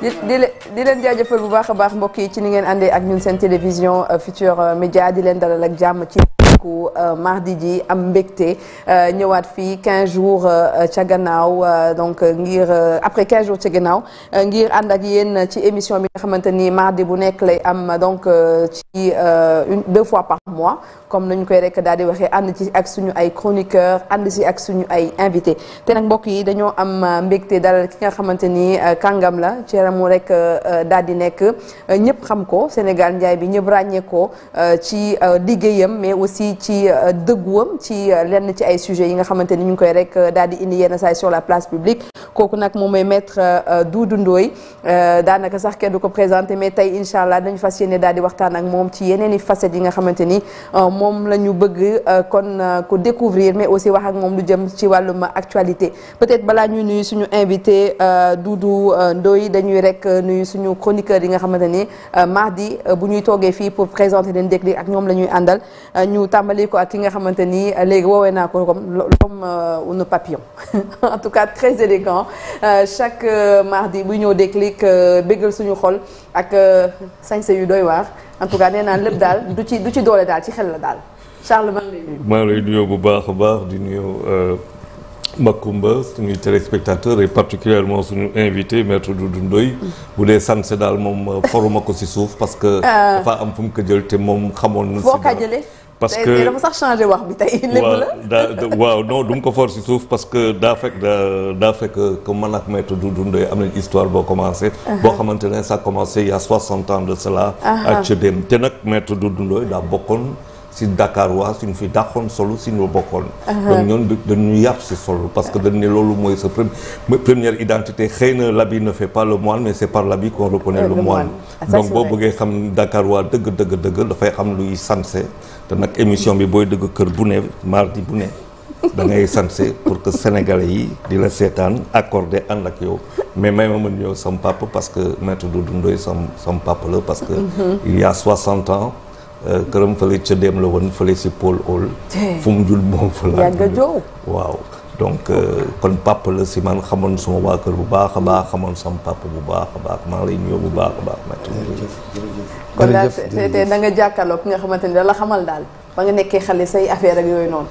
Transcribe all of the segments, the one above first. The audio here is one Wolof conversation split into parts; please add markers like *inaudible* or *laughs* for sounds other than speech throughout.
di di leen jaajëfal bu baax a baax mbokk yi ci ni ngeen àndee ak ñun seen télévision euh, Futurs euh, Médias di leen dalal ak jàmm ci. fàttaliku euh, mardi ji am mbégte euh, ñëwaat fii 15 euh, jours ca gannaaw donc ngir après 15 jours ca gannaaw ngir ànd ak yéen ci émission bi nga xamante ni mardi bu nekk lay am donc ci une deux fois par mois comme nañu koy rekk daal di waxee ànd ci ak suñu ay chroniqueur ànd si ak suñu ay invité te nag mbokk yi dañoo am mbégte dalal ki nga xamante ni kàngam la ci ramu rek daal di nekk ñëpp xam ko Sénégal njaay bi ñëpp ràññee ci liggéeyam mais aussi ci ci euh, dëgguwam ci euh, lenn ci ay sujets yi nga xamante ni ñu ngi koy rek euh, daal di indi yenn saa sur la place publique kooku nag moom mooy maître Doudou Ndoye daanaka sax kenn ko présenté mais tey incha allah dañu fas yéene daal di waxtaan ak moom ci yeneen i facettes yi nga xamante ni moom la ñu bëgg kon ko découvrir mais aussi wax ak moom lu jëm ci wàllum actualité peut-être balaa ñuy nuyu suñu invité Doudou Ndoye dañuy rek nuyu suñu chroniqueur yi nga xamante ni mardi bu ñuy toogee fii pour présenter den déclic ak ñoom la ñuy àndal ñu tàmbali ko ak ki nga xamante ni euh, léegi woowee naa ko comme l'homme ou euh, le papillon *laughs* en tout cas très élégant euh, chaque mardi bu ñëw déclic béggal suñu xol ak sañse yu doy waa en tout cas nee naan lépp daal du ci du ci doole daal ci xel la daal Charles maa ngi lay nuyu bu baax a baax di nuyu Makumba suñuy téléspectateur et particulièrement suñu invité maître Doudou Ndoye bu dee sañse daal moom foruma ko si suuf parce que dafa am fu mu ko jël te moom xamoon na si parce que sax changé wax bi ko for si suuf parce que daa fekk daa fekk que man ak maître Doudou Ndoye am nañ histoire boo commencé. Uh-huh. boo xamante ne ça commencé il y a 60 ans de cela. Uh-huh. ak Cedem te nag maître Doudou Ndoye daa bokkoon si Dakar waa suñu fi dàqoon solo si ñu bokkoon. Uh-huh. donc ñoon dañu yàpp si solo parce que dañ ne loolu mooy sa première identité xëy na l'habit ne fait pas le moine mais c'est par l'habit qu'on reconnaît euh, le moine ah, donc boo bëggee xam Dakar waa dëgg dëgg dëgg dafay xam luy sansé te nag émission bi booy dëgg kër bu ne mardi bu ne da ngay sanse pour que sénégalais yi di la seetaan accordé ànd ak yow mais may ma mën ñëw sam parce que maître Doudou Ndoye sam la parce que il y a 60 ans euh, këram fële ca la woon fële si Paul Hall fu jul moom fa laa waaw donc euh, kon papa la si man xamoon suma waa kër bu baax a baax xamoon sama papa bu baax baax maa ngi lay nuyu bu baax a baax. jërëjëf jërëjëf kon daal tey da nga jàkkaarloo ki nga xamante ni da la xamal daal ba nga nekkee xale say affaire ak yooyu noonu.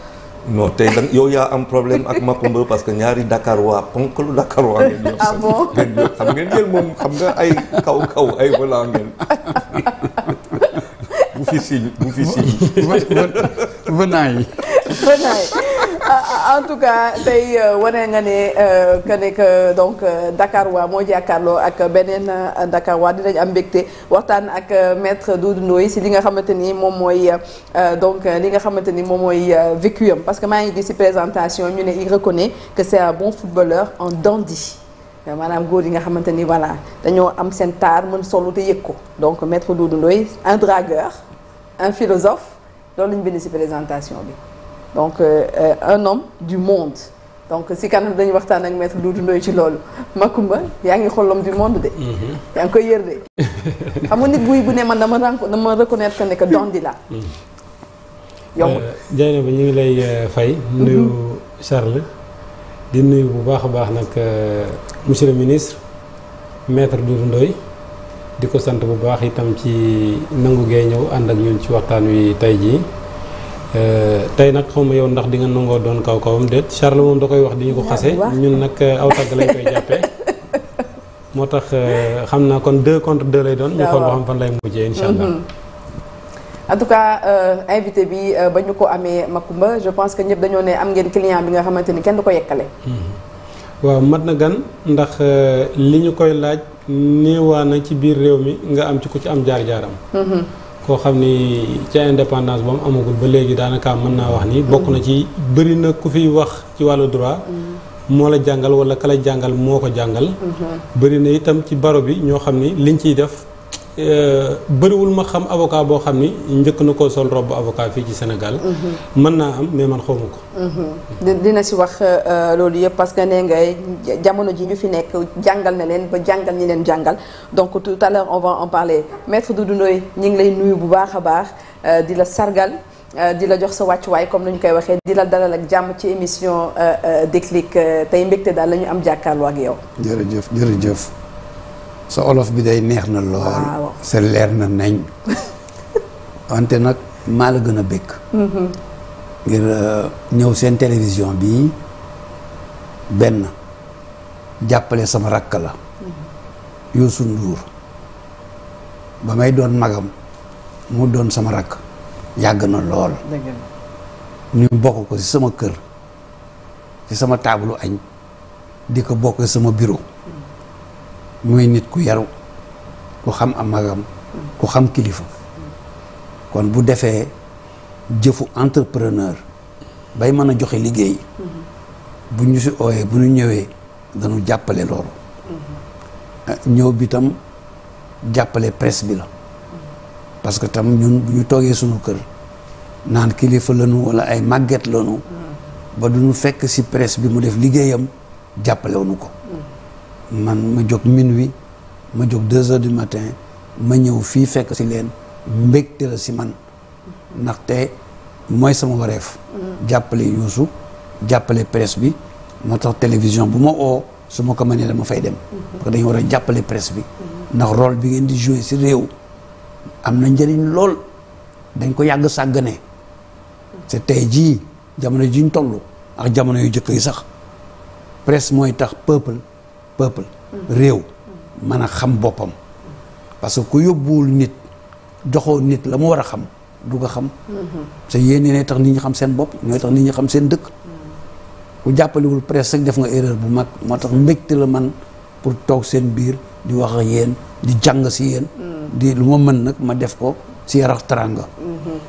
non tey da yow yaa am problème ak Makumba parce que ñaari Dakar waa ponkalu Dakar waa ngeen ñëw. ah bon ngeen yéen moom xam nga ay kaw kaw ay wala ngeen. *laughs* bu fi bu fi siñ *laughs* venant ah, en tout cas tey euh, wane nga ne euh, que ne donc euh, Dakar waa moo jàkkaarloo ak beneen Dakar waa dinañ am mbégte waxtaan ak maître Doudou Ndoye si li nga xamante ni moom mooy donc li nga xamante ni moom mooy vécu parce que maa ngi gis si présentation ñu ne il reconnaît que c'est un bon footballeur en dandy maanaam góor yi nga xamante ni voilà dañoo am seen taar mën solu te yëg ko donc maître Doudou Ndoye un dragueur un philosophe loolu la ñu bind ci présentation bi donc euh, euh un homme du monde donc si kanam dañuy waxtaan ak maître Doudou Ndoye ci loolu Makumba yaa ngi xool l'homme du monde de. Mhm. yaa ngi koy yër de. *laughs* xam nga nit buy bu ne man dama renko dama reconnaître que ne que dondi la. yow Diagne ba ñu ngi lay euh, fay. Mhm. nuyu Charles. di nuyu bu baax a baax nag euh, monsieur le ministre maître Doudou Ndoye. di ko sant bu baax itam ci nangu gee ñëw ànd ak ñun ci waxtaan wi tey jii euh, tey nag xaw ma yow ndax di nga nangoo doon kaw kawam déet Charles moom da koy wax di ñu ko ah, xase ñun nag euh, aw tagg *laughs* moo tax euh, xam naa kon deux contre deux lay doon ah, ñu xool ba xam fan lay mujjee incha allah mm-hmm. en tout cas invité bi ba ñu ko amee ma Makumba je pense que ñëpp dañoo ne am ngeen client bi nga xamante ni kenn du ko yekkale mm-hmm. waaw mat na gan ndax li ñu koy laaj néewaa na ci biir réew mi nga am ci ku ci am jaar-jaaram mhm. koo xam ni ca indépendance ba mu amagul ba léegi daanaka mën naa wax ni mhm. bokk na ci bëri na ku fiy wax ci wàllu droit mhm. moo la jàngal wala ka jàngal moo ko jàngal bëri na itam ci baro bi ñoo xam ni liñ ciy def Euh, bëriwul ma xam avocat boo xam ni njëkk na ko sol robb avocat fii ci Sénégal. Mhm. mën naa am mais man xawma ko. Mhm. dina si wax euh, euh, loolu yëpp parce que ne ngay jamono ji ñu fi nekk jàngal ne leen ba jàngal ñi leen jàngal donc tout à l'heure on va en parler maître Doudou Ndoye ñu ngi lay nuyu bu baax a baax di la sargal. di la jox sa wàccuwaay comme ni koy waxee di la dalal ak jàmm ci émission Déclic tey mbégte daal la ñu am jàkkaarloo ak yow. sa olof bi day neex na lool sa leer na nañ *laughs* wante nag maa la gën a bëgg mm-hmm. ngir euh, ñëw seen télévision bi benn jàppale sama rakk la mm-hmm. Youssou Ndour ba may doon magam mu doon sama rakk yàgg na lool ñu bokk ko ci sama kër ci sama taabalu añ di ko bokk sama bureau muy nit ku yaru ku xam am magam ku xam kilifa kon bu defee jëfu entrepreneur bay mën a joxe liggéey bu ñu si ooyee bu ñu ñëwee dañu jàppale loolu ñëw bi tam jàppale presse bi la parce que tam ñun bu ñu toogee suñu kër naan kilifa lanu wala ay màgget lanu ba duñu fekk si presse bi mu def liggéeyam jàppalewuñu ko man ma jóg minuit ma jóg deux heures du matin ma ñëw fii fekk si leen mbégte la si man ndaxte mooy sama wareef mm. jàppale Youssou jàppale presse bi moo tax télévision bu ma oo su ma ko mënee dama fay dem mm-hmm. parce que dañu war a jàppale presse bi mm-hmm. ndax rôle bi ngeen di jouer si réew am na njëriñ lool dañ ko yàgg sàggane c'est mm-hmm. tey jii jamono ji ñu toll ak jamono yu jëkk yi sax presse mooy tax peuple peuple réew mën a xam boppam parce que ku yóbbuwul nit joxoo nit la mu war a xam du ko xam te yéen ñooy tax nit ñi xam seen bopp ñooy tax nit ñi xam seen dëkk ku jàppalewul presse rek def nga erreur bu mag moo tax mbégte la man pour toog seen biir di wax yéen di jàng si yéen mm. di lu ma mën nag ma def ko si yarax taranga mm-hmm.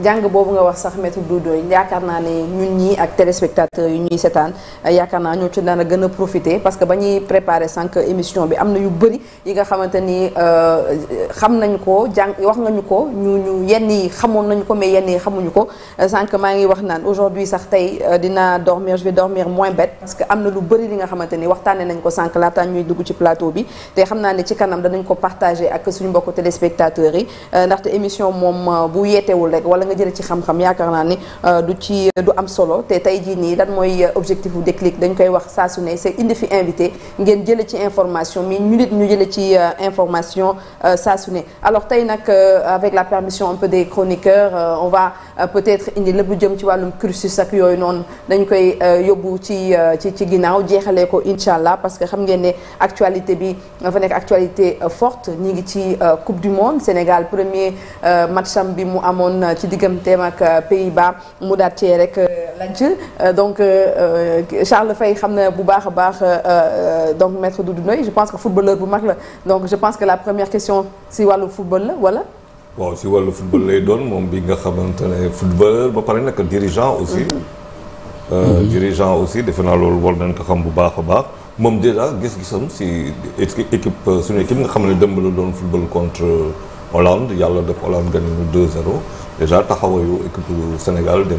jàng boobu nga wax sax maître Doudou yaakaar naa ne ñun ñii ak téléspectateurs yi ñuy setaan eh, yaakaar naa ñoo ci dana gën a profité parce que ba ñuy préparé sànq émission bi am na yu bëri yi nga xamante ni euh, xam nañu ko jàng wax nga ko ñu ñu yenn xamoon nañu ko mais yenn yi xamuñu ko eh, sànq maa ngi wax naan aujourd'hui sax tey euh, dina dormir je vais dormir moins bête parce que am na lu bëri li nga xamante ni waxtaane nañ ko sànq laataa ñuy dugg ci plateau bi te xam naa ne ci kanam danañ ko partagé ak suñu mbokk téléspectateurs yi eh, ndaxte émission moom euh, bu yeetewul rek wala wala nga jëlee ci xam-xam yaakaar naa ni euh, du ci am solo te tey jii nii lan mooy euh, objectif bu déclic dañ koy wax saa su ne indi fi invité ngeen jëlee ci information mais ñu nit ñu jëlee ci euh, information saa su alors tey nag avec la permission un peu des chroniqueurs on va peut-être indi lépp bu jëm ci wàllum cursus ak yooyu noonu dañ koy yóbbu ci ci ci ginnaaw jeexalee ko incha allah parce que xam ngeen ne actualité bi fa nekk actualité forte ñu ngi ci coupe du monde Sénégal digganteem ak euh, Pays-Bas mu daat cee rek euh, lanc euh, donc Charles fay xam ne bu baax a baax donc maître Doudou Ndoye je pense que footballeur bu mag la donc je pense que la première question si wàllu football la wala bon si wàllu football lay doon moom bi nga xam ne footballeur ba pare nekk dirigeant aussi mm-hmm. Mm-hmm. dirigeant aussi defe naa loolu war nañ ko xam bu baax a baax moom déjà gis-gisam si équipe suñu équipe nga xam ne démb la doon football contre Hollande yàlla def Hollande gagné ñu 2-0 déjà taxawaayu équipe bu Sénégal dem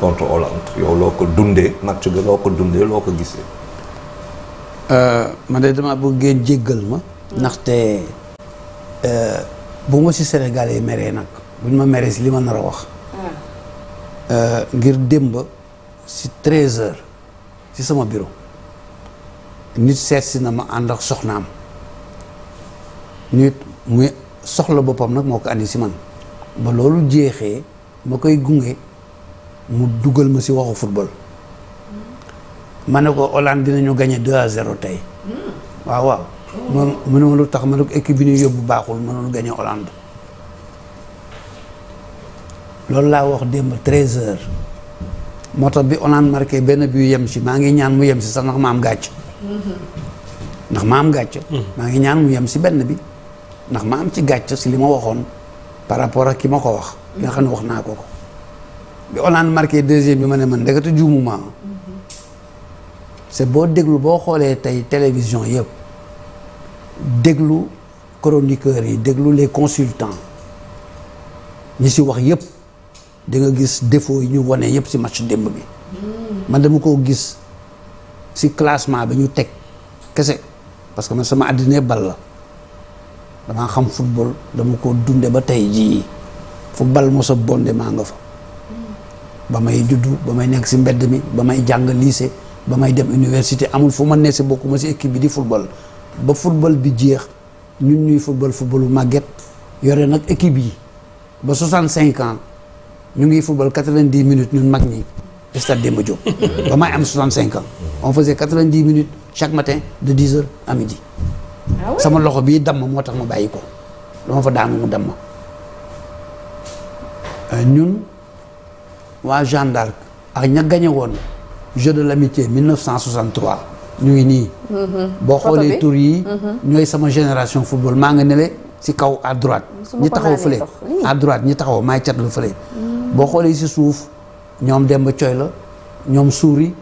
contre Hollande yow loo ko dundee match bi loo ko dundee loo ko gisee. Euh, man de dama bëgg ngeen jéggal ma. ndaxte euh, bu ma si Sénégal yi meree nag buñ ma meree si li ma nar a wax. Ah. Euh, ngir démb si 13h ci sama bureau nit seet si na ma ànd ak soxnaam nit muy. soxla boppam nag moo ko andi si man ba loolu jeexee ma koy gunge mu dugal ma si waxu football ma ne ko Hollande dinañu gagné 2 à 0 tey waaw waaw. mu ne ma lu tax ma ne ko équipe bi ñuy yóbbu baaxul mënul gagné Hollande loolu laa wax démb 13h moo tax bi Hollande marqué benn bi yem si maa ngi ñaan mu yem si sax ndax ma am gàcc. ndax ma am gàcc. Mm. maa ngi ñaan mu yem si benn bi. ndax ma am ci gàcc si li ma waxoon par rapport ak ki ma ko wax li nga xam ne wax naa ko ko bi Hollande marqué deuxième bi ma ne man ndekete juumuma c'est boo déglu boo xoolee tey télévision yëpp déglu chroniqueurs yi déglu les consultants ñi si wax yëpp di nga gis défaut yi ñu wane yëpp si match démb bi man dama koo gis si classement bi ñu teg kese parce que man sama àddine bal la damaa xam football dama ko dunde ba tey jii football mosa bonde maa nga fa ba may juddu ba may nekk si mbedd mi ba may jàng lycée ba may dem université amul fu ma ne si bokkuma si équipe bi di football ba football bi jeex ñun ñuy football football bu màgget yore nag équipe yi ba 65 ans ñu ngi football 90 minutes ñun mag ñi stade Demba Diop *laughs* ba may am 65 ans on faisait 90 minutes chaque matin de 10 heures à midi Ah sama loxo bii damm moo tax ma bàyyi ko dama fa daanu mu damm euh, ñun waa Jeanne d'Arc ak ña gañe woon jeu de l'amitié 1963 ñu ngi nii mm-hmm. boo xoolee tur yi mm-hmm. ñooy sama génération football maa nga nele si kaw à droite ñi taxaw fële à droite taxaw maay catlu fële boo xoolee si suuf ñoom Demba Coy la ñoom Suuri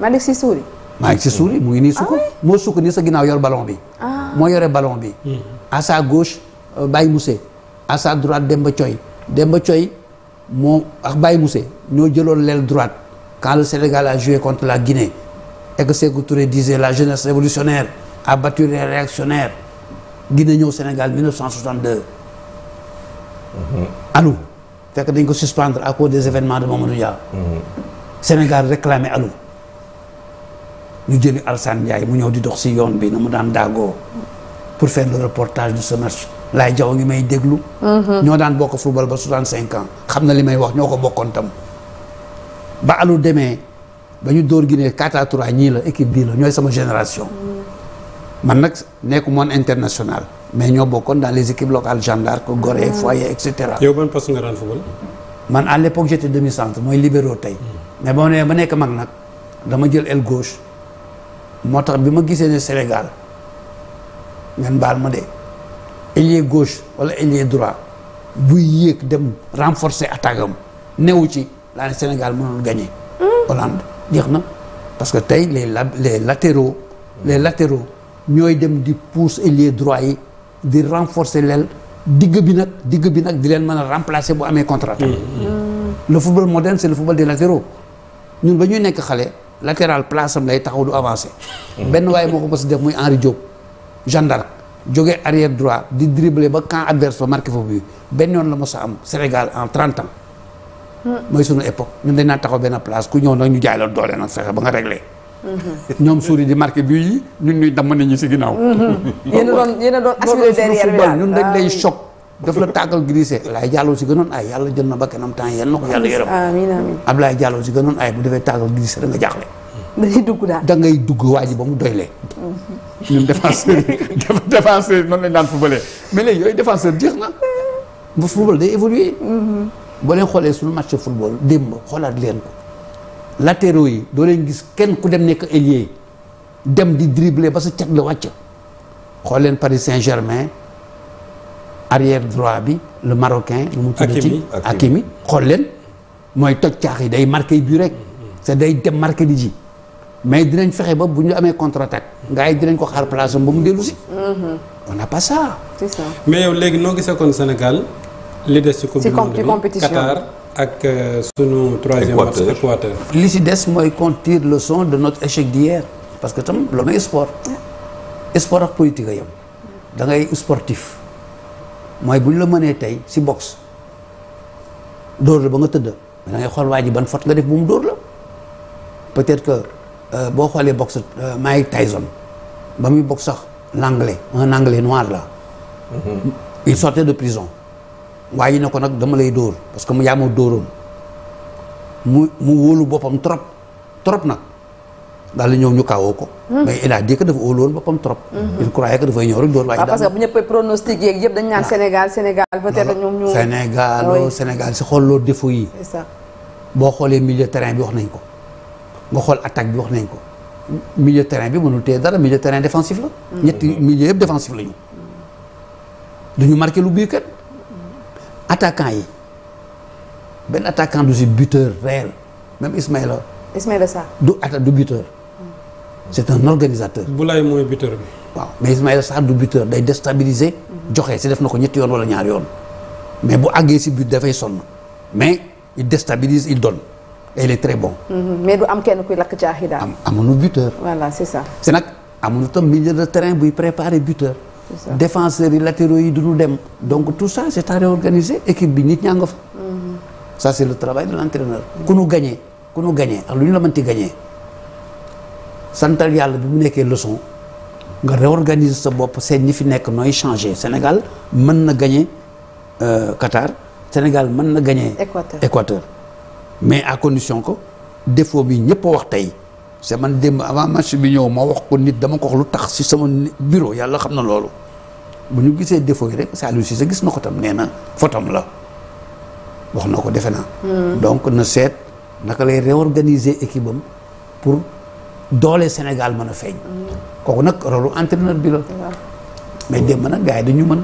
Malick si Suuri maa ngi si suul mu ngi nii sukk ah moo sukk nii sa ginnaaw yor ballon bi ah. moo yore ballon bi hmm. à sa gauche euh, Baye Moussé à droite Demba Coy Demba Coy moo ak Baye Moussé ñoo jëloon l'aile droite quand le Sénégal a joué contre la Guinée et que Sékou Touré disait la jeunesse révolutionnaire a battu les réactionnaires Guinée ñëw Sénégal 1962 mm-hmm. Alou fekk dañ ko suspendre à cause des événements de Mamadou Dia mm-hmm. Sénégal réclamait Alou ñu jëli Alsane Ndiaye mu ñëw di dox si yoon bi na mu daan daagoo pour faire le reportage de ce match laay jaww ngi may déglu mhm. ñoo daan bokk football ba 65 ans xam na li may wax ñoo ko bokkoon tam ba allu demee ba ñu dóor Guinée 4 à ñii la équipe bii la ñooy sama génération mhm. man nag nekk moon international mais ñoo bokkoon dans les équipes locales Jeanne d'Arc Gorée mhm. Foyer et cetera yow ban poste nga daan football man à l'époque j'étais demi centre mooy libéro tey mais ba ma nee ba nekk dama jël aile gauche moo tax bi ma gisee ne Sénégal ngeen baal ma de ailier gauche wala ailier droit buy yéeg dem renforcer attaque am newu ci laa ne Sénégal mënul gagné. Hmm. Hollande jeex na parce que tey les la les latéraux. les hmm. ñooy dem di pousse ailier droit yi di renforcer l'aile digg bi nag digg bi nag di leen mën a remplacer bu amee contre-attaque. Hmm. le football moderne c'est le football des latéraux ñun ba ñuy nekk xale. latéral place am lay taxaw du avancé. benn waaye moo ko mos def muy Henri Diop. Jeanne d'Arc arrière droit di dribbler ba camp adverse ba marqué foofu bi benn yoon la mos a am Sénégal en 30 ans. mooy sunu époque ñun dañ naan taxaw benn ku ñëw nag ñu jaay la doole nag fexe ba nga réglé. ñoom suuri di marqué bii ñun ñuy damm nit ñi si ginnaaw. yéen a a doon ñun dañ lay ah choc. daf la tàggal grisé Ablaye Diallo si gënoon ay yàlla jël na bakkanam temps yal na ko yàlla yërëm amiin amiin Ablaye Diallo si gënoon ay bu defee tàggal grisé nga jaaxle dañuy dugg waa ji ba mu doylee ñun défenseur *laughs* défenseur noonu lañ daan footballé mais léegi yooyu défenseur jeex day évoluer boo leen xoolee suñu match football démb xoolaat leen ko latéraux yi doo leen gis kenn ku dem nekk ailier dem di dribbler ba sa cat la wàcc xool leen Paris Saint-Germain arrière droit bi le marocain lu mu tudd ci Hakimi xool leen mooy toj caax yi day marqué bi rek c'est day dem marqué di ji mais dinañ fexe ba bu ñu amee contre-attaque gars yi dinañ ko xaar place am ba mu dellu mhm. on mais yow léegi noo gisee kon Sénégal li des ci coupe du monde bi Qatar ak euh, sunu troisième match li si des mooy qu'on tire leçon de notre échec d'hier parce que tam loolu mooy sport sport ak politique a yem sportif mooy bu ñu la mënee tey si box dóor la ba nga tëdd da xool waa ji ban fot nga def bu mu dóor la peut-être que euh, boo xoolee boxe euh, Mike Tyson ba muy boxe sax l'anglais un anglais noir la mm-hmm. il sortait de prison waaye ji ne ko nag dama lay dóor parce que mu yaa ma dóoroon mu mu wóolu boppam trop trop nag daal di ñëw ñu kawoo ko. Hmm. mais il a dit que dafa óolu woon boppam trop. Hmm. il croyait que dafay ñëw rek door waaye. Ah, daal parce que bu ñëpp pronostic yeeg yëpp dañu naan ah. Sénégal Sénégal oh, Sénégal si xool loolu défaut yi. c'est ça boo xoolee milieu terrain bi wax nañ ko nga xool attaque bi wax nañ ko milieu terrain bi mënul téye dara milieu terrain défensif la. Hmm. ñetti milieu yëpp défensif du ñu. duñu lu biir kat. attaquant yi benn attaquant du si buteur réel même Ismaïla. Ismaïla Sarr du atta du buteur. c'est un organisateur. Boulaye mooy buteur bi. waaw mais Ismaïla Sarr du buteur day déstabiliser. joxe si def na ko ñetti yoon wala ñaar yoon. mais bu àggee si but dafay sonn mais il déstabilise il donne et il très bon. Mhm, mais du am kenn kuy lakk caaxi daal. am amuñu buteur. voilà c'est ça. c'est tam milieu de terrain buy préparer buteur. défenseurs yi latéraux yi duñu dem. donc tout ça c'est à réorganiser équipe bi nit ñaa nga fa. Mhm. ça c'est le travail de l'entraîneur. ku lu ñu la santal yàlla bi mu nekkee leçon nga réorganiser sa bopp seet ñi fi nekk nooy changer Sénégal mën na gagner euh, Qatar Sénégal mën na gagner Équateur mais à condition ko défo bi ñëpp wax tey c'est man démb avant match bi ñëw ma wax ko nit dama ko lu tax si sama bureau yàlla xam na loolu bu ñu gisee défaut yi rek Saliou sa gis na ko tam nee na fotom la wax na ko defe naa hmm. donc na seet naka lay réorganiser équipe doole Sénégal mën a feeñ. kooku nag rôle entraîneur bi la. mais démb nag gars yi dañu mën.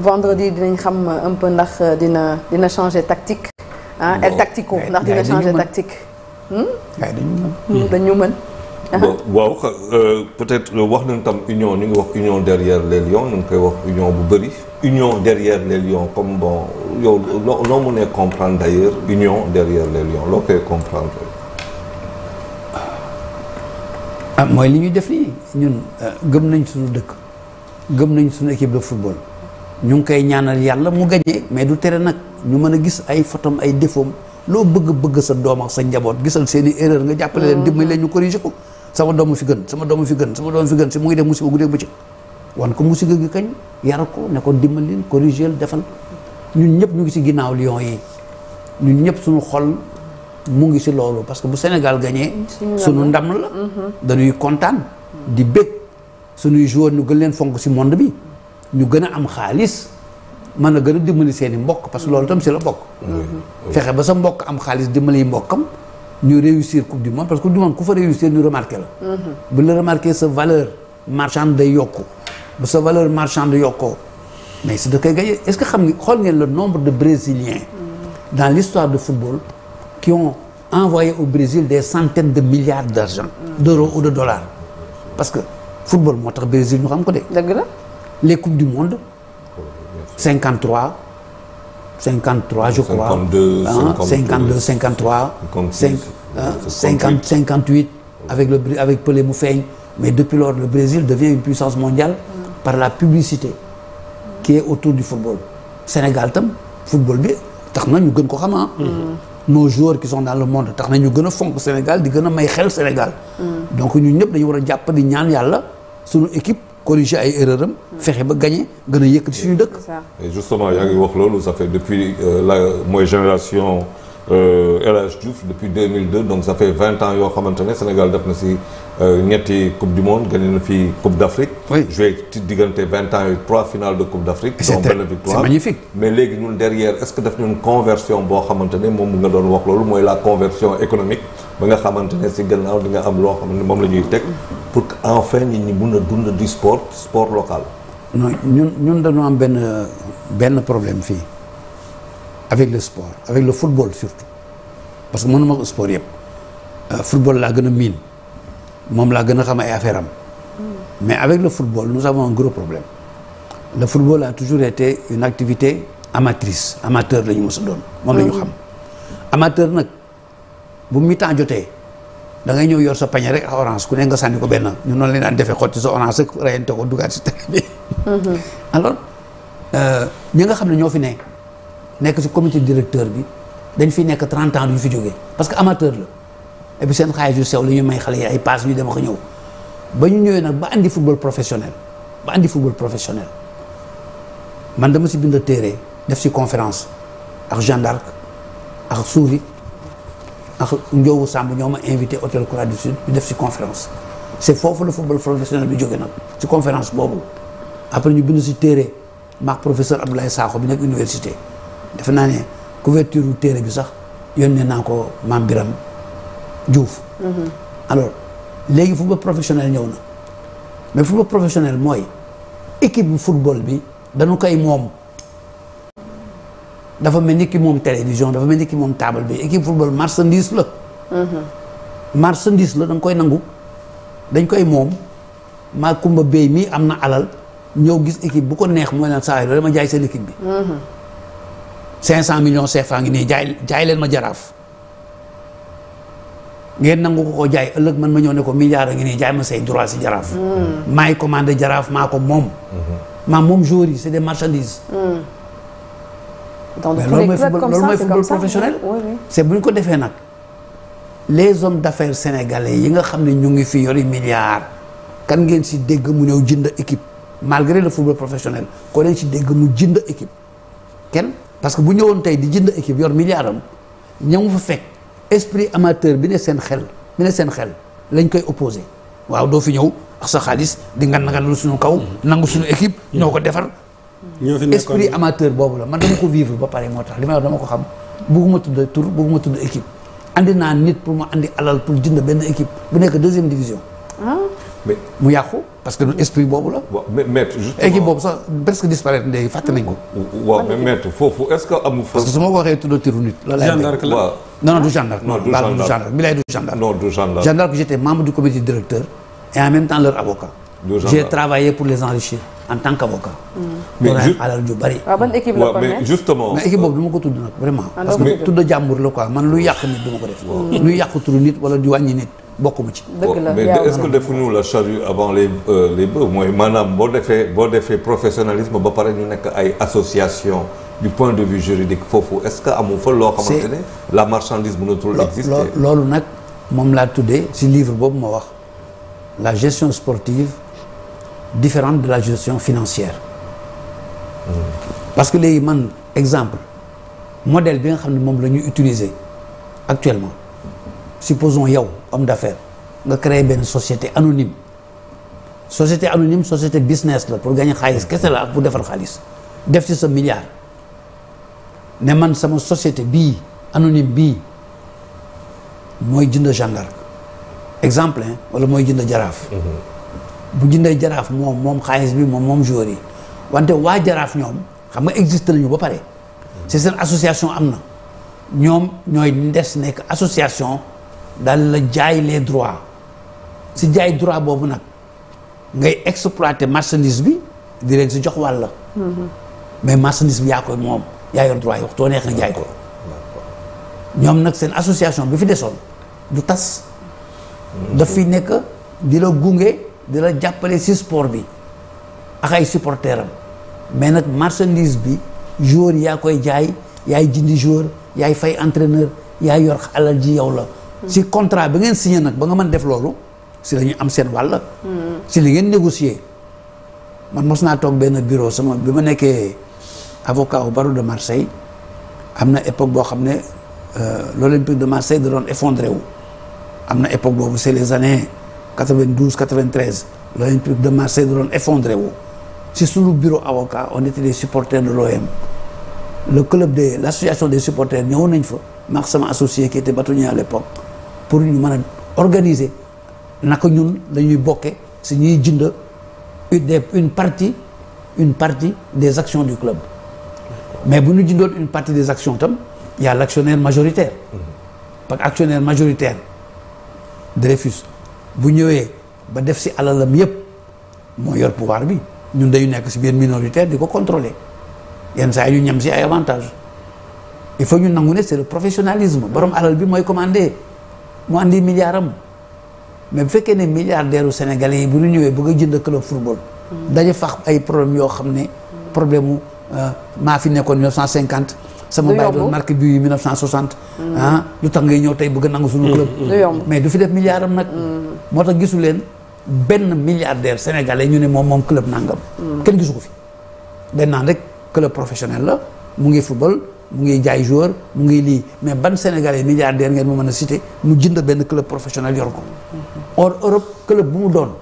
vendredi dinañ xam euh, un peu ndax euh, dina dina changer tactique. ah el tactico ndax dina changer tactique. Hmm? gars yi dañu mën. Hmm, dañu mën. bon ah. waaw euh, peut-être wax nañu tam union ni ngi wax union derrière les lions ñu ngi koy wax union bu bëri. union derrière le lions comme bon yow loo loo ne comprendre d'ailleurs union derrière les lions loo koy comprendre. ah mooy li ñu def nii ñun euh, gëm nañ suñu dëkk gëm nañ suñu équipe de football ñu ngi koy ñaanal yàlla mu gañee mais du tere nag ñu mën a gis ay fotom ay defoom loo bëgg bëgg sa doom ak sa njaboot gisal seen i erreur nga jàppale leen dimbali leen ñu corrigé ko sama doom fi gën sama doomu fi gën sama doomu fi gën si mu ngi def musiba guddeeg bëccëg wan ko musiba gi kañ yar ko ne ko dimbalil corrigé defal ñun ñëpp ñu ngi si ginnaaw lion yi mu ngi si loolu parce que bu Sénégal gagné. suñu ndam la mhm. dañuy kontaan. di bëgg suñuy joueur ñu gën leen fonk ci monde bi ñu gën a am xaalis man a gën a dimbali seeni mbokk parce que loolu tam ci la bokk. fexe ba sa mbokk am xaalis yi mbokkam ñu réussir coupe du monde parce que coupe du monde ku fa réussir ñu remarqué la. Mhm. bu la remarqué sa valeur marchande day yokku bu sa valeur marchande yokkoo mais si da koy gagné est-ce que xam nga xool ngeen la nombre de brésiliens. Mhm. dans l'histoire de football. qui ont envoyé au Brésil des centaines de milliards d'argent d'euros ou de dollars parce que football moo tax Brésil ñu xam ko de. dëgg la les coupes du monde. je crois avec le avec Pelé mu feeñ. mais depuis lors le Brésil devient une puissance mondiale. par la publicité. qui est autour du football. Sénégal tam football bi tax na ñu gën ko xam nos joueurs ki sont dans le monde tax na gën a fonk Sénégal di gën a may xel Sénégal. Mm. donc ñu ñëpp dañu war a jàpp di ñaan yàlla suñu équipe corriger ay erreur am. Mm. fexe ba gagné gën a yëkkati suñu dëkk. et justement yaa ngi wax loolu ça fait depuis euh, la mooy génération. Euh, El Hadj Diouf depuis 2002 donc ça fait 20 ans yoo xamante ne Sénégal def na si euh, ñetti coupe du monde gagné na fi coupe d' Afrique. oui joué ci diggante ans yi trois finales de coupe d' Afrique. c' est benn victoire c'est magnifique. mais léegi ñun derrière est ce que def nañu conversion boo xamante ne moom nga doon wax loolu mooy la conversion économique ba nga xamante ne si gannaaw di nga am loo xam ne moom la ñuy teg pour que enfin nit ñi mun a dund di sport sport local. non ñun ñun dañoo am benn benn problème fii. avec le sport avec le football surtout parce que mënuma ko sport yëpp euh, football laa gën a miin moom laa gën a xam ay affaire am mm. mais avec le football nous avons un gros problème le football a toujours été une activité amatrice amateur la ñu mës doon moom la ah xam amateur nag bu mi-temps jotee da ñëw yor sa pañe rek a orange ku ne nga sànni ko benn ñu noonu leen daan defee xotti sa orange rek rayante ko dugaat si teg bi mm-hmm. alors euh, nga xam ne ñoo fi ne nekk ci commité directeur bi dañ fi nekk 30 ans duñ fi jógee parce que amateur la et seen xaalis yu sew la ñuy may xale yi ay paas yu dem ak ñëw ba ñu ñëwee nag ba andi football professionnel ba andi football professionnel man dama si bind téere def si conférence ak Jeanne d'Arc ak Souris ak Ndiogu Samb ñoo ma invité hôtel Croix du Sud ñu def ci conférence c'est foofu la football professionnel bi jógee nag ci conférence boobu après ñu bind si téere maak professeur Abdoulaye Sakho bi nekk université defe naa ne couverture u téere bi sax yónnee naa ko maam Biram Diouf mm-hmm. alors léegi football professionnel ñëw na mais football professionnel mooy équipe bu football bi dañu koy moom dafa mel ni ki moom télévision dafa mel ni ki moom table bi équipe football marchandise la mm-hmm. marchandise la da koy nangu dañ koy moom maa kumba béy mii am na alal ñëw gis équipe bu ko neex mooy naan saa yi dama jaay seen équipe bi mm-hmm. cent 500 millions CFA ngi nii jaay jaay leen ma jaraaf ngeen nangu ko ko jaay ëllëg man ma ñëw ne ko milliard a ngi nii jaay ma say droit si jaraaf. Mm. maay commandé jaraaf maa ko moom. Mm-hmm. maa moom joueurs yi c' est des donc mm. loolu mooy football professionnel. c' est bu ñu ko defee nag les hommes d' affaires sénégalais yi nga xam ne ñu ngi fi yori milliards. kan ngeen si dégg mu ñëw jënd équipe malgré le football professionnel ko leen si dégg mu jënd équipe parce que bu ñëwoon tey di jënd équipe yor milliard am ña mu fa fekk esprit amateur bi ne seen xel bi ne seen xel lañ koy opposé waaw doo fi ñëw ak sa xaalis di ngan ngan lu suñu kaw mhm. nangu suñu équipe ñoo ko defar ñoo fi nekkoon esprit amateur boobu la man dama ko vivre ba pare moo tax li may wax dama ko xam bugguma tudd tur bugguma tudd équipe andi naa nit pour ma andi alal pour jënd benn équipe bu nekk deuxième division ah. mu yàqu parce que esprit boobu la. waaw boobu sax presque disparaître léegi fàtte nañ ko. parce que su ma ko waxee tudd tiru nit. la non non du gendarme. non du gendarme du gendarme Bilay du gendarme. non du gendarme gendarme du comité directeur. et en même temps leur avocat. du gendarme pour les enrichir en tant euh, ah, que tudd man luy yàq nit du ma ko def. luy yàq turu nit wala di wàññi nit bokkuma ci. dëgg la mais est-ce que defuñu la charrue avant les euh, les mooy maanaam boo defee boo defee professionnalisme ba pare ñu nekk ay association du point de vue juridique foofu est-ce que amul fa loo xamante ne la marchandise mënatul exister loolu nag moom laa tuddee si livre boobu ma wax la gestion sportive différente de la gestion financière hmm. parce que léegi man exemple modèle bi nga xam ne moom la ñuy utiliser actuellement supposons yow homme d'affaires nga créer benn société anonyme société anonyme société business la pour gagner xaalis kese la ak pour defal xaalis def ci sa milliard ne man sama société bii anonyme bii mooy jënd gendarme exemple hein wala mooy jënd jaraaf mm-hmm. bu jëndee jaraaf moom moom xaalis bi moom moom joor yi wante waa jaraaf ñoom xam nga existé nañu ba pare mm-hmm. si seen association am na ñoom ñooy des nekk association daal la jaay les droit si jaay droit boobu nag ngay exploité marchandise bi di leen si jox wàll. mais marchandise bi yaa koy moom yaa yor droit yi waxtoo neex nga jaay ko. ñoom nag seen association bi fi desoon du tas. daf fi nekk di la gunge di la jàppale si sport bi ak ay supporters am mais nag marchandise bi joueur yaa koy jaay yaay jindi joueur yaay fay entreneur yaay yor alal ji yow la. si contrat bi ngeen signé nag ba nga man def loolu si la ñu am seen wàll. si li ngeen négocier man mos naa toog benn bureau sama bi ma nekkee avocat wu barreau de Marseille am na époque boo xam ne euh, l'Olympique de Marseille da doon effondré wu. am na époque boobu c'est les années 92 93 l'Olympique de Marseille da doon effondré wu si suñu bureau avocat on était des supporter de l'OM le club de l'association des supporters ñëwoon nañ fa. maa sama associé qui était bâtonnier à l'époque pour ñu mën a organiser naka ñun lañuy bokke si ñuy jënd une des une partie une partie des actions du club mais bu ñu jëndoon une partie des actions tam y a l'actionnaire majoritaire mm-hmm. parce que actionnaire majoritaire Dreyfus bu ñëwee ba def si alalam yépp moo yor pouvoir bi ñun dañu nekk si biir minoritaire di ko contrôler yenn saa yi ñu ñam si ay avantages il faut ñu nangu ne c'est le professionnalisme borom alal bi mooy commandé mu andi milliard am mais bu fekkee ne milliardaire u sénégalais yi bu ñu ñëwee bëgg a jënd club football. dañu fax ay problème yoo xam ne. problème mu euh, maa fi nekkoon 1950. sama bàyyi doon marque bi 1960. Mm. ah lu tax ngay ñëw tey bëgg a nangu suñu mm. club. Mm. mais du fi def milliard am moo tax gisu leen benn milliardaire sénégalais ñu ne moom moom club nangam. kenn gisu ko fi. dañ rek club professionnel la mu ngi football. mu ngi jaay joueur mu ngi lii mais ban Sénégalais milliardaire ngeen ma mën a cité mu jënd benn club professionnel yor ko or Europe club bu mu doon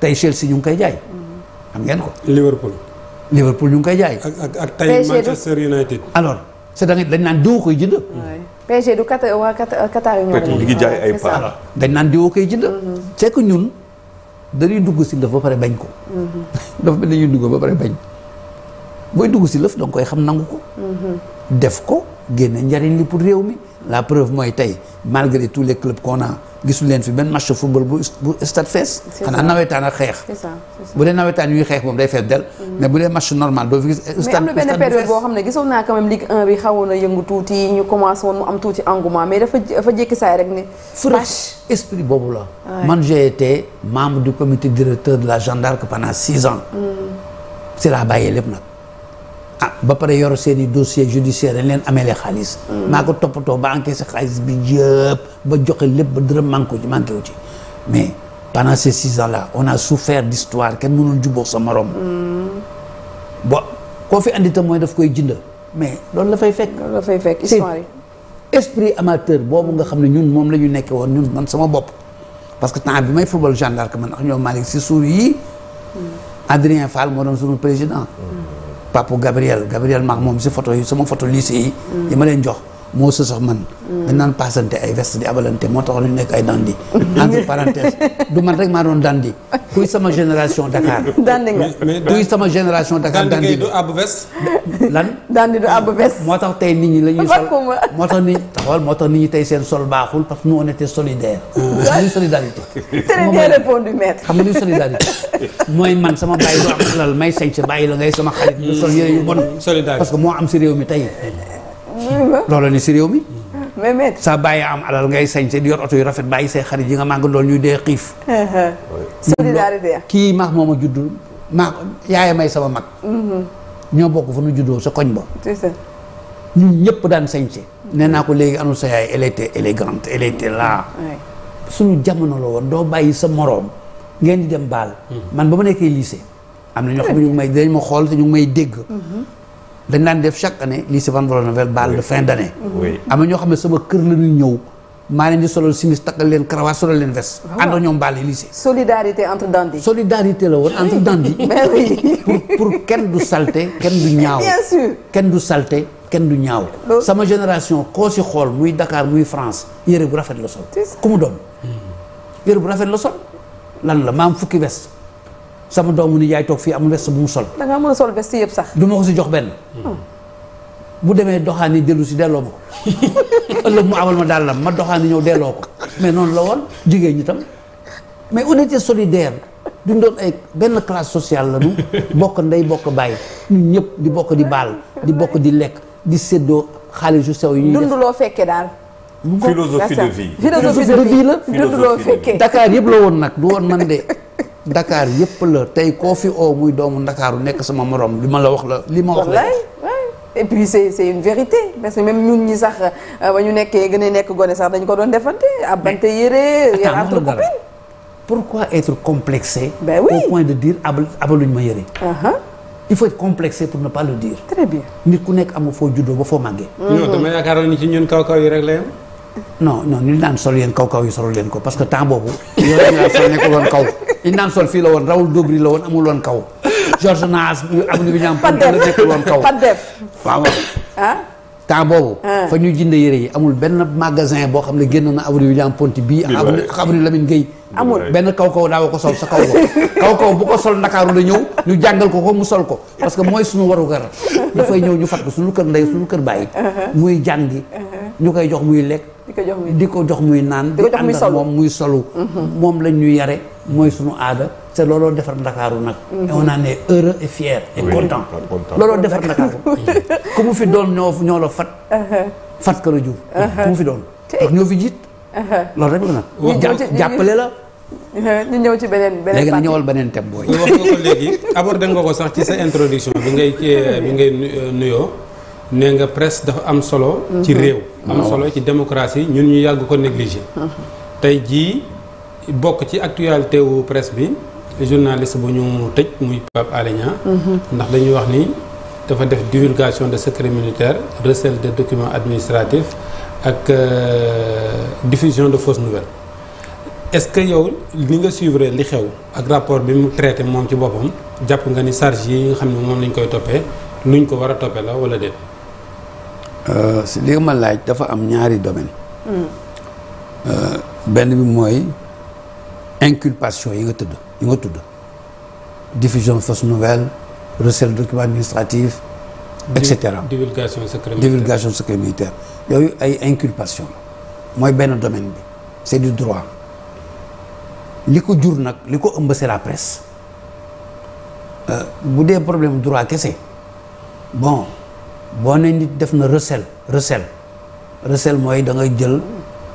tey Chelsea ñu ngi koy jaay xam ngeen ko Liverpool Liverpool ñu koy jaay ak ak ak tey Manchester United alors c'est da nga dañ naan diw koy jënd PSG du Qatar waa Qatar ñoo ñu ngi jaay ay part dañ naan diw koy jënd mm-hmm. c'est que ñun dañuy dugg si lëf ba pare bañ ko mm-hmm. *laughs* dafa mel ni ñuy dugg ba pare bañ booy dugg si lëf danga koy xam nangu mm-hmm. def ko génne njariñ li pour réew mi la preuve mooy tey malgré tous les clubs qu'on a gisul leen fi benn match football bu bu stade fees. xanaa nawetaan a xeex. bu dee nawetaan yuy xeex moom day fees del mm-hmm. mais bu dee match normal doo fi gis. stade mais xam ne gisoon naa quand même Ligue 1 bi xawoon na yëngu tuuti ñu commencé woon dafa dafa jékki saay rek ne. boobu la. man j'ai été membre du comité directeur de la gendarme pendant six ans. Mm. si laa bàyyee lépp nag. ah ba pare yor seen i dossier judiciaire leen ameele xaalis maa mm. ko toppatoo ba encaissé xaalis bi yëpp ba joxe lépp ba dërëm manqué ci manqué wu ci mais pendant ces six ans là on a souffert d'histoire kenn mënul jubóo sa morom mm. bo koo fi andi tam mooy daf koy jind mais loolu la fekk loolu fekk histoire yi esprit amateur boobu nga xam ne ñun moom la ñu nekke woon ñun man sama bopp parce que temps bi may football gendarme man ak ñoom Malick Sy suur yi mm. Adrien Fall moo doon sunu président Pape Gabriel Gabriel maak moom si photo yi sama photo lycée yi. yi ma leen jox. moo su sox man mm. dañ naan paasante ay veste di abalante moo tax ñu nekk ay dandi *laughs* entre du man rek maa doon dandi kuy sama génération Dakar *laughs* dandi nga kuy sama génération Dakar dandi du àbb lan dandi du àbb moo tax tey nit ñi la ñuy sol moo tax nit taxawal moo tax nit ñi tey seen sol baaxul parce que nous on était solidaire luy *laughs* solidarité très bien répondu xam nga luy solidarité mooy man sama bàyyi du am alal may senc bàyyi la ngay sama xarit du sol yére yu bon parce que moo am si réew mi tey Mm-hmm. *laughs* loolu ne si réew mi. mais mm-hmm. sa bàyyi am alal ngay sañse di yor oto yu rafet bàyyi say xarit yi nga màgg lool ñuy dee xiif. Uh-huh. kii maax moom a judd maax yaay may sama mag. Mm-hmm. ñoo bokk fa nu juddoo sa koñ ba. ñun ñëpp daan sañse. nee naa ko léegi anu sa yaay elle élégante elle était suñu jamono la woon doo bàyyi sa moroom ngeen di dem baal. man ba ma nekkee lycée. am na ñoo xam ne ñu may dinañ ma xool te ñu may dégg. dañ naan def chaque année lycée Van Vollenhoven bal de fin d' année. am na ñoo xam ne sama kër la ñuy ñëw. maa leen di solal simis takkal leen karawaas solal leen veste. Ah, ànd ñoom bal yi lycée. solidarité solidarité la woon entre dandis. *laughs* pour kenn du salte kenn du ñaaw. kenn du salte kenn du ñaaw. Oh. sama génération koo si xool muy dakaar muy France yére bu rafet la sol. ku mu doon hmm. yére bu rafet la sol lan la maam fukki veste. sama doomu ni yaay toog fii amul veste bu mu sol. a sol veste yëpp sax. du ma ko si jox benn. bu demee doxaani dellu si delloo ma ko *laughs* ëllëg mu amal ma daal la ma doxaani ñëw delloo ko mais noonu la woon jigéen ñi tam mais on était solidaire duñ doon ay benn classe sociale la ñu *laughs* bokk ndey bokk bàyyi ñun ñëpp di bokk di baal di bokk di lekk di séddoo xaalis yu sew yi. ñuy def dund loo fekkee daal. philosophie de la dund loo fekkee. Dakar yëpp la woon nag du woon man de. *laughs* Dakar yëpp la tey koo fi oo muy doomu Ndakaaru nekk sama moroom li ma la wax la li ma wax la et puis c'est c'est une vérité parce que même ñun ñi sax euh, ba ñu nekkee gën a nekk gone sax dañ ko doon defante abante yére yére entre copines pourquoi de dire abal abaluñ ma yére uh-huh. il faut être complexé pour ne pas le dire très bien nit ku nekk am nga foo juddoo ba foo màggee non mm-hmm. dama yaakaaroon ni ci ñun kaw kaw yi rek la yam non non ñu daan sol yeen kaw kaw yi solo leen ko parce que temps boobu yooyu ñu daan sol nekkul woon kaw *laughs* liñ naan sol fii la woon rawul dóobri la woon amul woon kaw. George am na bi ñu am. Pat ah. boobu. Ah. fa jënd yére yi amul benn magasin boo xam ne génn na avenue William Ponty bii. ak avenue ak avenue Lamine amul benn kaw kaw daaw ko sol sa kaw ko kaw kaw bu ko sol Ndakaaru la ñëw ñu jàngal ko ko mu sol ko parce que mooy suñu waru gar dafay ñëw ñu fat ko suñu kër ndey suñu kër bàyyi. Uh-huh. muy jàngi. Uh-huh. ñu koy jox muy lekk. di ko jox muy naan. di ko jox muy solu moom muy uh-huh. lañ ñu yare mooy sunu aada te looloo defar ndakaaru nag. Mhm. et on en est e et fier et content looloo defar ndakaaru *laughs* ku mu fi doon ñoo ñoo la fat uh-huh. fat kër a jur uh-huh. ku mu fi doon ndax ñoo fi jiit uh-huh. loolu rek la nag jàppale la ñu ñëw ci beneen beneen léegi na ñëwal beneen thème booy. *laughs* wax nga ko léegi abordé nga ko sax ci sa introduction bi ngay eh, bi ngay euh, nuyoo nee nga presse dafa am solo. ci mhm. réew. am ah, solo ci démocratie ñun ñu yàgg ko négligé. Mhm. tey jii bokk ci actualité wu presse bi journaliste bu ñu tëj muy Pape Alé mhm. ndax dañuy wax ni dafa def divulgation de secret militaire recel de documents administratifs ak euh, diffusion de fausses nouvelles est-ce que yow li nga suivre li xew ak rapport bi mu traité moom ci boppam jàpp nga ni charge yi nga xam ne moom lañ koy toppee luñ ko war a toppee la wala déet. Euh, si li ma laaj dafa am ñaari domaine mm. euh, benn bi mooy. inculpation yi nga tudd yi nga tudd diffusion de fausses nouvelles recel de documents administratifs et cetera divulgation secret divulgation ay inculpation mooy benn domaine bi c'est du droit li ko jur nag li ko ëmb c'est la presse euh, bu dee problème droit kese bon boo ne nit def na recel recel recel mooy da ngay jël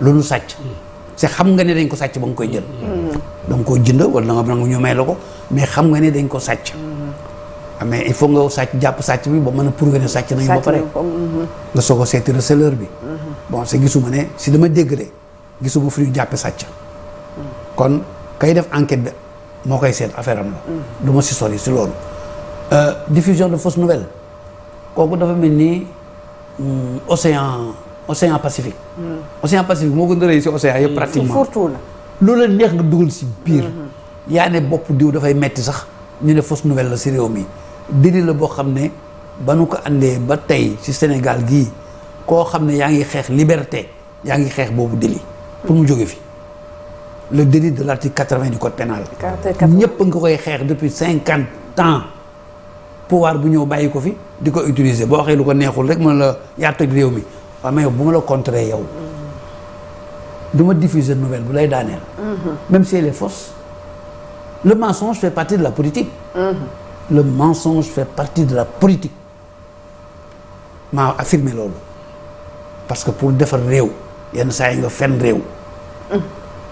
lu nu sàcc hmm. c'est xam nga ne dañ ko sàcc ba nga koy jël. da nga koo jënd wala da nga ñu may la ko mais xam nga ne dañ ko sàcc. Ah, mais il faut nga sàcc jàpp sàcc bi ba mën a prouver ne sàcc nañu ba pare mhm. nga soo ko seeti receleur bi mhm. bon c'est gisuma ne si dama dégg de gisuma fu ñu jàppe sàcc kon kay def enquête bi moo koy seet affaire am la mhm. du ma si sori si loolu euh, diffusion de fausses nouvelles kooku dafa mel ni hmm, océan océan Pacifique. Mm. océan Pacifique moo gën a rëy si océan yëpp mm. pratiquement surtout la. loolu la neex nga dugal si biir. Mm-hmm. yaa ne bopp diw dafay metti sax ñu ne fausse nouvelle la si réew mi dindi la boo xam ne ba nu ko àndee ba tey si Sénégal gi koo xam ne yaa ngi xeex liberté yaa ngi xeex boobu délit pour mu jóge fi le délit de l'article quatre-vingt du code pénal ñëpp nga koy xeex depuis cinquante ans pouvoir bu ñëw bàyyi ko fi di ko utiliser boo waxee lu ko neexul rek mën la yaa toj mi waaw ah, mais yow bu ma la contrer yow du ma diffuser nouvelle bu lay daaneel. Mhm. même si elle est le mensonge fait partie de la politique. Mhm. le mensonge fait partie de la politique ma affirmé loolu parce que pour defar réew yenn saa yi nga fen réew. Mhm.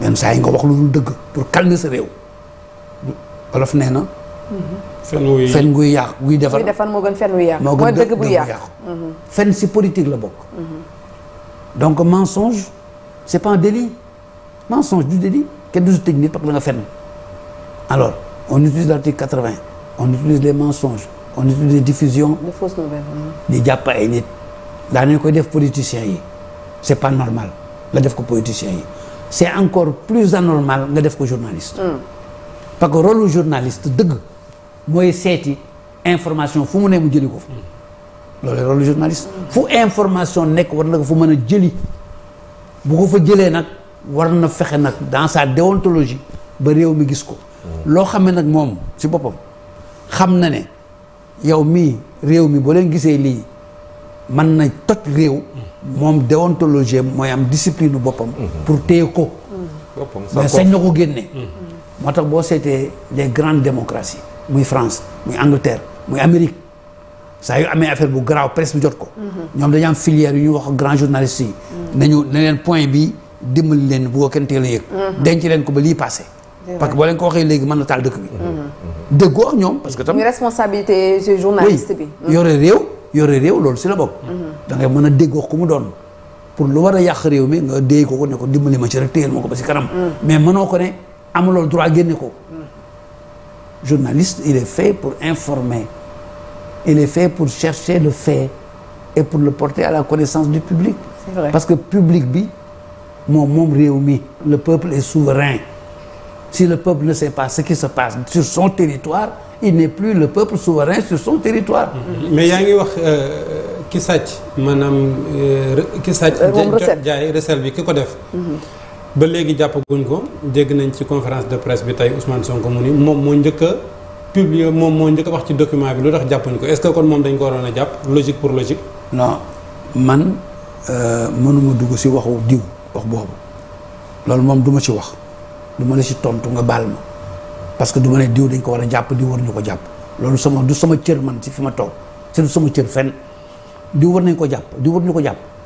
yenn saa yi nga wax lu dul dëgg pour calmer sa réew. olof nee na. fen guy yàqu guy defar moo moo gën dëgg bu mhm. si politique la bokk mhm. donc mensonge c'est pas un délit mensonge du délit kenn du si tëj nit parce que da nga fen alors on utilise l'article 80 on utilise les on utilise les di jàpp ay nit daa nañ koy def politiciens yi c'est pas normal nga def ko politiciens yi c'est encore plus anormal nga def ko journaliste mm. parce que rôle journaliste dëgg mooy seeti information fu mu ne mu jëli ko fa loolu loolu journaliste fu information nekk war na ko fa mën a jëli bu ko fa jëlee nag war na fexe nag dans sa déontologie ba réew mi gis ko mm. loo xam ne nag moom si boppam xam na ne yow mii réew mi boo leen gisee lii mën na toj réew mm. moom déontologie mooy am discipline boppam mm-hmm. pour téye ko mm. mais sañ na ko génne moo tax boo seetee les grandes démocraties muy France muy Angleterre muy Amérique saa yu amee affaire bu garaaw presse bi jot ko. ñoom dañu am filière yu ñu wax grand journaliste yi. nañu ne leen point bi dimbali leen bu ko kenn teel a yëg. Mhm. denc leen ko ba lii parce que boo leen ko waxee léegi mën na taal dëkk bi. Mhm. Mhm. dëggoo ak ñoom parce que tam. muy responsabilité journaliste bi. yore réew yore réew loolu si la bokk. da ngay mën a déggoo ku mu doon. pour lu war a yàq réew mi nga déy ko ko ne ko dimbali ma ci rek téyel ma ko ba si kanam. mais mënoo ko ne amuloo droit génne ko. journaliste, il est fait pour informer. Il est fait pour chercher le fait et pour le porter à la connaissance du public. Parce que public bi moom moom réew mi le peuple est souverain. Si le peuple ne sait pas ce qui se passe sur son territoire, il n'est plus le peuple souverain sur son territoire. Mais yaa ngi wax euh, ki sàcc maanaam euh, ki sàcc euh, jaay recel bi ki ko def. Mhm. ba léegi jàppaguñ ko dégg nañ ci conférence de presse bi tey Ousmane Sonko mu ni moom moo njëkk a publier moom moo njëkk wax ci document bi lu tax jàppuñ ko est-ce que kon moom dañ ko waroon a jàpp logique pour logique. non man euh, mënuma dugg si waxu diw wax boobu loolu moom duma ci wax duma la si tontu nga baal ma parce que ma ne diw dañ ko war a jàpp di war ñu ko jàpp loolu sama du sama cër man ci fi ma toog si sama cër fenn diw war nañ ko jàpp di war ñu ko jàpp.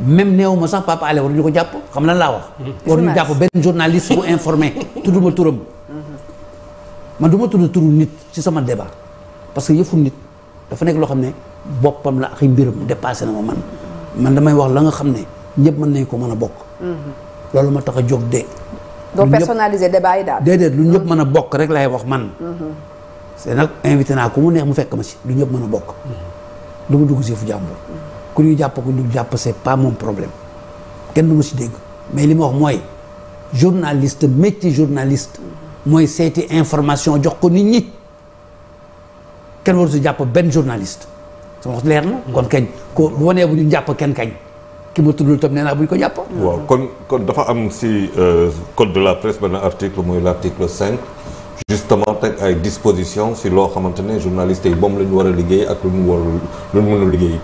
même néew ma sax Papa Alé ñu ko jàpp xam lan laa wax. Mm-hmm. waruñu jàpp benn journaliste bu informé tudduma turam. Mm-hmm. man duma ma tudd turu nit ci sama débat parce que yëfu nit dafa nekk loo xam ne boppam la ak mbiram dépassé na ma man man damay wax la nga xam ne ñëpp mën nañ ko mën a bokk. Mm-hmm. loolu ma tax a jóg de. doo personnaliser débat yi daal. déedéet lu ñëpp mën a bokk rek lay wax man. c'est nag invité naa ko mu neex mu fekk ma si lu ñëpp mën a bokk. du ma dugg si fu ku ñu jàpp ku ñu jàpp c'est pas mon problème kenn du si dégg mais li ma wax mooy journaliste métier journaliste mooy seeti information jox ko nit ñi kenn waru si jàpp benn journaliste sama wax leer na kon kañ ko wanee bu ñu jàpp kenn kañ ki ma tuddul tam nee naa bu ñu ko jàpp waaw kon kon dafa am si euh, code de la presse benn article mooy l'article cinq justement teg ay disposition si loo xamante ne journaliste yi moom la ñu war a liggéey ak lu ñu warul lu mënul liggéey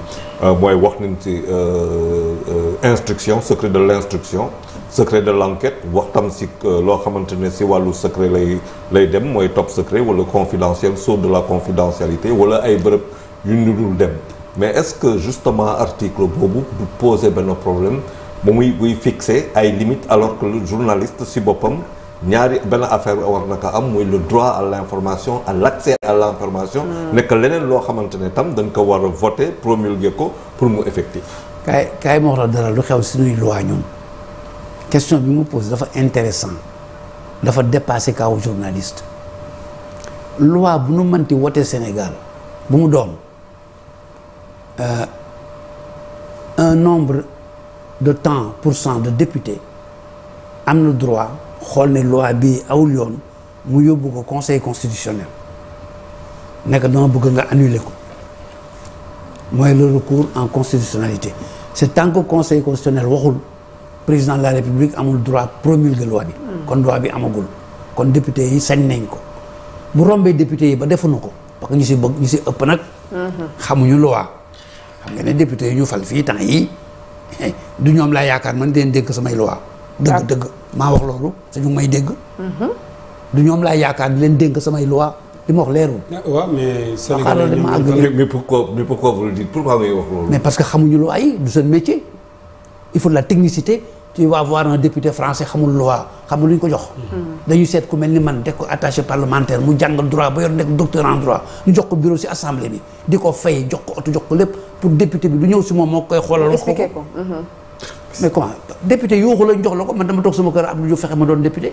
euh, mooy wax nañ ci euh, euh, instruction secret de l' instruction secret de l' enquête wax tam si loo xamante ne si wàllu secret lay lay dem mooy top secret wala confidentiel saut de la confidentialité wala ay bërëb yu ñu dul dem mais est-ce que justement article boobu du ba no problème bu muy buy fixer ay limites alors que le journaliste si boppam ñaari benn affaire war na ko am muy le droit à l' information à l' accès à l' hmm. leneen loo xamante ne tam dañ ko war a voter promulguer ko pour mu effectif. kaay kaay ma wax la dara lu xew suñuy loi ñun question bi mu pose dafa intéressant dafa dépassé kaw journaliste. loi bu nu manti wote Sénégal bu mu doom euh, un nombre de temps pour cent de députés am na droit. xool ne loi bi awul yoon mu yóbbu ko conseil constitutionnel nekk dama bëgg nga annuler ko mooy le en constitutionnalité c'est tant que conseil constitutionnel waxul président de la république amul droit promulguer loi bi kon loi bi amagul kon député yi sañ nañ ko bu rombee député yi ba defuñu ko parce que ñu si bëgg ñu si ëpp nag xamuñu loi xam nga ne député yi ñu fal fii temps yi *laughs* du ñoom laa yaakaar man deen dégg samay loi dëgg dëgg maa wax loolu te ñu may dégg. du ñoom laay yaakaar di leen dénk samay loi li ma wax leerul. Ah, waaw mais Sénégal mais parce que xamuñu loi yi du seen métier il faut de la technicité. tu vas voir un député français xamul loi xamul lu ñu ko jox. Hmm. dañuy seet ku mel ni man de ko attaché parlementaire mu jàng droit ba yor nekk docteur en droit ñu jox ko bureau ci assemblée bi di ko fay jox ko oto jox ko lépp pour député bi du ñëw si moom moo koy xoolal. wax ko hmm. mais comment député yuuxu lañ jox la ko man dama toog sama kër Abdou Diouf fexe ma doon député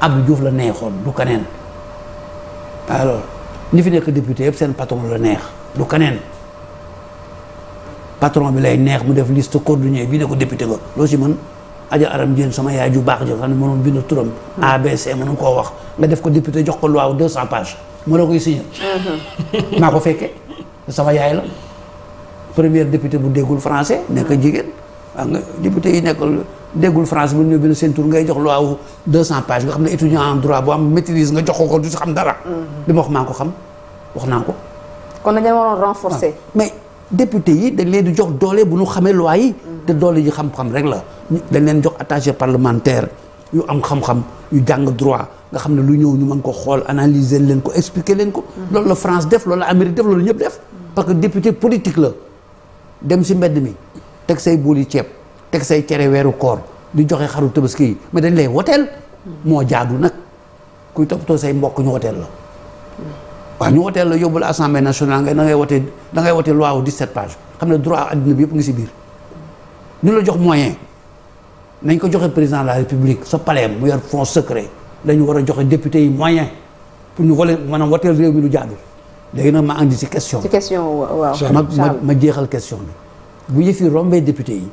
Abdou la neexoon du kaneen alors ñi fi nekk député yëpp seen patron la neex du keneen patron bi lay neex mu def liste cordonnier bii ne ko député nga loo si mën aja aram jéen sama yaay ju baax ja xam ne mënoon bind turam hmm. ABC mënu koo wax nga def ko député jox ko loi deux cent pages mu la koy signé hmm. maa ko fekkee sama yaay la première député bu déggul français nekk jigéen waa nga député yi nekkul déggul français bu ñu bind seen tur ngay jox loi wu 200 pages nga xam ne étudiant en droit bu am maîtrise nga jox ko du si xam mhm. ko xam wax naa ko. kon dañu waroon renforcer. Ah, mais député yi dañ leen di jox doole bu ñu xamee loi yi. Mhm. te doole yi xam rek la. dañ leen jox attaché parlementaire yu am xam-xam yu jàng droit nga xam ne lu ñëw ñu mën ko xool analyser leen ko expliquer leen ko. Mhm. loolu la France def loolu la Amérique def loolu ñëpp def. parce que député politique la. dem si mbedd mi teg say buuli ceeb teg say cere weeru koor di joxe xaru tabaski yi mais dañ lay woteel moo jaadu nag kuy toppatoo say mbokk ñu woteel la waaw ñu woteel la yóbbul assemblée nationale nga da ngay wote da ngay wote di wu 17 xam ne droit adduna bi yëpp ngi si biir ñu la jox moyen nañ ko joxe président la république sa palais mu yor fonds secret dañu war a joxe député yi moyen pour ñu wale maanaam woteel réew mi lu jaadu léegi nag ma andi ci question ci question waaw ma ma jeexal question bi bu yëfi rombee député yi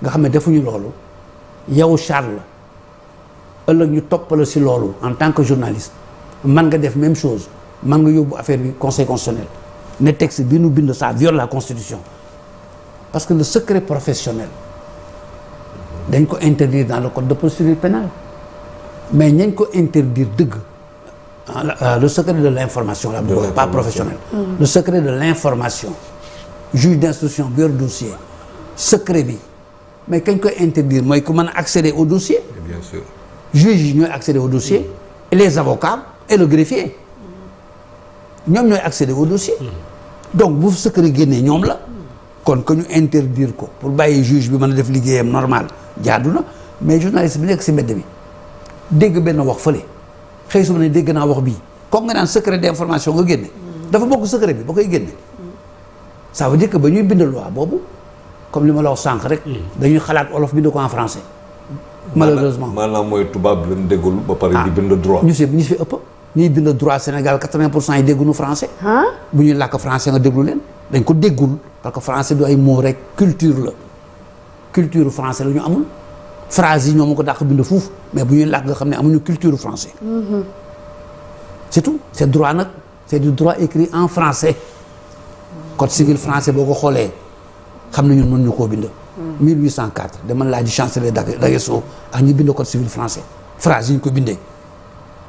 nga xam ne defuñu loolu yow Charles ëllëg ñu toppala si loolu en tant que journaliste man nga def même chose man nga yóbbu affaire bi conseil constitutionnel ne texte bi nu bind ça viole la constitution parce que le secret professionnel dañ ko interdire dans le code de procédure pénale mais ñañ ko interdire dëgg Ah, ah, le secret de l'information la bëggoon pas professionnel le secret de l'information juge d'instruction bi yor dossier secret bi mais kañ koy interdire mooy ku mën a accéder au dossier bien juge yi ñooy accéder au dossier et les avocats et le greffier ñoom ñooy accéder au dossier donc bu secret génnee ñoom la kon que ñu interdire ko pour bàyyi juge bi mën a def liggéeyam normal jaadu na mais journaliste bi nekk si mbedd mi dégg benn wax fële xëy suma ne dégg naa wax bii kooku nga naan secret d'information nga génne dafa bokk secret bi ba koy génne ça veut dire que ba ñuy bind loi boobu comme li ma la wax sànq rek hmm. dañuy xalaat olof bind ko en français malheureusement maanaam mooy tubaab bi leen déggul ba pare ah. di bind droit ñu si ñu si ëpp ñuy bind droit Sénégal 80 pour cent yi déggunu français bu ñuy làkk français nga déglu leen dañ ko déggul parce que français du ay moo rek culture la culture français la ñu amul phrase yi ñoom mu ko dàq bind foofu mais bu ñuy làkk nga xam ne amuñu culture français mm-hmm. c'est tout c'est droit nag c'est du droit écrit en français code civil français boo ko xoolee xam ne ñun mun ñu koo bind 1804 mm. dama laaj chancelier d'Aguesseau ak ñi bind code civil français phrase yi ñu ko bindee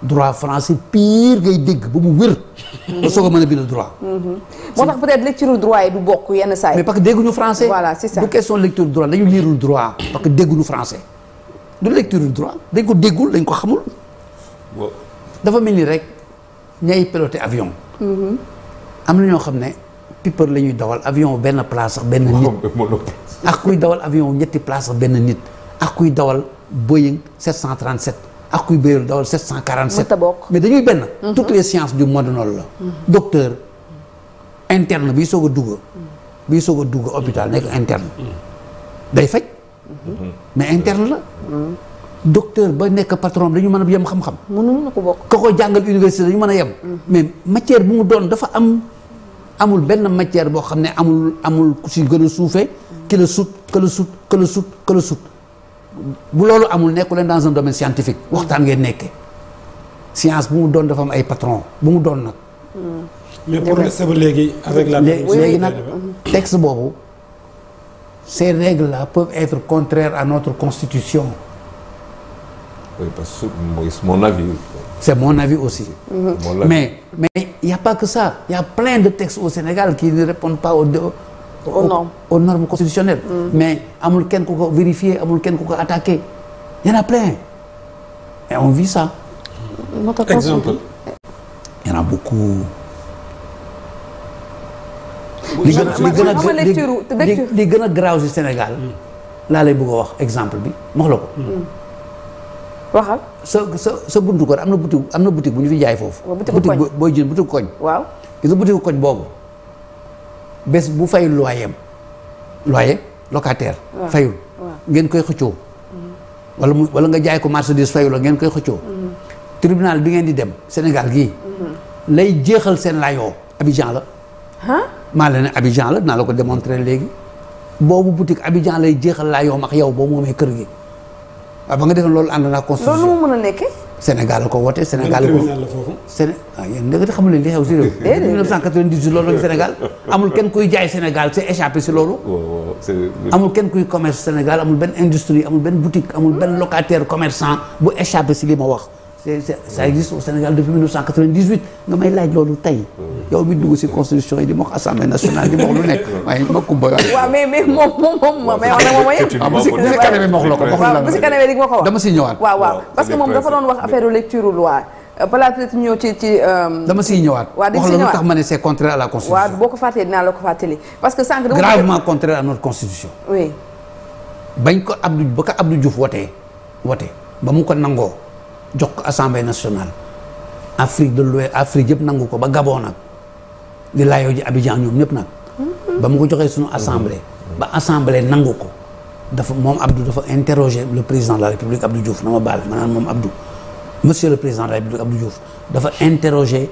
droit français pire ngay dégg ba mu wér. soo soog a mën a bind droit. Mm-hmm. moo tax peut-être lecture droit yi du bokk yenn saa yi. mais parce que dégguñu français. voilà c'est ça du question lecture droit dañu liirul droit. parce que dégguñu français. du lecture droit dañ ko déggul dañ ko xamul. dafa mel ni rek ñay piloté avion. Mm-hmm. am na ñoo xam ne piper la ñuy dawal avion benn place sax benn nit. ak kuy dawal avion ñetti place sax benn nit. ak kuy dawal Boeing 737. ak kuy béyoon dawal 747. mais dañuy benn. Mhm. toutes les sciences du monde noonu la. Mhm. docteur interne biy soog a dugg. Mhm. biy soog a dugg hôpital nekk interne. day faj. mais interne la. docteur ba nekk patron dañu mën a yem xam-xam. ko bokk. ka ko jàngal université dañu mën a yem. mais matière bu mu doon dafa am amul benn matière boo xam ne amul amul ku si gën suufee. ki la sut ka la sut ka la sut ka sut. bu loolu amul nekku leen dans un domaine scientifique waxtaan ngeen nekkee science bu mu doon dafa ay patron bu mu doon nag. Hmm. mais progressé ba léegi avec la. léegi nag texte boobu ces règles là peuvent être contraires à notre constitution. oui parce que mooy mon avis. c'est mon avis aussi. mais mais il pas que ça il y de textes au Sénégal qui ne répondent pas aux aux normes aux normes constitutionnelles. Mm. mais amul kenn ku ko vérifier amul kenn ku ko attaqué en a plein et mm. li gën a li gën a gën a graaw si Sénégal. Mm. laa lay bëgg a wax exemple bi wax la ko. sa sa sa buntu kër am na boutique am na boutique bu ñu fi jaay foofu. boutique booy jël boutique koñ. waaw gis boobu. bés bu fay loyer loyer locataire. fayul ngeen koy xëccoo. Mhm. wala mu wala nga jaay ko marchandise fayul ngeen koy xëccoo. Mhm. tribunal bi ngeen di dem Sénégal gi mhm. lay jeexal seen laayoo Abidjan la. maa la ne Abidjan la dinaa la ko démontrer léegi. boobu boutique Abidjan lay jeexal laayoo ak yow boo moomee kër gi. waaw ba nga defee loolu ànd naa constitution loolu moo mën a nekkee. Sénégal ko woote Sénégal ko Séné waaw yéen da nga xamul ne li xew si réew *laughs* loolu lañu Sénégal amul kenn kuy jaay Sénégal c'est échappé si loolu amul kenn kuy commerce Sénégal amul benn industrie amul benn boutique amul benn locataire commerçant bu échappé si li ma wax c'est ça existe au Sénégal depuis 1998 nga may laaj loolu tey. yow mi dugg ci constitution yi di ma wax nationale di ma wax lu na ko ma di nga ko dama si ñëwaat. waaw waaw parce que moom dafa doon wax affaire lecture loi. Euh, balaa peut-être ñëw ci ci. Euh, dama siy ñëwaat. waaw di si ñëwaat wax la lu tax ma ne c'est contraire la constitution. waaw boo ko fàttee dinaa la ko fàttali. parce que sànq dama. gravement contraire à notre ko ba ko Abdou Diouf ba mu ko nangoo jox ko assemblée nationale Afrique de l'Ouest Afrique yëpp nangu ko ba Gabon nag di laayoo ji Abidjan ñoom ñëpp nag ba mu ko joxee suñu assemblée ba assemblée nangu ko dafa moom Abdou dafa interroger le président la République Abdou Diouf na ma baal ma naan moom Abdou monsieur le président de la République Abdou dafa interroger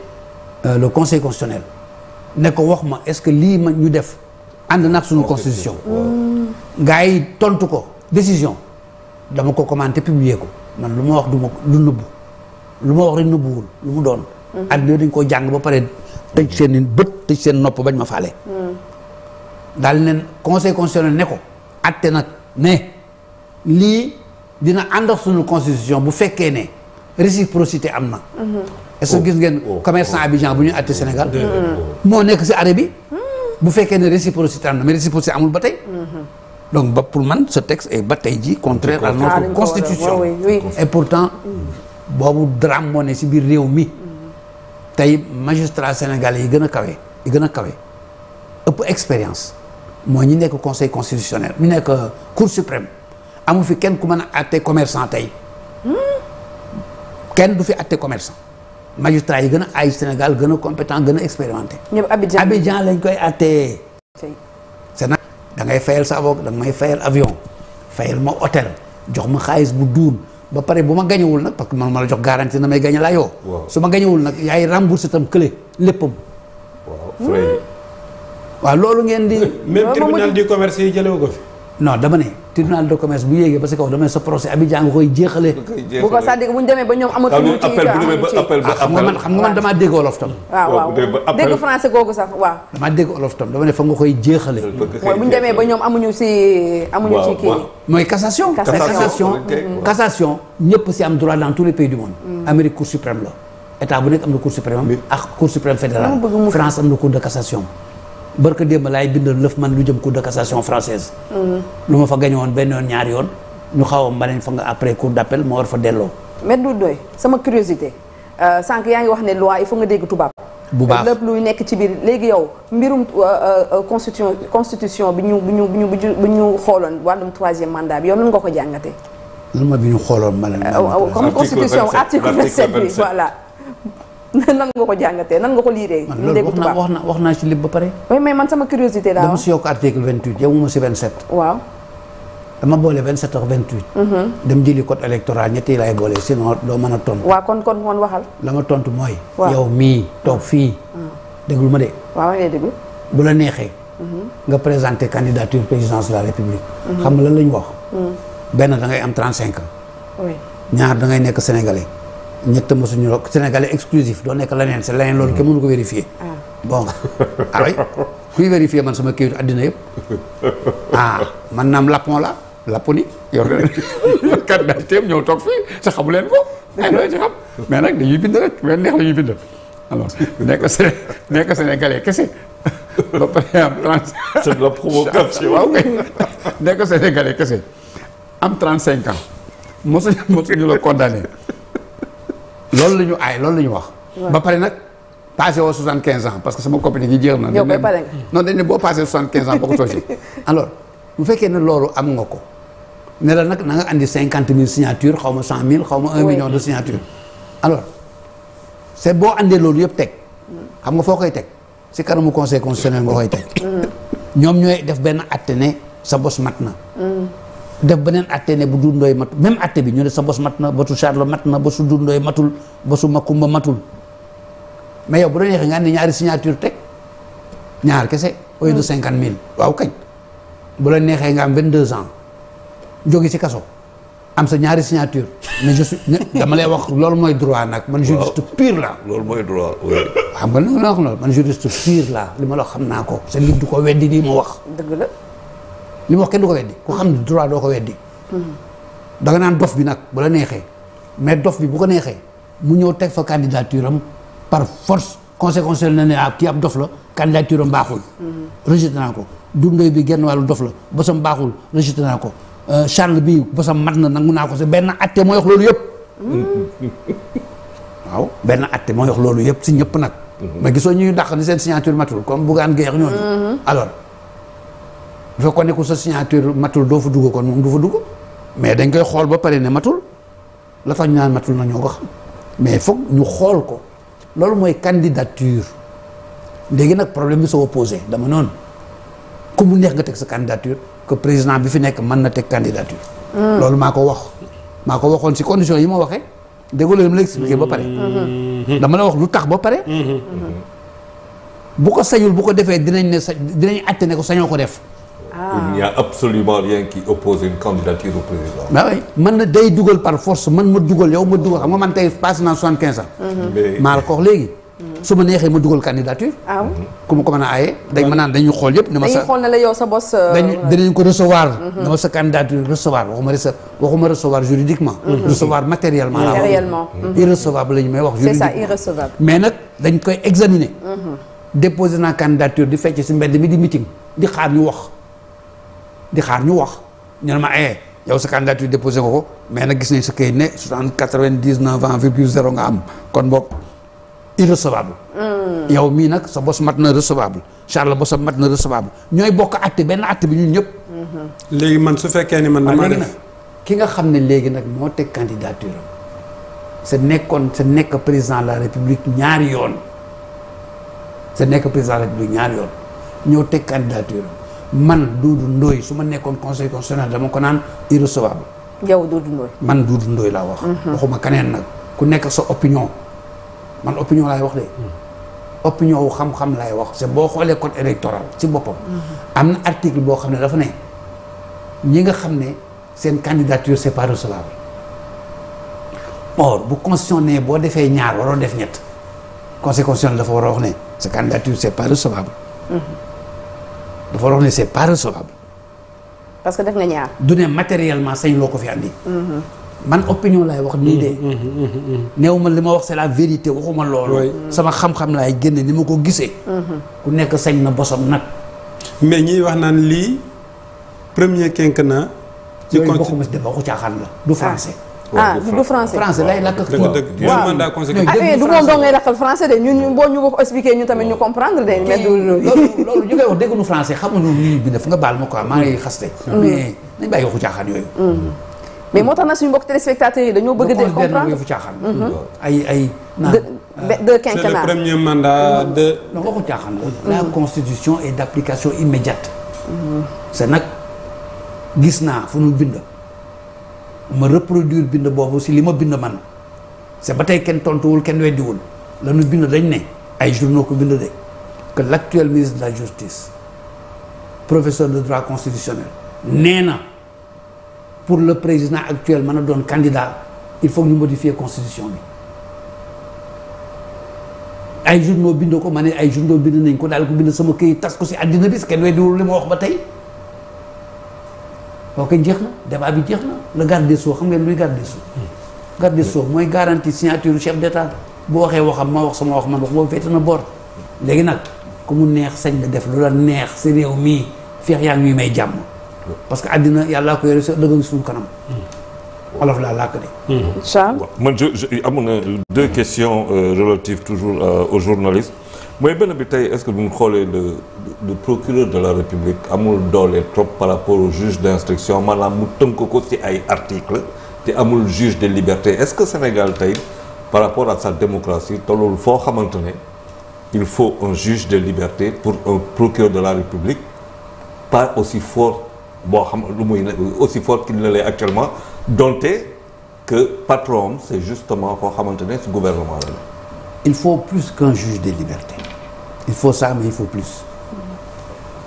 euh, le conseil constitutionnel ne ko wax ma est-ce que lii ma ñu def ànd nag suñu constitution gars tontu ko décision dama ko commenté publier ko man lu ma wax du ma du nëbbu lu ma wax rek nëbbuwul lu mu doon. Mm-hmm. àddina dañ koo jàng ba pare tëj seen bët tëj seen nopp bañ ma faale. Mm. daal ne conseil constitutionnel ne ko. atte nag ne lii dina ànd ak suñu constitution bu fekkee ne réciprocité am na. Mm-hmm. est-ce que oh. gis ngeen oh. commerçant oh. Abidjan bu ñuy atte Sénégal. Mm-hmm. moo nekk si arrêt bi. Mm. bu fekkee ne réciprocité am na mais réciprocité amul ba tey. donc ba pour man ce texte est ba tey jii contraire à notre ah, constitution et pourtant boobu drame moo ne si biir réew mi tey magistra sénégalais yi gën a kawe yi gën a kawe ëpp expérience mooy ñu nekk conseil constitutionnel ñu nekk cour suprême amu fi kenn ku mën a atte commerçant tey kenn du fi atte commerçant magistrat yi gën a ay Sénégal gën a compétent gën a expérimenté Abidjan lañ koy attee c'est nag dangay ngay fayal sa avocat da nga fayal avion fayal ma hôtel jox ma xaalis bu duun ba pare bu ma gañewul nag parce que man ma la jox garantie na may gañe laa yow. su ma gañewul nag yaay remboursé itam clé léppam. waaw waaw loolu ngeen di. même tribunal du commerce yi jële ko fi. no dama ne tribunal de commerce bu yéegee parce que dama ne sa procès Abidjan nga koy jeexalee. bu nga koy jeexalee. mooy bu ñu ba ñoom amuñu si amuñu ci kii. mooy cassation. cassation cassation si am droit dans tous les pays du monde. Mm. Amérique cour suprême la état bu nekk am na cour suprême. ak cour suprême fédérale. France am na cour de cassation. barka démb laay bindoon lëf man lu jëm cour cassation française mm-hmm. lu ma fa gañe woon benn yoon ñaar yoon ñu xaw a mbaleen fa nga après cour d'appel ma war fa delloo mais du doy sama curiosité euh, sànq yaa ngi wax ne loi il faut nga dégg tubaab bu baax lépp luy nekk ci biir léegi yow mbirum euh, euh, constitution constitution bi ñu bi ñu bi ñu bi ñu xooloon wàllum troisième mandat bi yow nan nga ko jàngatee. lu ma bi ñu xooloon ma leen. comme constitution article 27 bi voilà. *laughs* nan nga ko jàngatee nan nga ko liiree. man wax naa wax naa wax naa lépp ba pare. oui mais man sama curiosité laa. dama si yokk article 28 yow ma si 27. waaw. dama boole 27 ak 28. Mhm. dem jëli code électoral ñetti laay boole sinon doo mën a tontu. waaw kon kon moon waxal. la ma tontu mooy. yow mii toog fii. Mm. déglu ma de. waaw ma ngi lay déglu. bu la neexee. Mhm. nga présenter candidature présidence de la république. Mhm. xam nga lan la ñu wax. Mm. benn da ngay am 35 ans. ñaar da ngay nekk sénégalais. ñett mosuñu rok sénégalais exclusif doo nekk leneen c'est leneen loolu kenn mënu ko vérifier ah. bon ah oui kuy vérifier man sama kayitu àddina yëpp ah man naam lapon la laponi yor na carte d'identité ñëw toog fii sa xamu leen ko ay mais nag dañuy bind rek mais neex nekk Séné kese *laughs* ba pare am 30. c'est de la provocation waaw *laughs* ah, kay nekk sénégalais kese am 35 ans mosuñu mosuñu la condamné. loolu la ñu aay loolu la ñu wax. ba pare nag passé woo quinze ans parce que sama copine gi jeex na. yow ba pare non dañ ne boo passé 75 ans boo ko toojee alors bu fekkee ne loolu am nga ko ne la nag na nga andi 50 000 signatures xaw ma 100 000 xaw ma 1 million de signatures alors c'est boo indee loolu yëpp teg xam nga foo koy teg si kanamu conseil constitutionnel nga koy teg. Mm. ñoom ñooy def benn atte sa bos mat na. Mm. def beneen atte ne bu dundooy mat même atte bi ñu ne sa bos mat na bosu Charles mat na bosu dundooy matul bosu Makumba matul mais yow bu doon yéexee nga ni ñaari signature teg ñaar kese au lieu de cinquante mille bu la neexee nga am vingt deux ans jóge ci kaso am sa ñaari signature mais je suis dama lay wax loolu mooy droit nag man juriste pur la loolu mooy droit xam nga nag la man juriste la li ma la xam naa ko sa nit du ko weddi nii ma wax li mu wax kenn du ko weddi ku xam ne droit doo ko weddi. Hmm. da nga naan dof bi nag bu la neexee mais dof bi bu ko neexee mu ñëw teg fa candidature am par force conséquence na ne ak ah, kii ab dof la candidature am baaxul. Hmm. rejeté naa ko dundoy bi genn wàllu dof la bosam baaxul rejeté naa ko euh, Charles bi bosam mat na nangu naa ko sa benn atte mooy wax loolu yëpp. Hmm. waaw benn atte mooy wax loolu yëpp si ñëpp nag. mais gisoo ñuy dàq ni seen signature matul comme Bougane Gueye ñooñu alors. bu fekkoon ne ku sa matul doo fa dugg kon moom du fa dugg mais dañ koy xool ba pare ne matul la tax ñu naan matul na ñoo ko xam mais foog ñu xool ko loolu mooy candidature léegi nag problème bi soo posé dama noonu ku mu neex nga teg sa candidature que président bi fi nekk mën na teg candidature. Hmm. loolu maa ko wax maa ko waxoon si condition yi ma waxee déggoo leen ma la expliqué ba pare. Hmm. dama la wax lu tax ba pare. Hmm. bu ko sañul bu ko defee dinañ ne dinañ àtte ko sañoo ko def. il n'y a absolument rien qui oppose une candidature au président. ah oui man na day dugal par force man ma dugal yow ma dugal xam nga man tey passé naa soixante quinze ans. maa la ko wax léegi. su ma neexee ma dugal candidature. waaw ah ku ma ko mën a aaye. dañ ma naan dañuy xool yëpp. ne ma sa xool ne la yow sa bos. Euh, dañu danañ ko recevoir. Mhm. ne ma sa candidature recevoir waxuma recevoir juridiquement. Mhm. recevoir matériellement. Mhm. matériellement irrecevable may wax. juridiquement mais nag dañ koy examiner. déposer naa candidature di fecc si mbedd mi di xaar ñu wax ñu ne ma eh yow sa candidature déposé nga ko mais nag gis nañ sa këyit ne soixante quatre vingt dix neuf ans virgule zéro nga am kon boog irrecevable. Hmm. yow mii nag sa bos mat na recevable Charles sa mat na recevable ñooy bokk àtte benn àtte bi ñu ñëpp. Hmm. léegi man su fekkee ni man. damaa def ki nga xam ne léegi nag moo teg candidature am sa nekkoon sa nekk président la république ñaari yoon sa nekk président de la république ñaari yoon ñoo teg candidature man Doudou Ndoye su ma nekkoon conseil constitutionnel dama ko naan irrecevable. yow Doudou Ndoye. man Doudou Ndoye laa wax. Mhm. waxuma keneen nag ku nekk sa opinion man opinion laay wax de. Mhm. opinion wu xam-xam laay wax. c'est boo xoolee code électoral ci boppam. Mhm. am na article boo xam ne dafa ne ñi nga xam ne seen candidature c'est pas recevable. or bu constitution boo defee ñaar waroo def ñett conseil constitutionnel dafa war a wax ne sa candidature c'est pas recevable. dafa wax ne c' est recevable. parce que def nga ñaar. du ne matériellement sañ loo ko fi andi. man opinion laay wax nii de. Mm-hmm, mm-hmm, mm-hmm, néew ma li ma wax c'est la vérité waxuma loolu. sama xam-xam laay génne ni ma ko gisee. ku nekk sañ na bosam nag. mais ñiy wax naan lii premier quinquennat. ci continué yooyu bokkuma ci dem waxu caaxaan la du ah. france ah du français français lay lakk. dëgg dëgg waaw mandat conséquent. Ah, mais du moom doo ngay lakkal français de ñun ko expliqué ñu tamit ñu comprendre mais yooyu. Mm. mais moo tax na suñu mbokk téléspectateurs yi dañoo bëgg de comprendre fu caaxaan mm-hmm. ay ay naan de quinquennat euh, c'est le premier mandat mm-hmm. de non mm. constitution est d'application immédiate mm-hmm. c'est nag gis naa fu ñu bind ma reproduire bind boobu si li ma bind man c'est ba tey kenn tontuwul kenn weddiwul la bind dañ ne ay journaux ko bind de que l'actuel ministre de la justice professeur de droit constitutionnel nee na pour le président actuel mën a doon candidat il faut ñu modifier constitution bi ay journaux bind ko ma ne ay journaux bind nañ ko daal ko bind sama këyit tas ko si àddina bi kenn weddiwul li ma wax ba tey waaw kay jeex na débat bi jeex na le garde des sceaux xam ngeen luy garde des sceaux. Hmm. garde des sceaux mooy garantie signature chef d'état bu waxee waxam ma wax sama wax man wax boobu féete na boor léegi nag ku mu neex sañ nga def lu la neex si réew mii feex yaa ngi ñuy may jàmm. parce que àddina yàllaa ko yore sa dëgg suñu kanam. Hmm. olof laa làkk de. Hmm. Charles. mooy benn bi tey est-ce que bu ñu xoolee le le procureur de la république amul doole trop par rapport au juge d'instruction maanaam mu tënk ko si ay articles te amul juge de liberté est-ce que Sénégal tey par rapport à sa démocratie tolul foo xamante ne il faut un juge de liberté pour un procureur de la république pas aussi fort boo xam lu muy aussi fort qu'il ne l'est actuellement donte que patron am c'est justement koo xamante ne ci gouvernement la il faut plus de liberté il faut ça mais il faut plus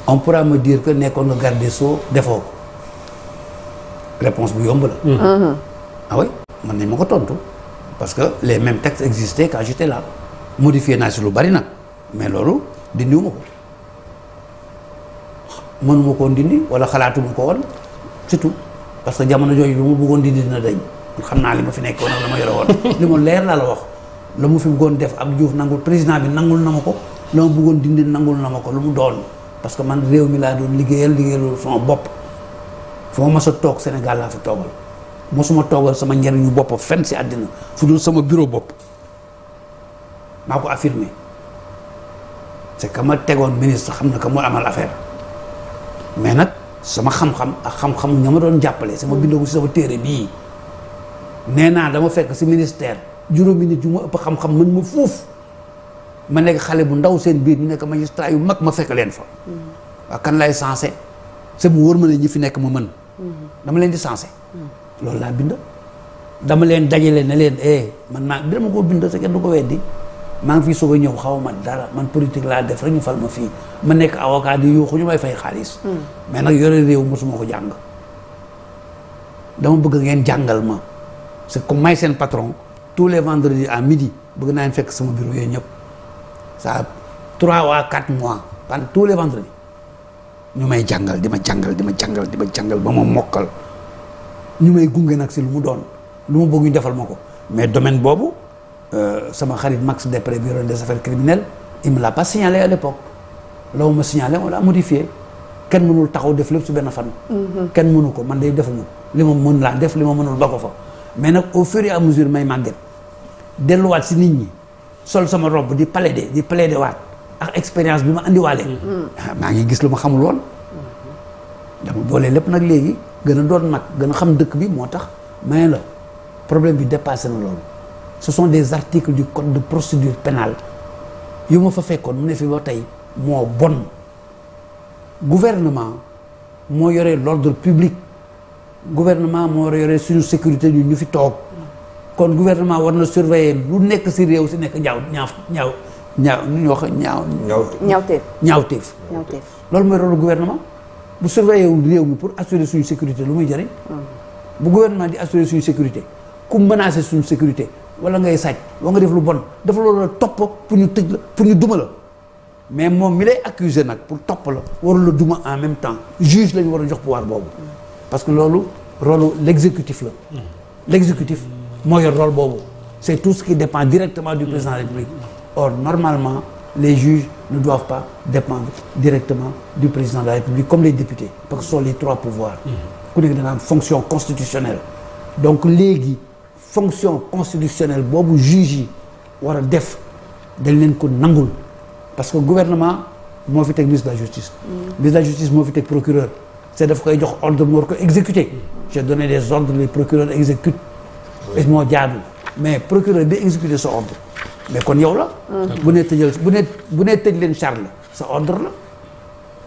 on pourra me dire que nekkoon nga garde des sceaux defoo réponse bu yomb la ah man nañ ma ko tontu parce que les mêmes textes existaient quand j'étais là modifié naa si lu bari nag mais loolu dindiwuma ko mënuma koon dindi wala xalaatuma ko woon surtout parce que jamono jooju lu ma bëggoon dindi dina dañ xam naa li ma fi nekkoon ak la ma yore woon *laughs* li ma leer laa la wax la mu fi bëggoon def ak juuf nangul président bi nangul na ko la ma bëggoon dindi nangul na ma ko lu mu doon parce que man réew mi laa doon liggéeyal liggéeyalul sama bopp foo ma sa toog Sénégal laa fa toogal mosuma toogal sama njariñu bopp fen si àddina fu dul sama bureau bopp maa ko affirmé c'est que ma tegoon ministre xam na que moo amal affaire mais nag sama xam-xam ak xam-xam ña ma doon jàppale sama bindoo ko si sama téere bii nee naa dama fekk si ministère juróomi nit yu ma ëpp xam-xam mën ma fuuf ma nekk xale bu ndaw seen biir ñu nekk magistrat yu mag ma fekk leen fa. waaw kan lay sensé sa mu wóor ma ne ñi fi nekk ma mën. dama leen di sensé. loolu laa bind. dama leen dajale ne leen eh man maa dama koo bind te kenn du ko weddi maa ngi fii soog a ñëw xaw ma dara man politique laa def rek ñu fal ma fii ma nekk avocat di yuuxu ñu may fay xaalis. mais nag yore réew mosuma ko jàng. dama bëgg ngeen jàngal ma. c'est comme may seen patron tous les vendredis à midi bëgg naa leen fekk sama bureau yooyu ñëpp. ça trois ou quatre mois pendant tous les vendredis ñu may jàngal di ma jàngal di ma jàngal di ma jàngal ba ma mokkal ñu may gunge nag si lu mu doon lu mu bëgg ñu defal ma ko mais domaine boobu euh, sama xarit Max Depré bi yoroon des affaires criminelles il me l'a pas signalé à l'époque la ma signalé on l'a modifié kenn mënul taxaw def lépp su benn fan. Mm-hmm. kenn mënu ko man day defuma li ma mën laa def li ma mënul ba ko fa mais nag au fur et mesure may màgget delluwaat si nit ñi. sol sama robe di plaider di plaider waat ak expérience bi ma andiwaale. Mm-hmm. Ah, maa ngi gis lu ma xamul woon. Mm-hmm. dama boole lépp nag léegi gën a doon mag gën a xam dëkk bi moo tax maye la problème bi dépassé na loolu ce sont des articles du code de procédure pénale yu ma fa fekkoon mu ne fi ba tey moo bon gouvernement moo yore l'ordre public gouvernement moo yore suñu sécurité ñu ñu fi toog kon gouvernement war na surveiller lu nekk si réew si nekk ñaaw ñaaw ñaaw ñaaw ñu wax ñaaw. ñaawteef ñaawteef. ñaawteef loolu mooy rôle gouvernement bu surveiller réew mi pour assurer suñu sécurité lu muy jëriñ. Hmm. bu gouvernement di assurer suñu sécurité ku menacer suñu sécurité wala ngay sàcc wa nga def lu bon dafa loolu la topp pour ñu tëj la pour ñu duma la mais moom mi lay accuser nag pour topp la warul duma en même temps juge lañu war a jox pouvoir boobu parce que loolu rol l'exécutif la. Hmm. moo yor boobu c'est tout ce qui dépend directement du président de la République or normalement les juges ne doivent pas dépendre directement du président de la République comme les députés parce que ce sont les trois pouvoirs ku nekk dana am fonction constitutionnelle donc léegi fonction constitutionnelle boobu juge yi war def dañ leen ko nangul parce que gouvernement moo fi teg ministre de la justice ministre de la justice fi teg daf koy jox ordre mu war ko exécuter j'ai donné des daf moo jaadu mais procureur bi exécuter sa ordre mais kon yow la bu nee tëjal bu nee bu nee tëj leen la sa ordre la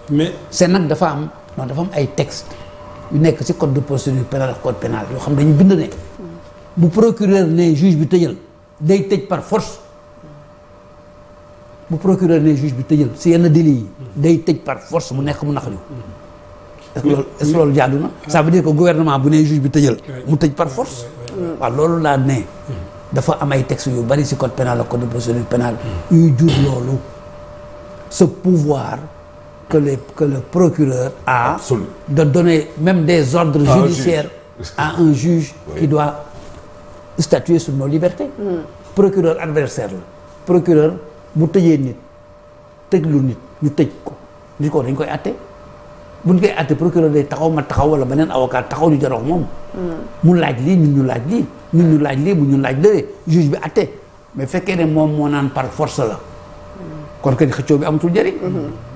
mais c'est nag dafa am non dafa am ay texte yu nekk ci code de procédure pénale ak code pénal yoo xam ne dañu bind ne bu procureur ne juge bi tëjël day tëj par force bu procureur ne juge bi tëjal si yenn délits yi day tëj par force mu nekk mu naqariw est-ce que loolu est-ce jaadu na ah. ça veut dire que bu ne juge bi tëjal mu tëj par force waaw loolu laa ne dafa am ay textes yu bari ci code pénal ak code de procédure pénale yuy jur loolu ce pouvoir que le procureur a Absolue. de donner même des ordres à judiciaires à un juge oui. qui doit statuer sur nos libertés mm. procureur adversaire la procureur bu tëjee nit tëj lu nit ñu tëj ko nit ko dañ koy àtte bu ñu koy àtte procureur day taxaw ma taxaw wala beneen avocat taxaw ñu jarox moom. mu laaj lii ñun ñu laaj lii ñun ñu laaj lii bu ñu laaj lële juge bi àtte mais fekkee ne moom moo naan par force la. kon kay xëccoo bi amatul njëriñ.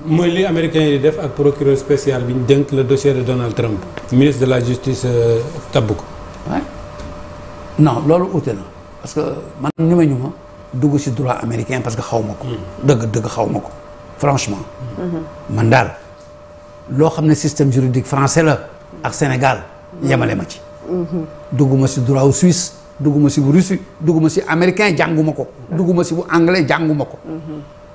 mooy li américain yi def ak procureur spécial bi ñu dénk le dossier de Donald Trump. ministre de la justice euh, tabb ko. non loolu ute na parce que man ñu ma ñu ma dugg si droit américain parce que xaw ma ko. Mm. dëgg dëgg xaw ma ko franchement. Mm-hmm. man daal. loo xam ne système juridique français la ak Sénégal yemale ma ci dugguma si droit wu suisse dugguma si bu russe dugguma si américain jànguma ko dugguma si bu anglais jànguma ko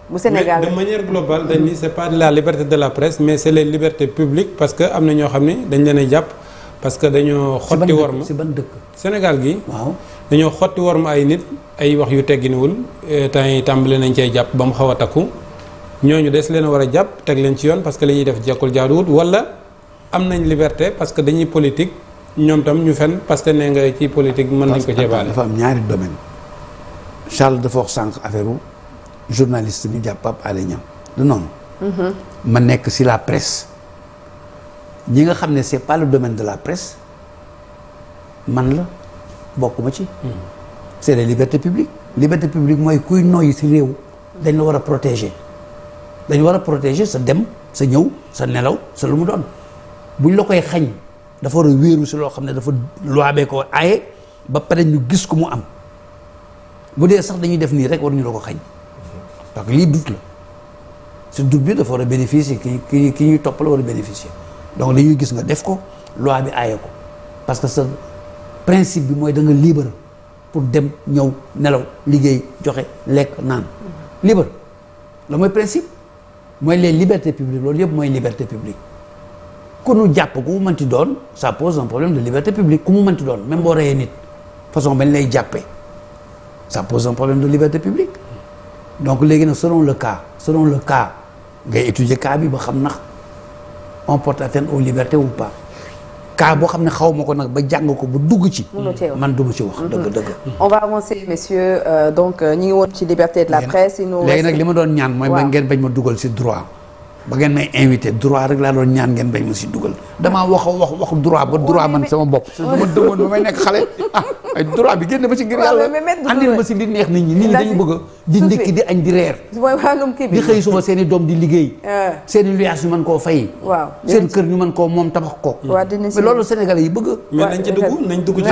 bu Sénégal de manière globale dañ ni c'est pas de la liberté de la presse mais c'est les libertés publiques parce que am na ñoo xam ne dañ leen a jàpp parce que dañoo xotti worma si ban dëkk Sénégal gi waaw dañoo xotti worma ay nit ay wax yu tegginuwul eh, temps yi tàmbali nañ cee jàpp ba mu xaw a takku ñooñu des leen war a jàpp teg leen ci yoon parce que li def jekkul jaaduwut wala am nañ liberté parce que dañuy politique ñoom tam ñu fen parce que nee nga ci politique mën nañ ko ceebaale dafa am ñaari domaine Charles dafa wax sànq affaire journaliste bi jàpp Pape Alé Niang noonu mhm. ma nekk si la presse ñi nga xam ne c'est pas le domaine de la presse man la bokkuma ci mhm. c'est les libertés publiques liberté publique mooy kuy noyyi si réew dañ la war a protéger dañ war a protéger sa dem sa ñëw sa nelaw sa lu mu doon bu ñu la koy xañ dafa war a wéeru si loo xam ne dafa loi bee ko aaye ba pare ñu gis ko mu am bu dee sax dañuy def nii rek war ñu la ko xañ parce que lii dut la si dut bi dafa war a bénéficier ki ki ki ñuy topp la war a bénéficier donc dañuy gis nga def ko loi bi aaye ko parce que sa principe bi mooy danga nga pour dem ñëw nelaw liggéey joxe lekk naan libre la mooy principe mooy les libertés publiques loolu yëpp mooy liberté publique ku nu jàpp ku mu mënti doon ça pose un problème de liberté publique ku mu mënti doon même boo reyee nit façon bañ lay jàppee ça pose un problème de liberté publique donc léegi nag selon le cas selon le cas ngay étudier cas bi ba xam nax on porte atteinte aux libertés ou pas cas boo xam ne xaw ma ko nag ba jàng ko bu dugg ci. man du ma ci wax mm-hmm. dëgg dëgg. on va avancer messieurs euh, donc euh, ñi ngi woon ci liberté de la presse. léegi nag li ma doon ñaan mooy ma ngeen bañ ma dugal ci droit. ba ngeen may invité droit rek laa doon ñaan ngeen bañ ma si dugal damaa wax wax wax droit ba droit man sama bopp su *laughs* ma dëmoon ba may nekk xale ah ay droit bi génn ma si ngir yàlla andil ma si li neex nit ñi nit ñi dañu bëgg di ndékki di añ di reer di xëy suba seen doom di liggéey ah. seeni i luyaas ñu mën koo fay waaw seen kër ñu mën koo moom tabax ko mais loolu sénégalais yi bëgg mais nañ ci dugg nañ dugg ci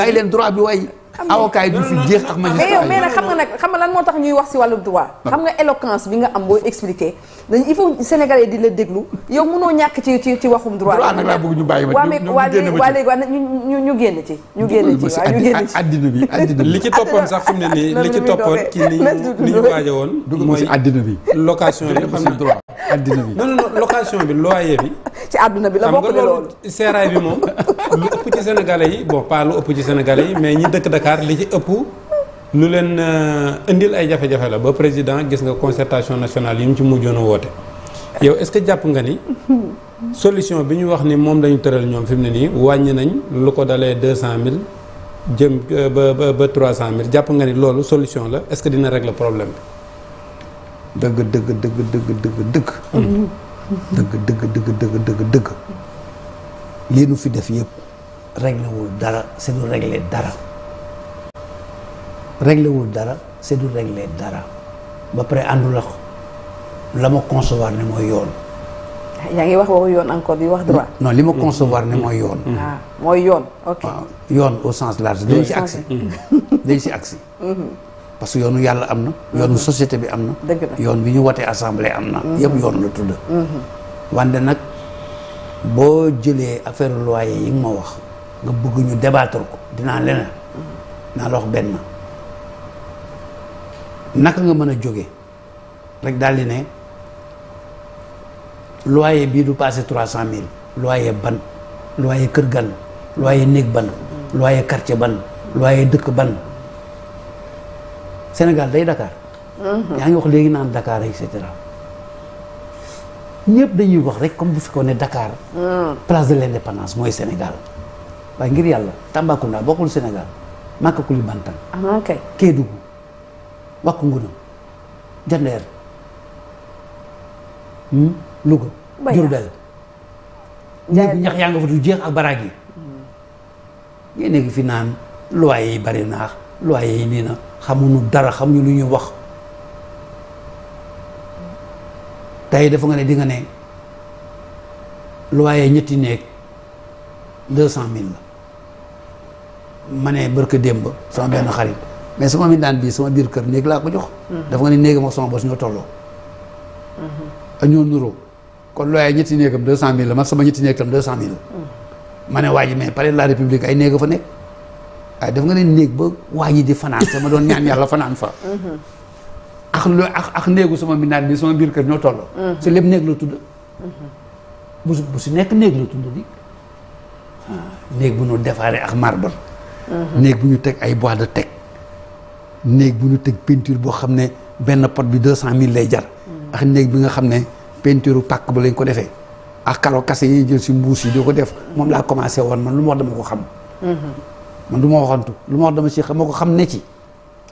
bàyyi leen droit bi waay avocat yi du fi jeex ak magistrat yi. mais yow mais nag xam nga nag xam nga lan moo tax ñuy wax si wàllu droit. xam nga éloquence bi nga am booy expliquer dañu il faut sénégalais di la déglu yow mënoo ñàkk ci ci ci waxum droit. droit nag laa bëgg ñu bàyyi ma ñu ñu ñu génn ci ñu génn ci waaw ñu génn ci addina bi addina bi. li ci toppoon sax fi mu ne nii li ci toppoon ci ni ni ñu waaje woon. dugg si addina bi location bi xam na droit addina bi. non non location bi loyer bi. ci adduna bi la bokk loolu xam nga loolu seeraay bi moom lu ëpp ci sénégalais yi bon pas lu ëpp ci sénégalais yi mais ñi dëkk Dakar li ci ëpp lu leen euh, indil ay jafe-jafe la ba président gis nga concertation nationale yi mu ci mujjoon a woote. yow est-ce que jàpp nga ni. *laughs* solution bi ñu wax ni moom lañu tëral ñoom fi mu ne nii wàññi nañ lu ko dalee deux cent mille jëm euh, ba ba trois cent mille jàpp nga ni loolu solution la est-ce que dina régler problème bi. dëgg dëgg dëgg dëgg dëgg dëgg. *laughs* dëgg lii nu fi def yëpp réglé wul dara c'est du réglé dara. réglé wul dara c'est du réglé dara ba pare àndul ak la ma concevoir ne mooy yoon. yaa ngi wax waxu yoon encore di wax droit. non li ma concevoir ni mooy yoon. Ah, mooy yoon ok. waaw au sens large dañ mhm. ci agsi mhm. parce que yoonu yàlla am na. Mhm. yoonu société bi am na. yoon bi ñu wotee assemblée am na. yëpp yoon la tudd. wante nag boo jëlee affaire loyer yi nga ma wax nga bëgg ñu débattre ko dinaa leneen. naa la wax benn. naka nga mën a jóge rek daal di ne loyer bii du passé trois cent mille loyer ban loyer kër gan loyer néeg ban loyer quartier ban loyer dëkk ban Sénégal day Dakar mhm. yaa ngi wax léegi naan dakaar et cetera ñëpp dañuy wax rek comme bu fekkoon ne Dakar mhm. place de l'indépendance mooy Sénégal waaye ngir yàlla Tambacounda bokkul Sénégal Maka Koulibantang ah, kay Kédougou wakku ngudum jandeer hmm? Louga Jurbel néegi ñax yaa nga fa du jeex ak baraag yi ngeen hmm. nekk fi naan loyer yi bari naax loyer yi nii na xamuñu dara xamuñu lu ñuy wax tey dafa nga ne dinga nga ne loyer ñetti néeg deux cent mille la ma ne barke démb sama benn xarit mais sama mindaan bii sama biir kër néeg laa ko jox. Mhm. dafa nga ne néegam ak sama bos ñoo tolloo. Mhm. ak ñoo nuroo kon looyaay ñetti néegam deux cent mille la man sama ñetti néeg tam deux cent mille la. Mhm. ma ne waa ji mais palais de la ay néega fa nekk. waaye daf nga ne néeg ba waa ji di fanaan sama doon ñaan yàlla fanaan fa. ak lu néegu sama mindaan bi sama biir kër ñoo tolloo. si lépp néeg la tudd. bu bu si nekk néeg la tudd di. Ah, néeg bu ñu defaree ak marbre. néeg bu ñu teg ay bois de teg. néeg bu ñu teg peinture boo xam ne benn pot bi deux cent mille lay jar ak néeg bi nga xam ne peinture pàkk ba lañ ko defee ak karo kase yi jël si mbuus yi doo ko def moom laa commencé woon man lu ma wax dama ko xam mm-hmm. man du ma waxantu lu ma wax dama si xam ma ko xam ne ci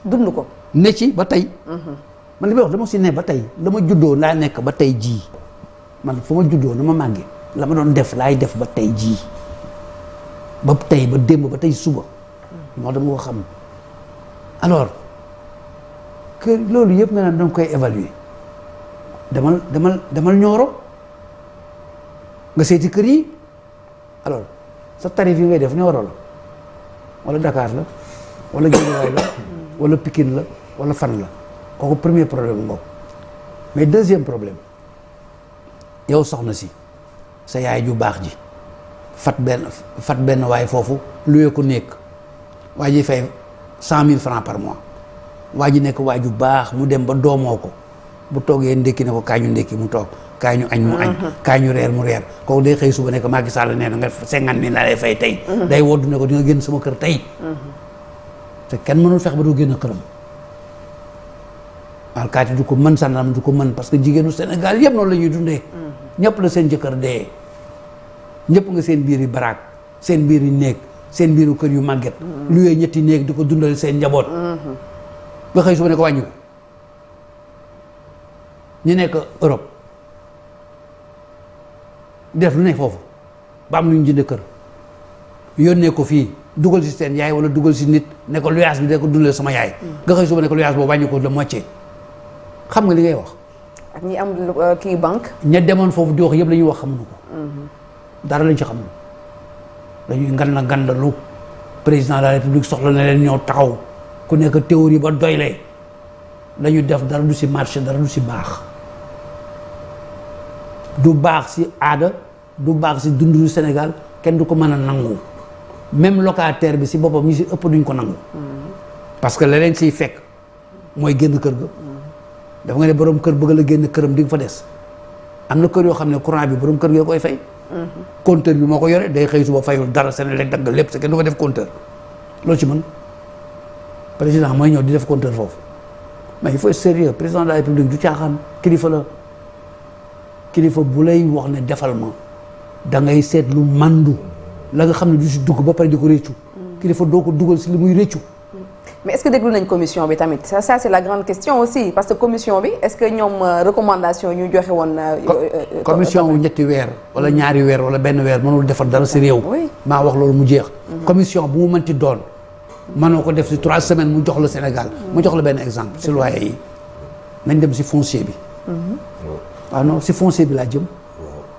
dund ko ne ci ba tey mm-hmm. man li may wax dama si ne ba tey la ma juddoo laa nekk ba tey jii man fa ma juddoo na ma màggee la ma doon def laay def ba tey jii ba tey ba démb ba tey suba moo mm. dama ko xam alors kër loolu yëpp nga naan danga koy évaluer demal demal demal ñooro nga seeti kër yi alors sa tarif yi ngay def ñooro la walla Dakar la wala Guédiawaye la wala Pikine la wala fan la kooku premier problème ngoo mais deuxième problème yow soxna si sa yaay ju baax ji fat benn fat benn waaye foofu luye ko nekk waa ji fay cent mille francs par mois waa ji nekk waa ju baax mu dem ba doomoo ko bu toogee ndékki ne ko kaa ñu ndékki mu toog kaa ñu añ mu añ mhm. kaa ñu reer mu reer kooku day xëy suba ne ko Macky Sall nee na nga cinquante mille laa lay fay tey mhm. day woddu ne ko di nga génn sama kër tey mhm. kenn mënul fex ba génn këram alkaati du ko mën sàndarma du ko mën parce que jigéenu Sénégal yëpp la ñuy dundee ñëpp la seen jëkkër dee ñépp nga seen biir yu baraak seen biir yu néeg seen biiru kër yu màgget luyee ñetti néeg di ko dundal seen njaboot nga xëy suba ne ko wàññiwu ñu nekk Europe def lu ne foofu ba am lu ñu jënd kër yónnee ko fii dugal si seen yaay wala dugal si nit ne ko luyaas bi de ko dundal sama yaay. Mm. nga xëy suba ne ko luyaas boobu wàññi ko la xam nga li ngay wax. ak am euh, kii banque. ña demoon foofu di wax yëpp lañuy wax xamuñu ko. Mm-hmm. dara lañ ci xamul dañuy ngan la ngan la lu président de la république soxla na leen ñoo taxaw. ku nekk théorie ba doyle lañu def dara du si marché dara du si baax du baax si aada du baax si dundu Sénégal kenn du ko mën a nangu même locataire bi si boppam ñu si ëpp duñ ko nangu parce que la siy fekk mooy génn kër ga dafa nga ne borom kër bëgg la génn këram di nga fa des am na kër yoo xam ne courant bi borom kër yoo koy fay mhm. compteur bi moo ko yore day xëy suba fayul dara seen lekk dagg lépp sa kenn du ko def compteur loo ci mën président mooy ñëw di def compteur foofu mais il faut être sérieux président de la république du caaxaan kilifa la kilifa bu lay wax ne defal ma da ngay seet lu mandu la nga xam ne du si dugg ba pare di ko réccu kilifa doo ko dugal si li muy réccu mais est-ce que déglu nañ commission bi tamit ça la grande question aussi parce que commission bi ce que ñoom euh, recommandation ñu joxe woon. Euh, euh, commission wu ñetti weer wala ñaari weer wala benn weer mënul defar dara si réew. maa wax loolu mu jeex. Mhm. commission bu mu mënti doon. mënoo ko def si trois semaine mu jox la Sénégal mu jox la benn exemple si loyer yi nañ dem si foncier bi waaw non si foncier bi laa jëm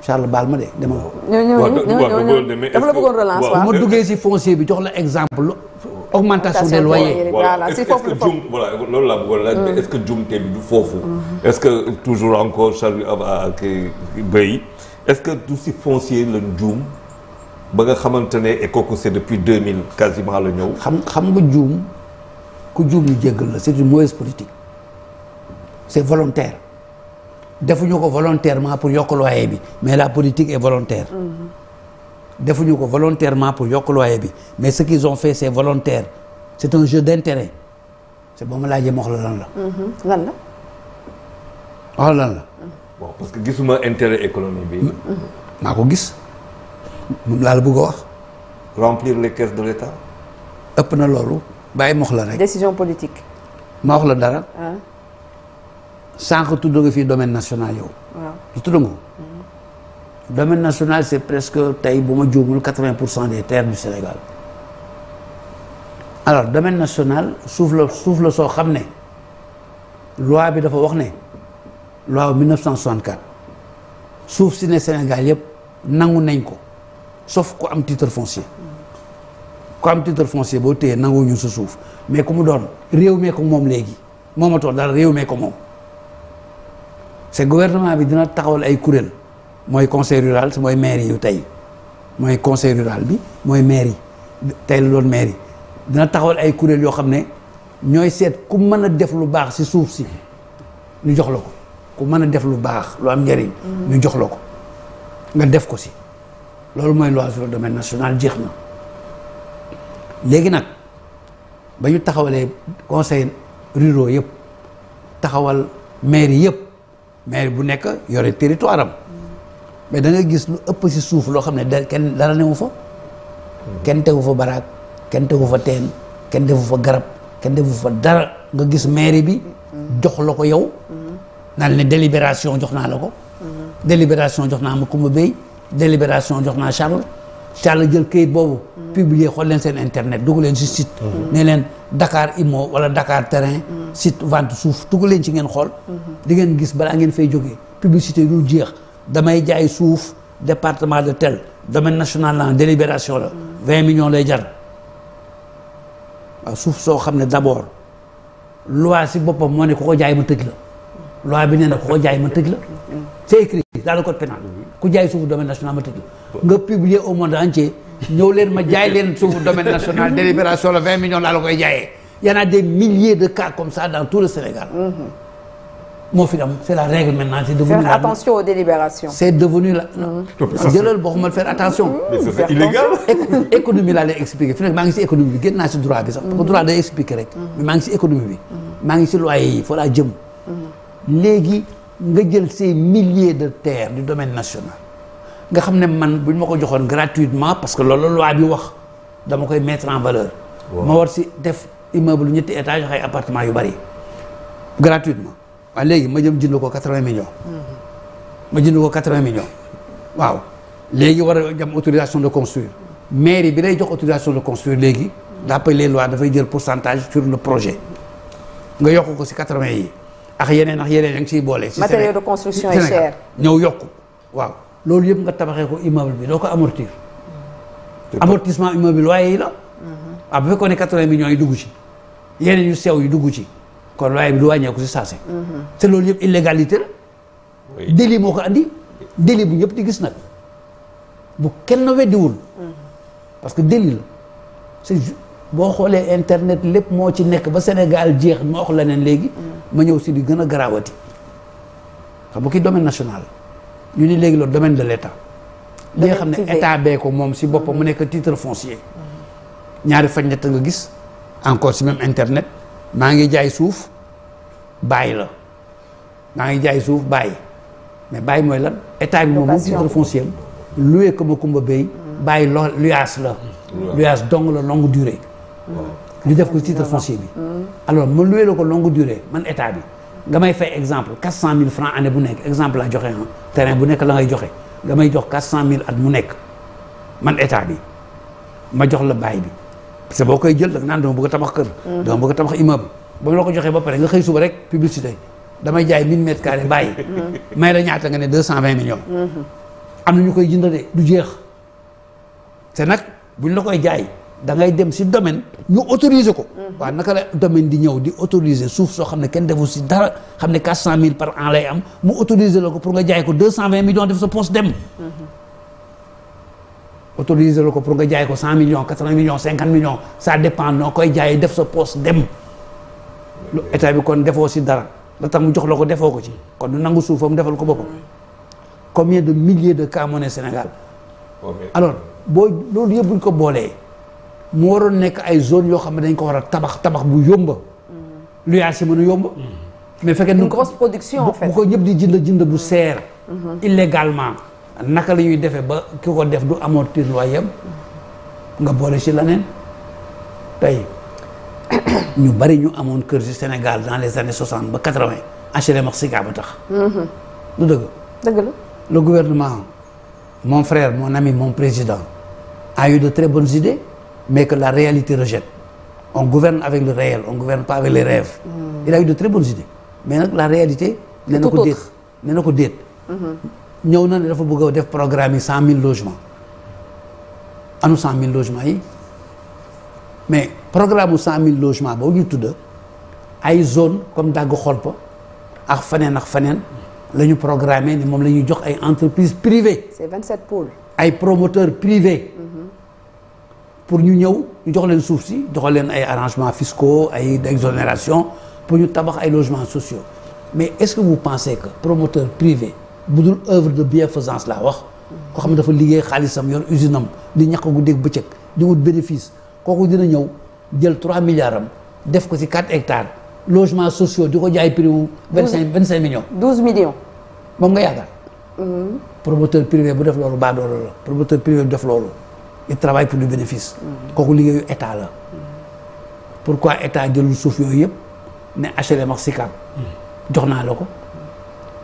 Charles baal ma de dama dafa la bëggoon relance waaw ma duggee si foncier bi jox la exemple augmentation des loyers voilà si foofu est-ce que jumte bi du foofu mhm. est-ce que toujours encore Charles Aba ah, ah, est-ce que du si foncier lañ juum ba nga xamante ne et kooku c'est depuis 2000 quasiment la ñëw. xam xam nga juum ku juum ñu jéggal la c'est une mauvaise politique c'est volontaire defuñu ko volontairement pour yokk bi mais la politique est mm-hmm. defuñu ko volontairement pour yokk loyer bi mais ce qu'ils ont fait c'est volontaire c'est un jeu d'intérêt c'est ba ma laajee ma wax la lan la. Mm-hmm. wax la lan la. parce que gisuma intéret économique bi. Mm-hmm. maa ko gis. moom laa la bëgg a wax. remplir les de l'État. ëpp na loolu bàyyi mox la rek. décision politique. ma wax la dara. Ah. sànq tudd nga fii domaine national yow. waaw lu tudd nga mm-hmm. domaine national c'est presque tey bu ma juumul quatre-vingts pour cent des terres du Sénégal alors domaine national suuf la suuf la soo xam ne loi bi dafa wax ne loi 1964 suuf si ne Sénégal yëpp nangu nañ ko. sauf ku am titre foncier ku am titre foncier boo téyee nangoo ñu suuf mais ku mu doon réew mee ko moom léegi moomatoo dara réew mee ko moom c'est gouvernement bi dina taxawal ay kuréel mooy conseil rural mooy maire yu tey mooy conseil rural bi mooy maire yi tey la doon maire yi dina taxawal ay kuréel yoo xam ne ñooy seet ku mën a def lu baax si suuf si ñu jox la ko ku mën a def lu baax lu am njariñ ñu jox la ko nga def ko si loolu mooy loi sur le nationale jeex na léegi nag ba ñu taxawalee conseil ruraux yëpp taxawal mairie yëpp maire bu nekk yore territoire am mais dangay gis lu ëpp si suuf loo xam ne da kenn dara newu fa kenn tegu fa baraag kenn tewu fa teen kenn defu fa garab kenn defu fa dara nga gis mairie bi jox la ko yow naan ne délibération jox naa la ko mm-hmm. délibération jox naa ma kumba béy délibération jox naa Charles Charles jël kayit boobu publier xool leen seen internet dugg leen si site mhm. ne leen dakaar Immo wala Dakar terrain mhm. site vente suuf dugg leen ci ngeen xool mhm. di ngeen gis balaa ngeen fay jógee publicité du jeex damay jaay suuf département de tel domaine national la délibération la vingt millions lay jar waaw suuf soo xam ne d'abord loi si boppam moo ne ku ko jaay ma tëj la loi bi nee na ko jaay ma tëj la c'est écrit dans le code pénal ku jaay suufu domaine national ma tëj nga publier au monde entier ñëw leen ma jaay leen suufu domaine national *laughs* délibération la vingt millions laa la koy jaayee y en a des milliers de cas comme ça dans tout le Sénégal moo fi na c'est la règle maintenant c'est devenu faire attention aux délibérations c'est devenu la mm-hmm. jëlal boo xamal faire attention mm-hmm. mais c'est illégal économie laa lay expliquer fi nag maa ngi si économie bi génn naa si droit bi sax parce que mm-hmm. droit day expliquer rek mais maa ngi si économie bi maa ngi si loyer yi fa laa jëm léegi nga jël ces milliers de terres du domaine national nga xam ne man bu ñu ma ko joxoon gratuitement parce que loolu loi bi wax dama koy mettre en valeur. ma war si def immeuble ñetti étage ay appartement yu bari gratuitement waaye léegi ma jëm jënd ko quatre-vingts millions. Mm-hmm. ma jënd ko quatre-vingts millions. waaw léegi war a jam autorisation de construire mairie bi day jox autorisation de construire léegi. d'après les lois dafay jël pourcentage sur le projet. nga yokk ko si quatre-vingts yi. ak yeneen ak yeneen yang ciy boole. matériel matériaux de construction yi cher ñëw yokku waaw loolu yëpp nga tabaxee ko immeuble bi doo ko amortir. amortissement immeuble loyer yi la. Mhm. ah bu fekkoon ne quatre-vingts millions ñooy dugg ci yeneen yu sew yi dugg ci kon loyer bi du wàññeeku si saase. Mhm. te loolu yëpp illégalité la. moo ko indi délit bu ñëpp di gis nag bu kenn weddiwul. Mhm. parce que délit la boo xoolee internet lépp moo ci nekk ba Sénégal jeex ma wax leneen léegi. ma ñëw si bi gën a garaawati. xam nga ki domaine national ñu ni léegi loolu domaine de l' état. xam ne état ko moom si boppa mu nekk titre foncier. ñaari fan ñett nga gis encore si même internet maa ngi jaay suuf bàyyi la maa ngi jaay suuf bàyyi mais bàyyi mooy lan état bi moom moom titre foncier am loué ko ma kumba béy bàyyi lo luyaas la. luyaas dong la longue durée. ñu def ko titre foncier bi. alors ma loué la ko longue durée man état bi. nga may fay exemple quatre cent mille francs année bu nekk exemple laa joxe ah terrain bu nekk la joxe damay jox quatre cent mille at mu nekk man état bi ma jox la baay bi parce que boo koy jël da nga naan dama bëgg tabax kër. dama bëgg a tabax immeuble. ba ma la ko joxee ba pare nga xëy suba rek publicité damay jaay mille mètres carrés bàyyi. may la ñaata nga ne deux cent vingt millions. am na ñu koy jëndee du jeex te nag buñ la koy jaay. dangay dem si domaine ñu autoriser ko waaw naka la domaine di ñëw di autoriser suuf soo xam ne kenn defu si dara xam ne quatre cent mille par an lay am mu autoriser la ko pour nga jaay ko deux cent vingt millions def sa poste dem mhm. autoriser la ko pour nga jaay ko cent millions quatre vingt millions cinquante millions ça dépend noo koy jaay def sa poste dem lu état bi kon defoo si dara la tax mu jox la ko defoo ko ci kon du nangu mu defal ko boppam combien de milliers de cas moo ne Sénégal alors boo loolu yëpp buñ ko boolee mu waroon nekk ay zone yoo xam ne dañ ko war a tabax tabax bu yomba lu yaa si mën a yomb. mais fekkee une grosse production en fait bu ko ñëpp di jënd jënd bu seer. Mhm. illégalement. naka la ñuy defee ba ki ko def du amoon amortir loyer nga boole si leneen tey ñu bari ñu amoon kër si Sénégal dans les années soixante ba quatre vingt HLM ak Sicap a tax. Mhm. du dëgg. dëgg la le gouvernement mon frère mon ami mon président a de très bonnes idées. mais que la réalité rejette on gouverne avec le réel on gouverne pas avec les rêves mm. il a eu de très bonnes idées mais la réalité nee na ko déet nee na ko déet ñëw na ne dafa bëgg a def programme yi cent mille logements anu cent yi mais programme mu cent mille logements boobu ñu tudd ay zone comme dagg xolpa ak feneen ak feneen la ñu programmé ne moom la ñuy jox ay entreprises privées. c'est 27 pôles. ay promoteurs privés. Mm. pour ñu ñëw ñu jox leen suuf si jox leen ay arrangements fiscaux ay exonération pour ñu tabax ay logements sociaux mais est-ce que vous pensez que promoteur privé bu dul œuvre de bienfaisance laa wax koo xam ne dafa liggéey xaalisam yor usine am di ñàkk guddeeg bëccëg di wut bénéfice kooku dina ñëw jël 3 milliards am def ko si 4 hectares logements sociaux di ko jaay prix wu. 25 25 millions. 12 millions. moom nga yaakaar. Mm-hmm. promoteur privé bu def loolu baadoolo la promoteur privé bu def loolu. il travaille pour du bénéfice. kooku liggéeyu état la. pourquoi état jëlul suuf yooyu yëpp ne HLM ak Sicap jox naa la ko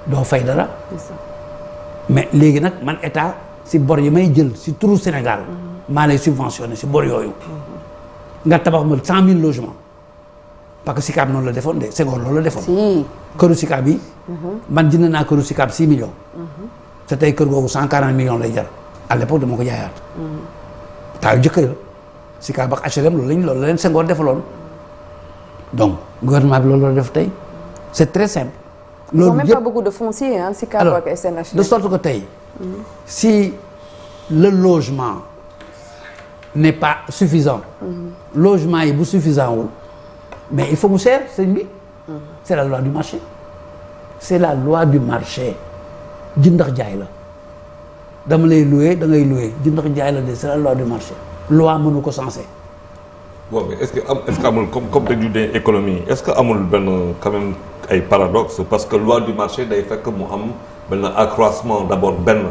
doo fay dara. mais léegi nag man état si bor yi may jël si turu Sénégal. maa lay subventionné si bor yooyu. nga tabax ma cent mille logements parce que Sicap noonu la defoon de Senghor loolu la defoon. këru Sicap yi. Mhm. man jënd naa këru Sicap six millions. Mhm. te tey kër googu cent quarante millions lay jar. à l'époque dama ko jaayaat. Mhm. taayu jëkk ya si kaa bax HLM loolu lañ loolu la leen Senghor defaloon donc gouvernement bi loolu la def tey c'est très simple. loolu yëpp même pas beaucoup de foncier hein, si de sorte que tey si le logement n'est pas suffisant. logement yi bu suffisant wul mais il faut mu seer sëñ bi. c'est la loi du marché. c'est la loi du marché ji ndax jaay la. dama lay loué da ngay loué jënd ak jaay la de c'est la loi du marché loi mënu ko sensé. est-ce que amul comme comme dañu dee économie est-ce que amul benn quand même ay paradoxe parce que loi du marché day fekk mu am benn accroissement d'abord benn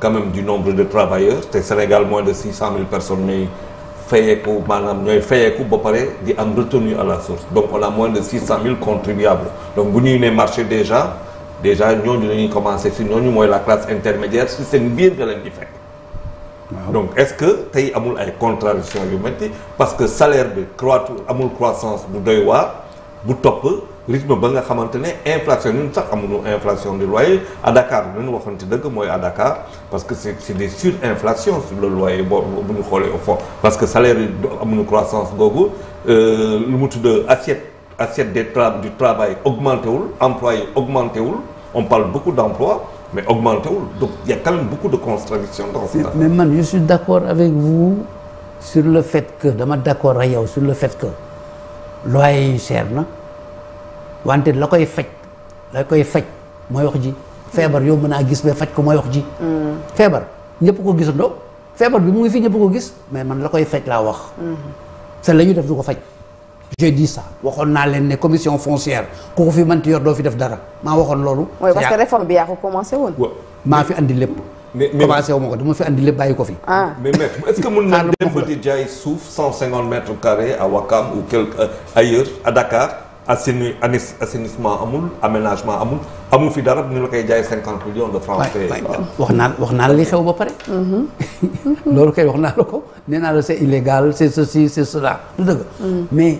quand même du nombre de travailleurs te Sénégal moins de six cent mille personnes ñooy fayeeku maanaam ñooy fayeeku ba pare di am retenue à la source donc on a moins de six cent mille contribuables donc bu ñuy ne marché déjà. déjà ñooñu la ñuy commencé si ñooñu mooy la classe intermédiaire si seen biir nga leen di fekk. donc est-ce que tey amul ay contradiction yu métti parce que salaire bi croître amul croissance bu doy waa bu topp rythme ba nga xamante ne inflation ñun sax amuñu inflation du loyer à Dakar lu ñu waxante dëgg mooy à Dakar parce que c'est c'est des surinflation sur le loyer boo bu ñu xoolee au fond parce que salaire yi amuñu croissance googu euh, lu mu tudd assiette assiette des tra du travail augmenté wul employé augmenté wul on parle beaucoup d'emploi mais augmenté wul donc de contradictions dans ça. mais man je suis d'accord avec vous sur le fait que dama d'accord ak yow sur le fait que loyer yi cher na wante la koy faj la koy faj mooy wax ji feebar yow mën naa gis mais faj ko mooy wax ji. feebar ñëpp ko gisandoo feebar bi mu ngi fi ñëpp ko gis mais man la koy faj laa wax. c'est mm-hmm. la def du ko faj. j'ai dit ça waxoon naa leen ne commission foncière ku ko fi mënti yor doo fi def dara maa waxoon loolu. mooy parce que réforme bi yaa ko commencé woon. maa fi andi lépp. mais mais commencé wu ma bàyyi ko fi. ah mais maître ce que mën na dem di jaay suuf 150 mètres carrés a Wakam ou quelque euh, ailleurs à Dakar assainis assainissement amul aménagement amul amul fi dara ñu la koy jaay 50 millions de francs. wax wax naa la li xew ba pare. Mhm. *laughs* loolu kay wax naa la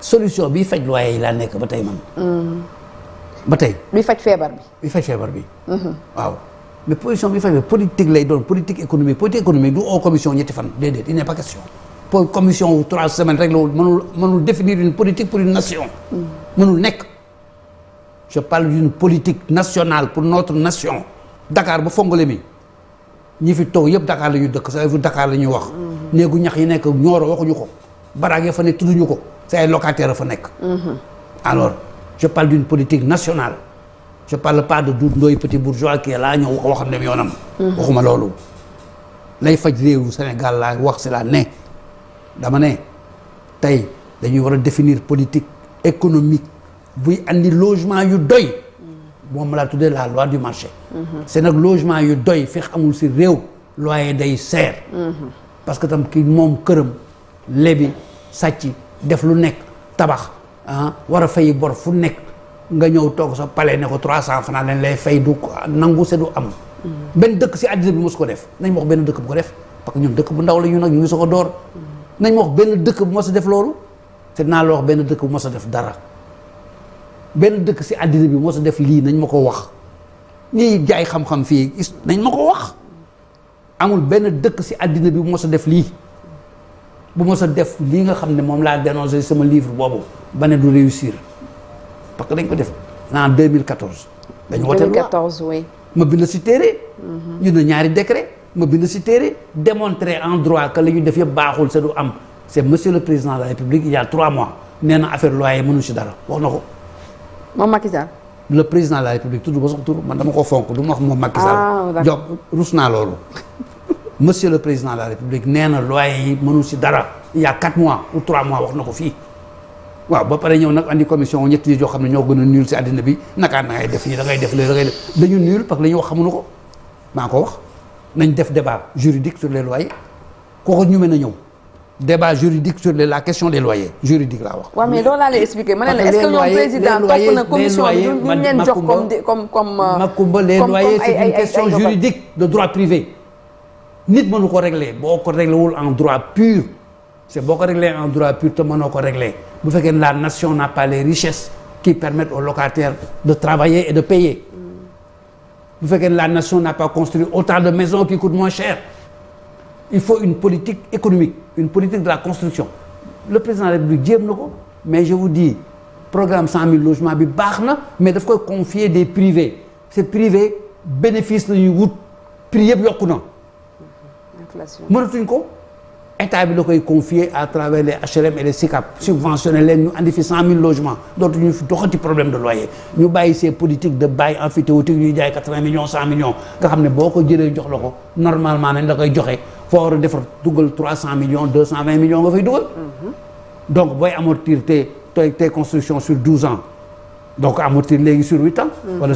solution bi faj waaye yi laa nekk ba tey man. Mm. ba tey. bi faj feebar bi. bi faj feebar bi. Mm-hmm. waaw mais position bi faj feebar politique lay doon politique économique politique économique du oo commission ñetti fan déedéet il n'est pas question. pour commission wu trois semaines rek la mënul mënul définir une politique pour nation. Mm. mënul nekk. je parle d'une politique nationale pour notre nation. dakaar ba fongole mi ñi fi toog yëpp Dakar la dëkk sa Dakar la ñuy wax. Mm-hmm. néegu ñax yi nekk Nioro waxuñu ko. baraag ya fa ne tudduñu ko. say locataire a fa nekk. Mhm. alors je parle d'une politique nationale. je parle pas de Doudou Ndoye petit bourgeois kii laa ñëw wax dem yoonam. Mhm. waxuma loolu. lay faj réewu Sénégal laa wax si laa ne. dama ne tey dañuy war a définir politique économique buy indi logement yu doy. Mhm. moom laa tuddee la loi du marché. c'est nag logement yu doy fex amul si réew. loyer day seer. parce que tam ki moom këram lebi sàcc. def lu nekk tabax ah war a fay bor fu nekk nga ñëw toog sa palais ne ko trois cent francs lañ lay fay du nangu se du am mm. benn dëkk si àddina bi mos ko def nañ wax benn dëkk bu ko def parce que ñun dëkk bu ndaw la ñu ngi soog a door mm. nañ wax benn dëkk bu mos a def loolu te dinaa benn dëkk bu mos a def dara benn dëkk si àddina bi mos a def lii nañ ma ko wax ñii jaay xam-xam fii nañ ma ko wax amul benn dëkk si àddina bi mos a def lii bu ma sa def lii nga xam ne moom laa dénoncé sama livre boobu ba ne du réussir parce que dañ ko def en 2014. dañu woteel 2014 oui. ma bind si téere. Mhm. ñaari décret ma bind si téere démontrer en droit que li def yëpp baaxul sa du am c'est monsieur le président de la république il y trois mois nee na affaire loyer mënu si dara wax na ko. moom Macky Sall. le président de la république tudd ba sax tur man dama ko fonk du ma wax moom Macky Sall. ah rus naa loolu. monsieur le président la république nee na loyer yi mënu si dara il y mois ou trois mois wax na ko fii waaw ba pare ñëw nag andi commission ñett yi joo xam ne ñoo gën a nul si àddina bi naka na ngay def nii da ngay def léegi da def dañu nul parce que li ñu wax xamuñu ko maa def débat juridique sur ñu mën a ñëw débat juridique sur la question des loyers juridique laa wax. waaw mais loolu laa lay expliqué. ne la est ce président topp na commission bi ñu leen jox comme comme euh, comme. Makumba nit moon ko régler boo ko réglé wul en droit pur c'est boo ko réglé en droit pur te mënoo ko réglé bu fekkee la nation n'a pas les richesses qui permettent aux locataires de travailler et de payer bu fekkee la nation n'a pas construit autant de maisons qui coûtent moins cher il faut une politique économique une politique de la construction le président de la République jéem na ko mais je vous dis programme 100 000 logements bi baax na mais daf koy confier des privés ces privés bénéfice la ñuy prix yëpp yokku na inflation mënatuñ ko état bi la koy confier à travers les HLM et les SICAP subventionné leen ñu andi fi cent mille logements dootu ñu fi doxati problème de loyer ñu bàyyi ces politiques de bail emphytéotique ñuy jaay quatre-vingts millions nga xam ne boo ko jëlee jox la ko normalement nañ la koy joxe foo war a defar dugal trois cent millions deux cent vingt millions nga fay dugal mm-hmm. donc booy amortir te te construction sur douze ans donc amortir léegi sur huit ans mm-hmm. wala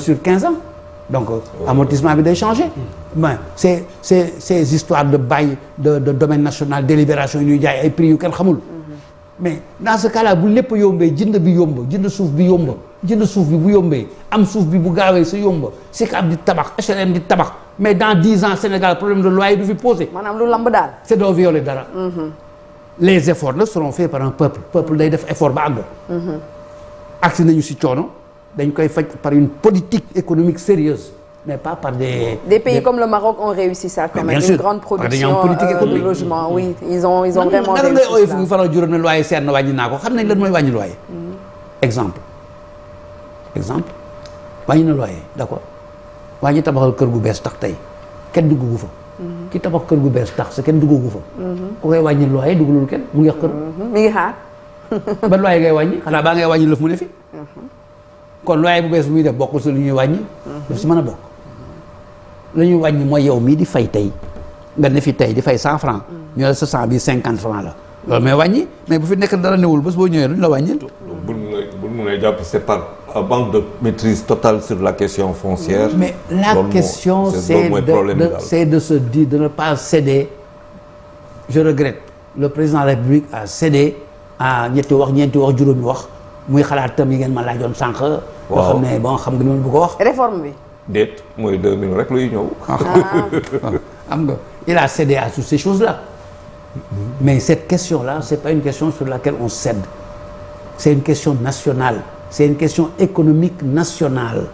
donc amortissement bi day changé mais c'est c'est ces histoires de bàyyi de de domaine national délibération ñuy jaay ay prix yu kenn xamul mais dans ce cas bu lépp yombee jënd bi yomb jënd suuf bi yomb jënd suuf bi bu yombee am suuf bi bu gaawee sa yomb SICAP di tabax HLM di tabax mais dans dix ans Sénégal problème de loyer du fi posé. maanaam lu lamb daal. c'est doo violer dara. Mm-hmm. les efforts là seront faits par un peuple. peuple day def effort ba àgg. Mm-hmm. agsi nañu si coono. dañ koy faj par une politique économique sérieuse mais pas par des. des pays des... comme le Maroc ont réussi ça. quand même une grande production euh, de logement mmh. oui ils ont ils ont Man, vraiment. réussi ça fu mu faral juróom ne loyer seer na wàññi naa ko xam nañ lan mooy wàññi loyer. Mm-hmm. exemple exemple wàññi na loyer d' accord wàññi tabaxal kër gu bees tax tey kenn dugg fa. Mm-hmm. ki tabax kër gu bees tax sa kenn dugg fa. Mm-hmm. ku koy wàññi loyer duggulul kenn mu ngi wax kër. mi ngi xaar. ba loyer ngay wàññi xanaa baa ngay wàññi lëf mu ne fi. kon loyer bu bees bu muy def bokkul si lu ñuy wàññi. daf si mën a bokk. lu ñuy wàññi mooy yow mii di fay tey nga ne fi tey di fay cent franc. ñu ne sa cent bi cinquante franc la. loolu mooy wàññi mais bu fi nekk dara newul bés boo ñëwee lu ñu la wàññil. bu ñu lay par manque de maîtrise totale sur la question foncière. mais la question c'est de c'est di se dire de ne pas céder. je regrette le président de la République a cédé à ñetti wax ñeenti wax juróomi wax. muy xalaatam yi ngeen ma laajoon sànq. waaw nga xam ne bon xam nga ni bu ko wax. réforme bi. déet mooy deux millions rek luy ñëw. Ah. am nga il a cédé à toutes ces choses là. mais cette question là c'est pas une question sur laquelle on cède. c'est une question nationale. c'est une question économique nationale.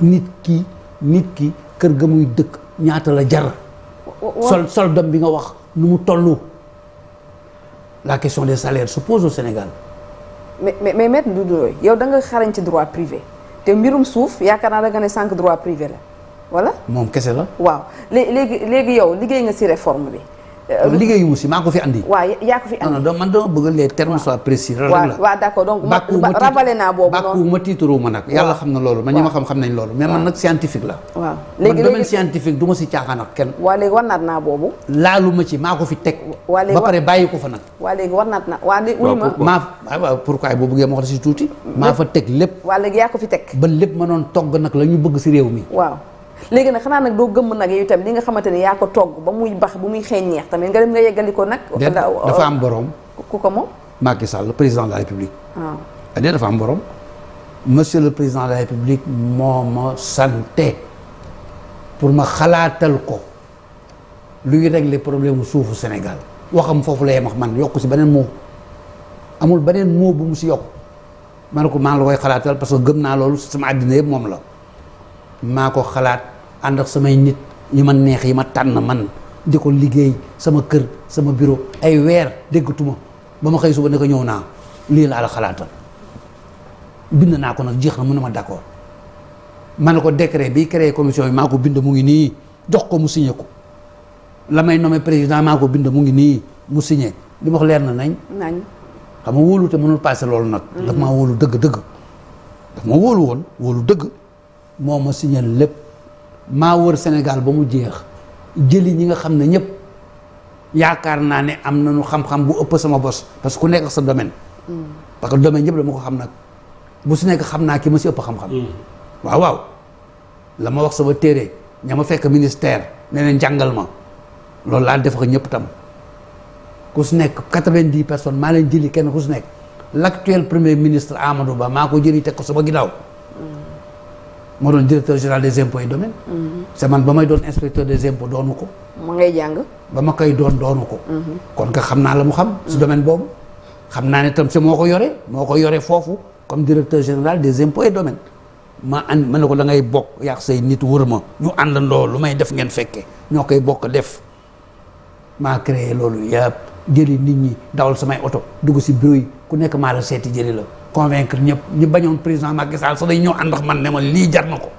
nit ki nit ki kër ga muy dëkk ñaata la jar. sol sol dom bi nga wax nu mu tollu. la question des salaires se pose au Sénégal. mais mais mais maître Doudou Ndoye yow da nga xarañ ci droit privé te mbirum suuf yaakaar naa da nga ne sànq droit privé la wala. moom kese la. waaw léegi léegi yow liggéey nga si réforme bi. Euh, liggéeyuwu si maa ko fi andi. waaw yaa ko fi andi non non man dama bëgg les termes soient précis. waaw waaw d'accord donc ma rabale naa boobu ma tiitaroo ma nag. yàlla xam na loolu man ñi ma xam xam nañ loolu. mais man nag la. waaw léegi man domaine du ma si caaxaan ak kenn. waaw léegi war naa boobu. laalu maa ko fi teg. waaw léegi ba pare ko fa nag. waaw léegi war naat na waaw léegi. Ah, waaw pourquoi maa waaw pourquoi boo bëggee ma wax si tuuti. Hmm. maa fa teg lépp. waaw léegi yaa ko fi teg. ba lépp mënoon togg nag la ñu bëgg si réew mi léegi nag xanaa nag doo gëmm nag yow tamit li nga xamante ni yaa ko togg ba muy bax bu muy xeeñ neex tamit nga dem nga yeggali ko nag. dafa euh, am borom. ku ko moom. Macky Sall président de la République. waaw ah. déedéet eh dafa am borom. monsieur le président de la République moo ma santé pour ma xalaatal ko luy régler problème mu suufu Sénégal waxam foofu la yem ak man yokku si beneen moo amul beneen moo bu mu si yokk ma ne ko maa la koy xalaatal parce que gëm naa loolu sama àddina moom la maa ko xalaat. ànd samay nit ñu ma neex yi ma tànn man di ko liggéey sama kër sama bureau ay weer déggatuma ba ma xëy suba ne ñëw naa lii laa la xalaatal bind naa ko nag jeex na mu ne ma d'accord man ne ko décret bi créé commission bi maa ko bind mu ngi nii jox ko mu signé ko la may nommé président maa ko bind mu ngi nii mu signé li ma wax leer na nañ. nañ xam nga wóolu mënul passé loolu nag. Mm-hmm. daf maa wóolu dëgg dëgg. daf ma wóolu woon wóolu dëgg moo ma signé lépp. maa wër Sénégal ba mu jeex jëli ñi nga xam ne ñëpp yaakaar naa ne am nañu xam-xam bu ëpp sama bos parce que ku nekk sa domaine. Mm. parce que domaine ñëpp dama ko xam nag bu su nekk xam naa ki ma si ëpp xam-xam. Mm. waaw waaw la ma wax sama téere ña ma fekk ministère ne leen jàngal ma loolu laa def ko ñëpp tam ku su nekk quatre-vingt-dix personnes maa leen jëli kenn ku su nekk l' actuel premier ministre Amadou Ba maa ko jëli teg ko sama ginnaaw. moo doon directeur général des impôts et domaines. Mhm. c'est man ba may doon inspecteur des impôts doonu ko. ma ngay jàng. ba ma koy doon doonu ko. Mhm. kon nga xam naa la mu xam. si mhm. domaine boobu. xam naa ne tam si moo ko yore moo ko yore foofu comme directeur général de impôts et domaines ma ànd ma ne ko da ngay bokk yàq say nit wër ma ñu àndandoo lu may def ngeen fekke ñoo koy bokk def maa créer loolu yëpp jëli nit ñi dawal samay oto dugg si bureau yi ku nekk maa la seeti jëli la. convaincre ñëpp ñu bañoon président Macky Sall sax dañ ñëw ànd ak man ne ma lii jar na ko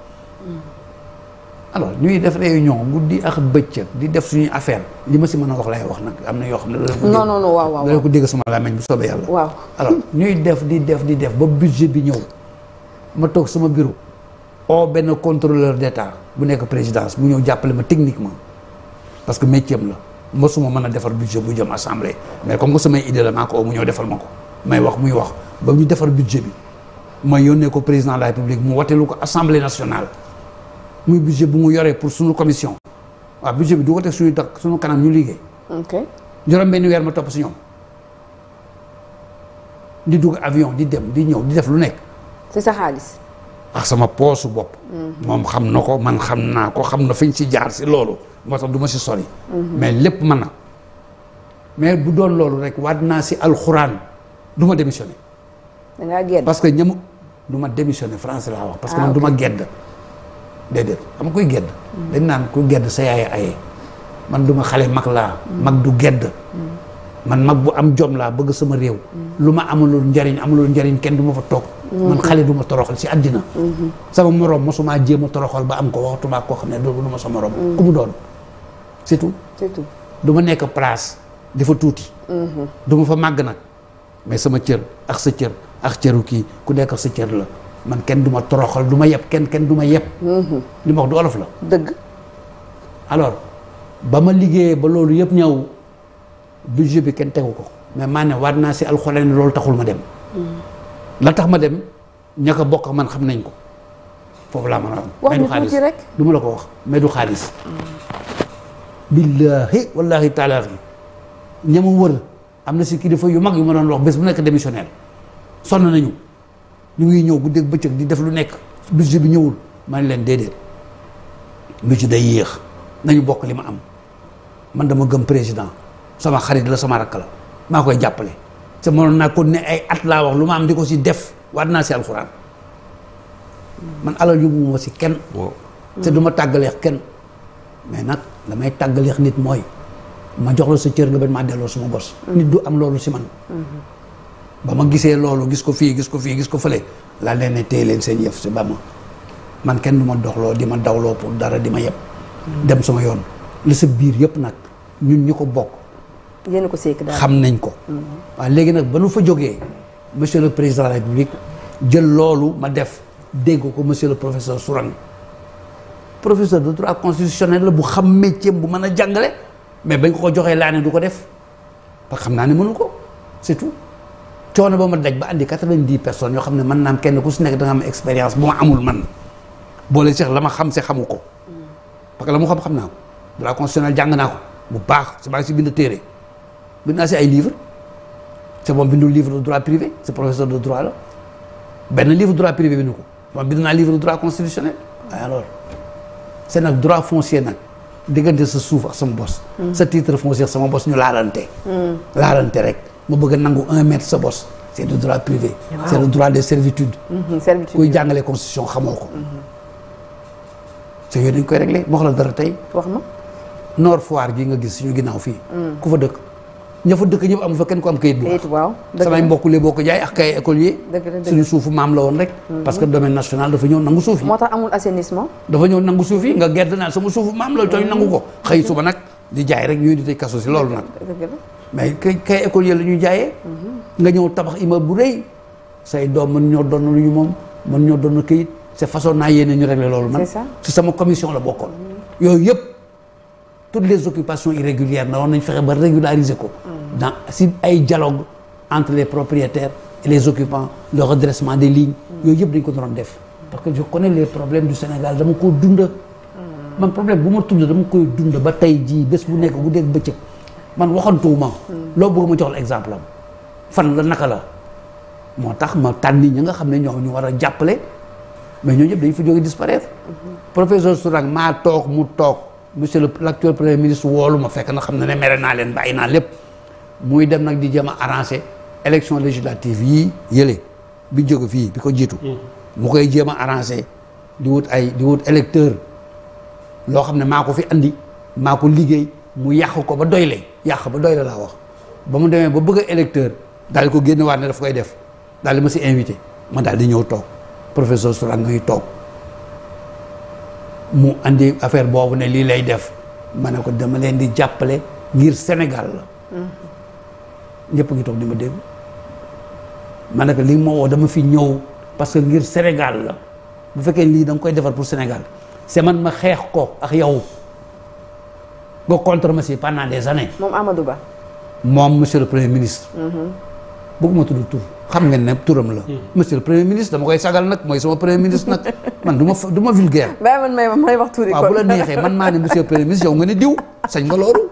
alors ñuy def réunion guddi ak bëccëg di def suñuy affaire li ma si mën a wax lay wax nag am na yoo xam ne. non non non waaw waaw doo ko dégg sama làmmiñ bu soobee yàlla. ñuy def di def di def ba budget bi ñëw ma toog sama bureau. oo benn contrôleur d'état bu nekk présidence mu ñëw jàppale ma techniquement parce que métier am la mosuma mën a defar budget bu jëm assemblée mais comme que samay idée la maa ko oo mu ñëw defal ma ko may wax muy wax. ba ñu defar budget bi ma yónnee ko président la république mu woteelu ko assemblée nationale muy budget bu mu yoree pour suñu commission waaw budget bi du ko teg suñu tak suñu kanam ñu liggéey ok juróom benn weer ma topp si ñoom di dugg avion di dem di ñëw di def lu nekk ci sa xaalis ak sama poosu bopp mm-hmm. moom xam na ko man xam naa ko xam na fiñ si jaar si loolu moo tax du ma si sori mm-hmm. mais lépp mën na mais bu doon loolu rek waat naa si alxuraan du ma démissionné da ngaa gedd parce que ñamu du ma démissionné France laa wax. parce que ah, man du ma gedd. déedéet xam nga kuy gedd. dañ naan ku gedd sa yaay aye. man du ma xale mag laa. mag du gedd. man mag bu am jom laa bëgg sama réew. lu ma amalul njariñ amalul njariñ kenn du ma fa toog. man xale du ma toroxal si àddina. sama morom mosuma jéem a toroxal ba am ko waxtuma koo xam ne du ma sa morom. ku mu doon du ma nekk place dafa tuuti. Mhm. du ma fa màgg nag mais sama cër ak sa cër. ak cëru kii ku nekk ak sa cër la man kenn du ma toroxal du ma yeb kenn kenn du ma yeb mhm. li ma wax du olof la dëgg alors ba ma liggéeyee ba loolu yëpp ñëw budget bi kenn tegu ko mais maa ne waat naa si alxuraan loolu taxul ma dem mhm. la tax ma dem ña ko bokk man xam nañ ko foofu laa mën a am wax ñu tuuti la ko wax mais du xaalis mhm. billaahi wallaahi taala ña ma wër am na si kilifa yu mag yu ma doon wax bés bu nekk démissionnaire sonn nañu ñu ngi ñëw guddeeg bëccëg di def lu nekk budget bi ñëwul ma ne leen déedéet budget day yéex nañu bokk li ma am man dama gëm président sama xarit la sama rakk la maa koy jàppale te mënoon naa ko ne ay at laa wax lu ma am di ko si def waat naa si alxuraan man alal yóbbu ma si kenn te du ma tàggaleex kenn mais nag damay tàggaleex nit mooy ma jox la sa cër nga benn maa delloo suma gos mm-hmm. nit du am loolu si man mm-hmm. ba ma gisee loolu gis ko fii gis ko fii gis ko fële laa leen ne téye leen seen yëf si ba man kenn du ma doxloo di ma dawloo pour dara di ma yëpp hmm. dem sama yoon li sa biir yëpp nag ñun ñu ko bokk yéen ko seek daal xam nañ ko hmm. waaw léegi nag ba nu fa jógee monsieur le président de la république jël loolu ma def dégg ko monsieur le professeur Sourang professeur de droit constitutionnel la bu xam métier bu mën a jàngale mais bañ ko ko joxee laa ne du ko def parce xam naa ne mënu ko coono ba ma daj ba andi quatre-vingt-dix personnes yoo xam ne man naam kenn ku si nekk da expérience bu ma amul man boole si la ma xam si xamu ko parce que la mu xam xam naa ko droit constitutionnel jàng naa ko bu baax si maa ngi si bind téere bind naa si ay livre c'est moom bindul livre de droit privé c'est professeur de droit la benn livre droit privé bindu ko moom bind naa livre de droit constitutionnel alors nag droit foncier nag diggante sa suuf ak mu bëgg a nangu un mètre sa bos c' est du droit privé. waaw c' est le droit de servitude. Mhm, kuy jàngale constitution xamoo ko. te mhm. yooyu dañ koy réglé moo xam dara tey. wax ma noor foire gi nga gis suñu ginnaaw fii. Mhm. ku fa dëkk ña fa dëkk ñëpp amu fa kenn ko am kayit bu baax. boo ko jaay ak kay écolier. suñu suufu maam la woon rek. parce que domaine national dafa ñëw nangu suuf yi. moo tax amul assainissement. dafa ñëw nangu suuf yi nga gedd naa sama suufu maam la tooñ nangu ko xëy suba nag di jaay rek ñuy di tëj kaso si loolu nag. mais kay kay école yi la ñuy jaayee. Mhm. nga ñëw tabax immeuble bu rëy. say doom mën ñoo doon lu ñu moom mën ñoo doon këyit c'est façon naa yéene ñu régler loolu. man ci sama commission la bokkoon. Mhm. yooyu yëpp toutes les occupations irrégulières na woon nañ fexe ba régulariser ko. dans mhm. si ay dialogue entre les propriétaires et les occupants le redressement des lignes. yooyu yëpp dañ ko doon def. parce que je connais les problèmes du Sénégal dama koo dunda man problème bu ma tudd dama koy dunda ba tey jii bés bu nekk bu dégg bëccëg. man waxantuwuma loo bëgg ma jox la exemple am fan la naka la moo tax ma tànni ñi nga xam ne ñoo ñu war a jàppale mais ñoo ñëpp dañu fa jóge disparaître mhm. professeur Sourang maa toog mu toog monsieur le l'actuel premier ministre woolu ma fekk na xam ne ne mere naa leen bàyyi naa lépp muy dem nag di jéem a arranger élection législative yii yële bi jóge fii bi ko jiitu mhm. mu koy jéem a arranger di wut ay di wut électeur loo xam ne maa ko fi indi maa ko liggéey mu yàq ko ba doy yàq ba doy la laa wax ba mu demee ba bëgg a électeur daal di ko génn waat ne daf koy def daal di ma si invité ma daal di ñëw toog professeur Sourang yi toog mu indi affaire boobu ne lii lay def ma ne ko dama leen di jàppale ngir Sénégal la ñëpp ngi toog di ma dégg ma ne ko li ma woo dama fi ñëw parce que ngir Sénégal la bu fekkee nii da koy defar pour Sénégal c'est man ma xeex ko ak yow nga contre ma si pendant des années. moom Amadou Ba. moom monsieur le premier ministre. Mm-hmm. bëgguma tudd tur xam ngeen ne turam la. Mm-hmm. monsieur le premier ministre dama koy sagal nag mooy sama premier ministre nag man du ma du ma vulgaire. *laughs* bàyyi man may may wax tuuri kon waaw bu la neexee man maa ne monsieur le premier ministre yow nga ne diw sañ nga loolu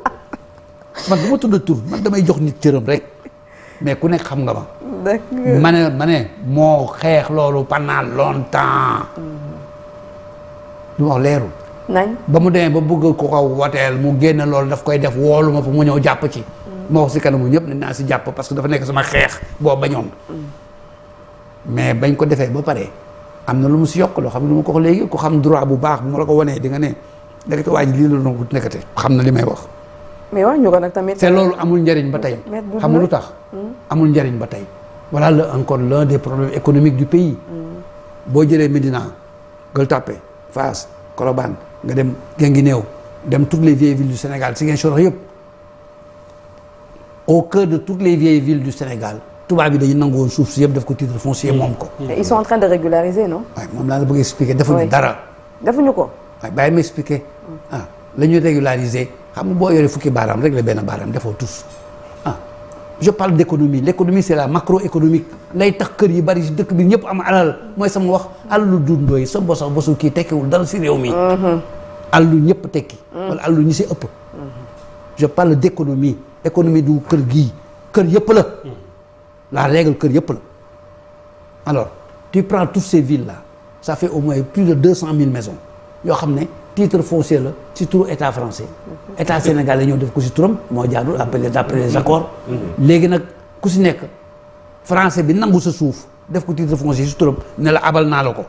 man du tudd tur man damay jox nit cëram rek mais ku nekk xam nga ma. ma ne ma ne moo xeex loolu pendant longtemps. du mm-hmm. ma wax leerul. nañ ba mu demee ba bëgg ko ko woteel mu génn loolu daf koy def wooluma ma fa mu ñëw jàpp ci. Mm. ma wax si kanamu ñëpp ne naa si jàpp parce que dafa nekk sama xeex boo bañoon. Mm. mais bañ ko defee ba pare am na lu mu si yokk loo xam ne lu ma ko wax léegi ku xam droit bu baax bu ma la ko wonee di nga ne ndekete waa ji lii la doon nekkate xam na li may wax. mais wax ñu ko nag tamit. te loolu amul njëriñ ba tey. xam nga lu tax. Hmm? amul njëriñ ba tey. voilà le encore l'un des problème économiques du pays. Hmm. boo jëlee Médina Gueule Tapée Fass nga dem ngi Guinguinéo dem toutes les vieilles villes du Sénégal Ziguinchor yëpp au cœur de tout les vieilles villes du Sénégal tubaab bi dañu nangu woon suuf si yëpp def ko titre foncier mm. moom ko. Mm. sont en train de régulariser non. waaye moom laa la bëgg expliquer defuñu dara. defuñu ko. waaye bàyyi ma expliquer lañuy mm. ah, la ñuy régulariser xam boo yoree fukki baaraam rek la benn baaraam defoo tous. je parle d'économie l'économie c'est la macroéconomique lay tax kër yi bari dëkk bi ñëpp am alal mooy sama wax alalu dundooy sa bosa bosu kii tekkiwul dara si réew mi uh-huh. alalu ñëpp tekki uh-huh. wala alalu ñi si ëpp uh-huh. je parle d'économie économie du kër gi kër yëpp la la kër yëpp la alors tu prends toutes ces villes là ça au moins plus de deux cent mille maisons yoo xam ne titre foncier la ci turu état français. état sénégalais ñoo def ko si trop moo jaadul appelé d'après les léegi nag ku ci nekk français bi nangu sa suuf def ko titre foncier ci turam la abal naa la ko.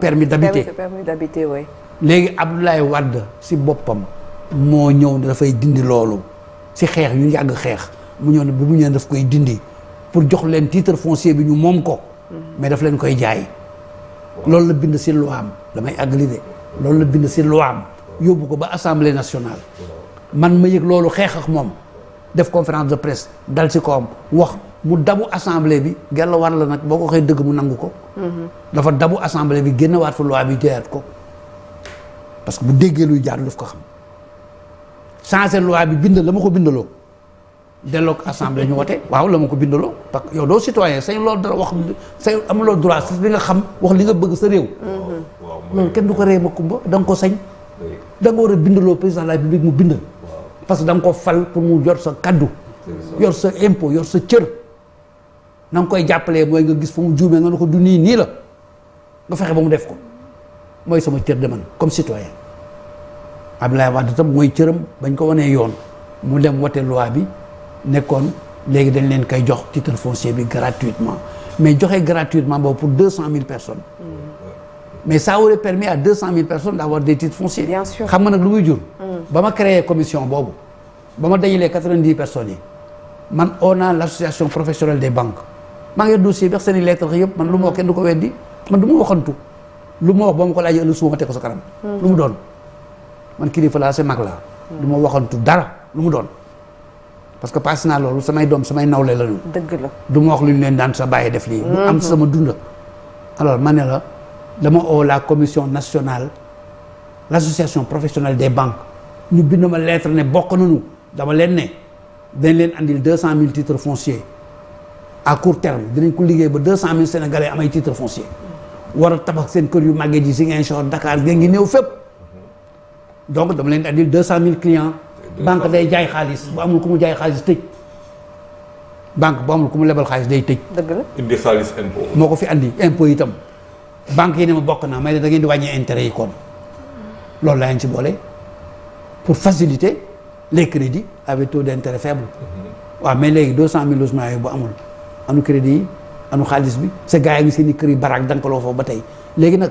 permis d'habiter permis d'habiter oui. léegi Abdoulaye Wade si boppam moo ñëw ne dafay dindi loolu si xeex yu yàgg xeex mu ñëw ne bu mu ñëw daf koy dindi pour jox leen tiitre foncier bi ñu moom ko. Mm-hmm. mais daf leen koy jaay. loolu la bind ci loi am damay àggali de. loolu la bind si loi am yóbbu ko ba assemblée nationale man ma yëg loolu xeex ak moom def conférence de presse dal si ko am wax mu dabu assemblée bi gella la nag boo dëgg mu nangu ko mhm. dafa dabu assemblée bi génn waat fa loi bi joyaat ko parce que bu déggee luy jaar daf ko xam changé loi bi bind la ma ko bindaloo delloo ko assemblée ñu wote waaw la ma ko bindaloo parce que yow doo citoyen say loolu dara wax say amuloo droit si li nga xam wax li nga bëgg sa réew mhm. loolu kenn du ko ree ma kumba da nga ko sañ da war a bindaloo président de la mu bind parce que da nga ko fal pour mu yor sa kaddu yor sa impôt yor sa cër na koy jàppalee mooy nga gis fa mu juumee nga ne ko du nii la nga fexe ba mu def ko mooy sama cër de man comme citoyen Abdoulaye Wade tam mooy cëram bañ ko wanee yoon mu dem wote loi bi nekkoon léegi dañ leen koy jox titre foncier bi gratuitement mais joxe gratuitement boobu pour deux cent mille personnes mais saa aurait permis à 200 000 personnes d'avoir des titres fonciers. bien sûr xam nga nag lu muy jur. Hmm. ba ma créé commission boobu ba ma dajalee 90 personnes yi man on a l' association professionnelle des banques maa ngi yor dossier bi ak seen i lettres man lu ma wax kenn du ko weddi man du ma waxantu lu ma wax ba ma ko laajee ëllëg suba ma teg ko sa kanam. Hmm. lu mu doon man kilifa laa sa mag la hmm. du ma waxantu dara lu mu doon. parce que passé naa loolu samay doom samay nawle la ñu. dëgg la du wax lu ñu leen daan sa bàyyi def lii. mu am sama dunda alors ma ne la. dama oo la commission nationale l'association professionnelle des banque ñu bind ma lettre ne bokk nañu dama leen ne dañ leen andil deux cent mille titres fonciers à court terme dinañ ko liggéey ba deux cent mille sénégalais am ay titres fonciers war a tabax seen kër yu màggee ji Ziguinchor dakaar gee ngi new fépp donc dama leen andil deux cent mille clients banque day jaay xaalis bu amul ku mu jaay xaalis tëj banque bu amul ku mu lebal xaalis day tëj. dëgg la moo ko fi andi impôt itam banque yi ne ma bokk naa may da ngeen di wàññee intérêt yi kon loolu laa ñu ci boole pour faciliter les crédits avec taux d' intérêt faible mm-hmm. waaw mais léegi deux cent mille logements yooyu bu amul anu crédit yi anu xaalis bi sa gars yi ngi seen di kër yi baraak dankaloo foofu ba tey léegi nag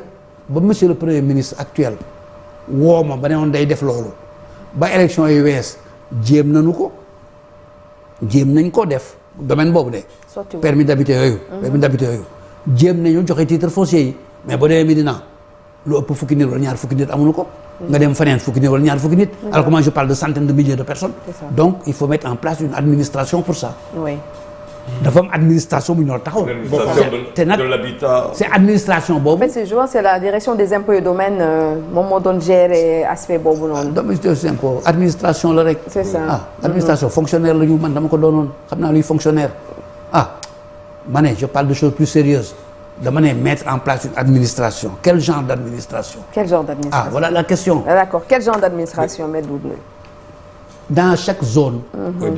ba monsieur le premier ministre actuel woo ma ba ne woon day def loolu ba élection yi wees jéem nañu ko jéem nañ ko def domaine boobu de permis d'habiter yooyu mm-hmm. permis yooyu jéem nañu joxe titre foncier yi mais boo demee Médina lu ëpp fukki nit wala ñaar fukki nit amuñu ko. nga dem feneen fukki nit wala ñaar fukki nit. Mm-hmm. alors comment je parle de centaines de milliers de personnes. donc il faut mettre en place une administration pour ça. bu ñu war taxaw. te nag c'est administration boobu. en fait je pense c'est la direction euh, moom moo doon gérer aspect boobu noonu. Ah, administration la rek. c'est ça ah administration fonctionnaire la ñu man dama ko doonoon xam naa luy fonctionnaire ah, ma ne je parle de choses plus sérieuses dama ne mettre en place une administration quel genre d' administration. quel genre d' administration ah, ah, chaque zone. Mm -hmm. oui,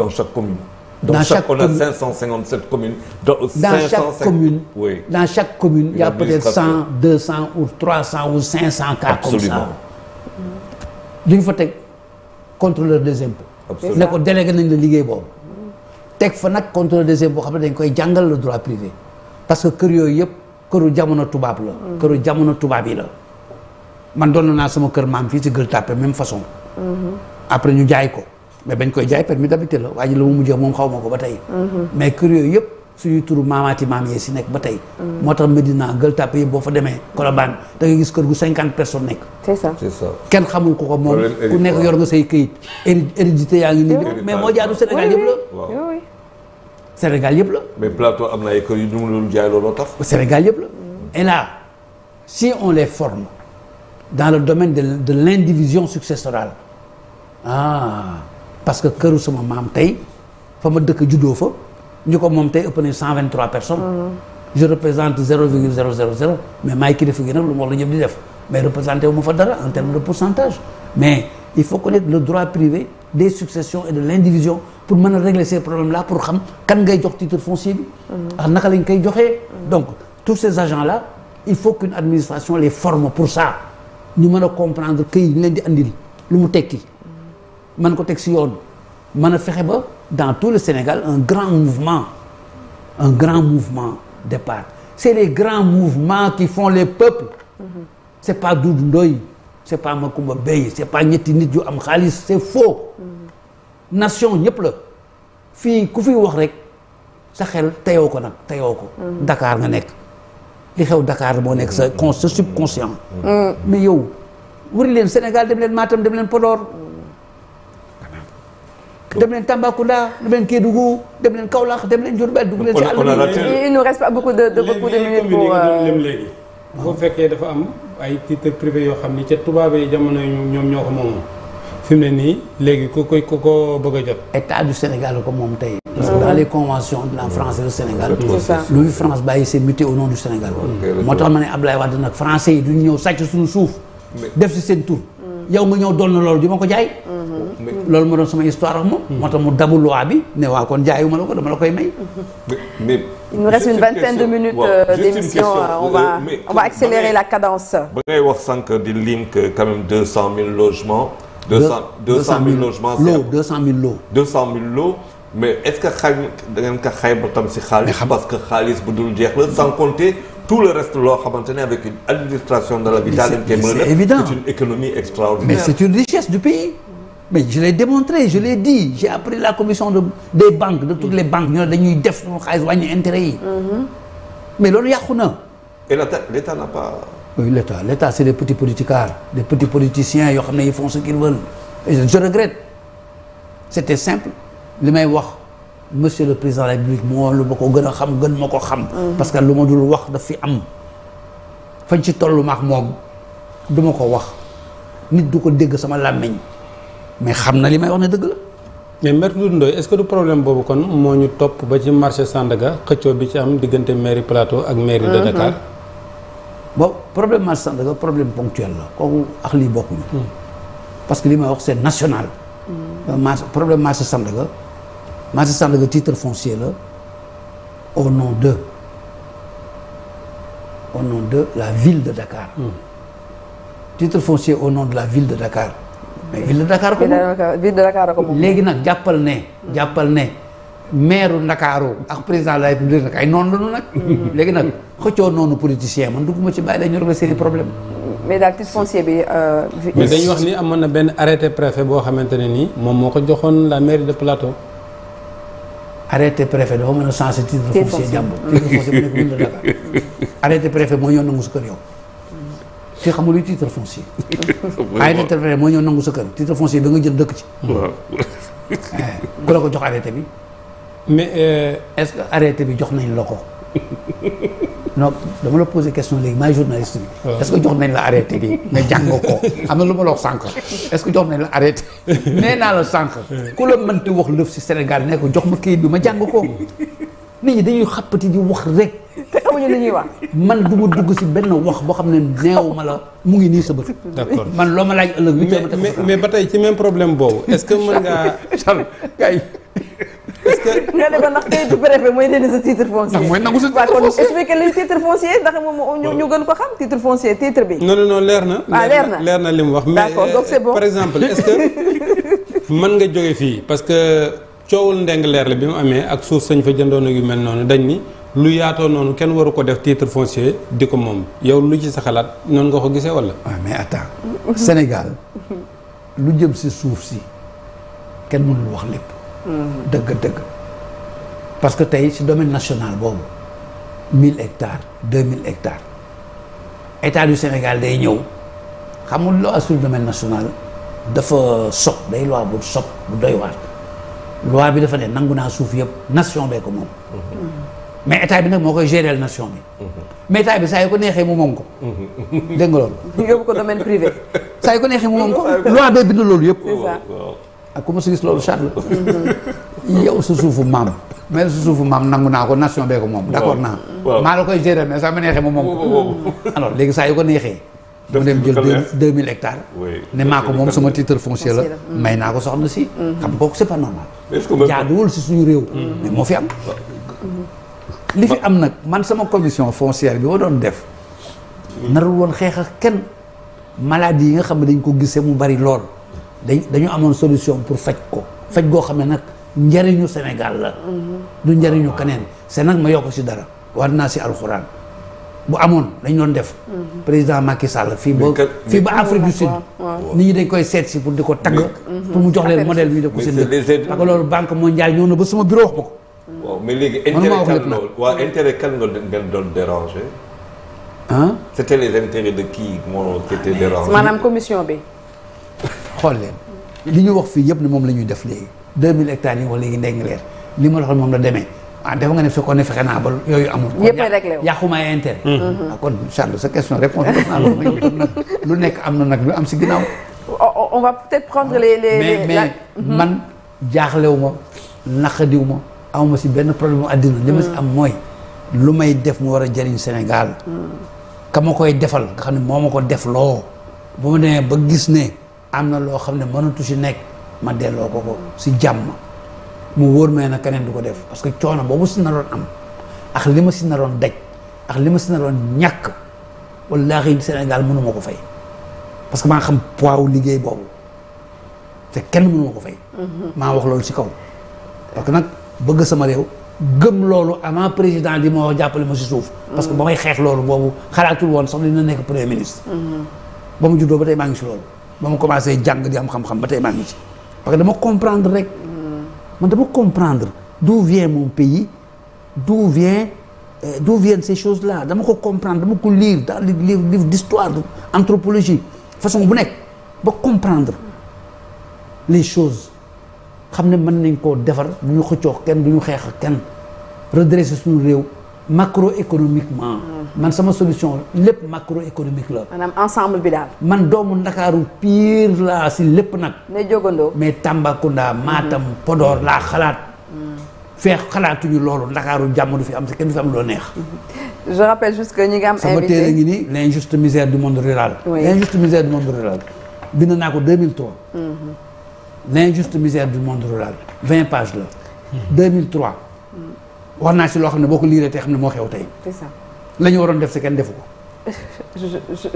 dans chaque on a 557 communes. dans, dans chaque commune oui. dans chaque commune y a peut-être 100 200 ou 300 ou 500 cas comme ça. duñ fa teg contrôleur des impôts. ne ko délégué nañ la liggéey boobu. teg fa nag contrôle des impôts boo xam ne dañ koy jàngal le droit privé parce que kër yooyu yëpp këru jamono tubaab la. Mm. këru jamono tubaab yi la. man doon naa sama kër maam fii ci gël Tapée même façon. Mm-hmm. après ñu jaay ko mais bañ koy jaay permis d'habiter la waa ji la mu mujjee moom xaw ma ko ba tey. Mm-hmm. mais kër yooyu yëpp suñu turu maamaati maam yee si nekk ba tey. Mm. moo tax Medina Gueule Tapée yëpp boo fa demee. Colobane da ngay gis kër gu cinquante personnes nekk. c'est ça c'est kenn xamul ko ko moom ku yor nga say këyit. hérédité yaa ngi mais moo jaadu Sénégal yëpp Sénégal yëpp la. mais am na ay kër yu ñu mënul jaay looloo la. et si on les forme dans le domaine de de l'indivision successorale ah parce que këru sama maam tey fa ma dëkk juddoo fa ñu ko moom tey ëpp nañu cent vingt trois personnes. Mm-hmm. je représente zéro virgule mais maay kilifa gi nag lu mu wax la ñëpp di def mais représenté wu ma fa dara en termes de pourcentage mais. il faut connaître le droit privé des successions et de l'indivision pour mën a régler ces problèmes là pour xam kan ngay jox titre foncier bi ak naka lañ koy joxee donc tous ces agents la il faut qu'une administration les forme pour ça ñu mën a comprendre kay ñu di andil lu mu tekki man ko teg si yoon mën a fexe ba dans tout le Sénégal un grand mouvement un grand mouvement départ c'est les grands mouvements qui font les peuples mm-hmm. c'est pas Doudou Ndoye c'est pas Makumba Bey c'est pas ñetti nit yu am xaalis c'est faux nation ñëpp la fii ku fi wax rek sa xel teyoo ko nag teyoo ko mm. Dakar nga nekk li xew Dakar moo nekk sa con sa subconscient mm. mais yow wëri leen Sénégal dem leen Matam dem leen Podor mm. dem leen Tambacounda dem leen Kédougou dem leen Kaolack dem leen Diourbel dugg leen si àll bi il nous reste pas beaucoup de beaucoup de minutes boo fekkee dafa am ay titre privé yoo xam ni ca tubaab yi jamono ñoom ñoo ko moomoon fi mu ne nii léegi ku koy ku ko bëgg a jot. état du Sénégal ko moom tey. Ah. parce que dans les conventions de la France le Sénégal. lu France bàyyi c'est muté au du Sénégal. moo tax ma ne Abdoulaye Wade nag français yi du ñu ñëw sàcc suñu suuf. def si seen tur. Mm. yow nga ñëw doon na loolu di ma ko jaay. Mm-hmm. Mm-hmm. loolu ma doon sama histoire ak moom. Mm-hmm. moo tax mu dabu loi bi ne waa kon jaayuma la ko dama la koy may. il nous reste une vingtaine de minutes euh, d'émission euh, on va euh, on va accélérer la cadence. ba ngay wax sànq di que quand même deux logements. deux cent mais est-ce que xay da ngeen ko xayma tam si parce que xaalis bu dul jeex la sans compter. tout le reste loo xamante ne avec une de l'habitat. c'est évident c'est une économie extraordinaire. mais c'est une richesse du pays. mais je l'ai démontré je l'ai dit j'ai appris la commission de des banques de toutes les banques ñu ne dañuy def suñu xaalis wàññi intérêt yi. Mm-hmm. mais loolu yàqu na. et l'état l'état n'a pas. oui l'état l'état c'est des petits politicards des petits politiciens yoo xam ne ils font ce qu'ils veulent et je, je regrette c'était simple li may wax monsieur le président de la République moo lu ma ko gën a xam gën ma ko xam. Mm-hmm. parce que lu ma dul wax daf fi am fañ ci tollu ma ak moom du ma ko wax nit du ko dégg sama làmmiñ mais xam na li may wax ne dëgg la. mais maire Doudou Ndoye est-ce que du problème boobu kon moo ñu topp ba ci marché Sandaga xëccoo bi ci am diggante mairie Plateau ak mairie de mhm. Dakar. bon problème marché Sandaga problème ponctuel la kooku ak lii bokkuñu. Hmm. parce que li may wax c'est national. Hmm. Euh, marché problème marché Sandaga marché Sandaga titre foncier la au nom de au nom de la ville de Dakar. Hmm. titre foncier au nom de la ville de Dakar. mais ville de Dakar ko moom léegi nag jàppal ne. jàppal ne maire Ndakaaru ak président de la nag ay noon la ñu nag. Mm. léegi nag xëccoo noonu politicien man dugguma ci bàyyi la ñu seeni problème. mais daal titre foncier bi. Euh, mais dañuy wax ni amoon na benn arrêté préfet boo xamante ne nii. moom moo ko joxoon la mairie de Plateau. arrêté préfet dafa mën a changé titre foncier jàmbur titre foncier bu nekk ville de Dakar *laughs* arrêté kër yow. te xamul luy titre foncier. *laughs* arrêté intervénier moo ñëw nangu sa kër titre foncier bi nga jël dëkk ci. *laughs* ku la ko jox arrêté bi. mais euh... est bi jox nañ la ko. *laughs* non dama la poser question léegi maay journaliste bi. est-ce que jox nañ la arrêté bi nga jàng ko am na lu ma la wax sànq. est-ce que jox nañ la arrêté nee naa la sànq. ku la mënti wax lëf si Sénégal ne ko jox ma kayit bi ma jàng ko. nit ñi dañuy xàppati di wax rek. xamuñu li ñuy wax. man du ma dugg si benn wax boo xam ne neew ma la mu ngi nii sa bët. d'accord man loo ma laaj ëllëg huit heures mais mais ba tey ci même problème boobu est-ce que mën ngaa. *laughs* Charles kay. est-ce que nga ne ko ndax kayitu préfet mooy dindi sa titre foncier. ndax mooy nangu sa titre foncier kon expliqué li titre foncier ndax moom ñu gën ko xam titre foncier titre bi. non non non leer na. ah leer na leer na li mu wax. d'accord donc c'est euh, bon par exemple est-ce que *laughs* mën nga jóge fii parce que coowul ndeng leer la bi mu amee ak suuf sañ fa jëndoon ak yu mel noonu dañ ni lu yaatoo noonu kenn waru ko def titre foncier di ko moom yow lu ci sa xalaat noonu nga ko gisee wala. waaw ah, mais attends Sénégal lu jëm si suuf si kenn mënul wax lépp. dëgg-dëgg hmm. parce que tey si domaine national boobu mille hectares deux mille hectares état du Sénégal day ñëw xamul loi sur le domaine national dafa sob day loi bu sob bu doy waar loi bi dafa ne nangu naa suuf yëpp nation bee ko moom. Hmm. mais état bi nag moo koy gérer nation bi. mais état bi saa yu ko neexee mu moom ko. dégg nga loolu. ñu *laughs* yóbbu ko domaine privé. saa yu ko neexee mu moom ko *laughs* loi loolu yëpp. Ah, ma si gis loolu Charles. *laughs* yow su suufu maam. mel su nangu naa ko nation bee ko moom. d'accord naa maa koy gérer mais saa ma neexee mu léegi saa yu ko neexee. mu dem jël deux mille hectares. ne maa ko moom sama titre foncier la. Hmm. may naa ko soxna si. Hmm. xam nga kooku c'est pas si suñu réew. Hmm. moo fi am. li fi am nag man sama commission foncière bi ma doon def. narul woon xeex kenn maladie yi nga xam ne dañ ko gisee mu bari lool dañ dañu amoon solution pour faj ko faj goo xam ne nag njariñu Sénégal la. Mhm. du njariñu keneen c'est nag ma yokk si dara war naa si alxuraan bu amoon dañ doon def. Mhm. président Macky Sall fii ba fii ba Afrique du Sud. nit ñi dañ koy seet si pour di ko tagg. pour mu jox leen modèle bi ñu def ko seen dëkk. parce loolu banque mondiale ñëw na ba sama bureau wax ma ko. waaw mais léegi. intérêt kan lool waaw intérêt kan nga doon déranger. ah. c'était les de kii moo qui était dérangé. maanaam commission bi. xool leen li ñu wax fii yëpp ne moom la ñuy def léegi 2000 hectares yi wax léegi ndeng leer li ma la waxoon moom la demee. ah dafa nga ne fekkoon ne fexe naa ba yooyu amul. yëpp rek la yàquma ay intérêt. Mm-hmm. Ah, kon Charles sa question réponse *laughs* lu nekk am na nag lu am si ginnaaw. on va peut-être prendre mais mais man jaaxlewu ma naqadiwu ma. awma si benn problème àddina li ma si mm. am mooy lu may def mu war a jëriñ Sénégal mm. ka ma koy defal nga xam ne moo ma ko def loo bu ma demee ba gis ne am na loo xam ne mënatu si nekk ma delloo ko ko si jàmm mu wóor mee na keneen du ko def parce que coono boobu si naroon am ak li ma si naroon daj ak li ma si naroon ñàkk wallaahi Sénégal mënu ma ko fay parce que maa xam poids wu liggéey boobu te kenn mënu ma ko fay mm-hmm. maa wax loolu si kaw parce que nag bëgg sama réew gëm loolu avant président di ma jàppale ma si suuf. parce que ba may xeex loolu boobu xalaatul woon sax dina nekk premier ministre. Mm-hmm. ba mu juddoo ba tey maa ngi si loolu. ba mu commencé jàng di am xam-xam ba tey maa ngi ci. parce que dama comprendre rek. Mm-hmm. man dama comprendre d'où vient mon pays d'où vient euh, d'où viennent ces choses là dama ko comprendre dama ko liir dans les livres livres d'histoire anthropologie façon bu nekk ba comprendre les chose xam ne man nañ koo defar du ñu xëccoo kenn du ñu xeex ak kenn redresser suñu réew macro macroéconomiquement hmm. man sama solution lépp économique la maanaam ensemble bi daal man doomu ndakaaru pire laa si lépp nag mais jogandoo mais Tambacounda Matam hmm. Podor laa xalaat hmm. feex xalaatuñu loolu ndakaaru jàmm du fi am si kenn du fi am loo neex je rappelle juste que am invité sama téere ngi ni l'injuste misère du monde rural l'injuste misère du monde rural bind naa ko l'injuste misère du monde rural vingt pages la 2003 hmm. wax naa ci loo xam ne boo ko liiree te xam ne moo xew tey c'est la ñu waroon def si kenn defu ko *laughs* je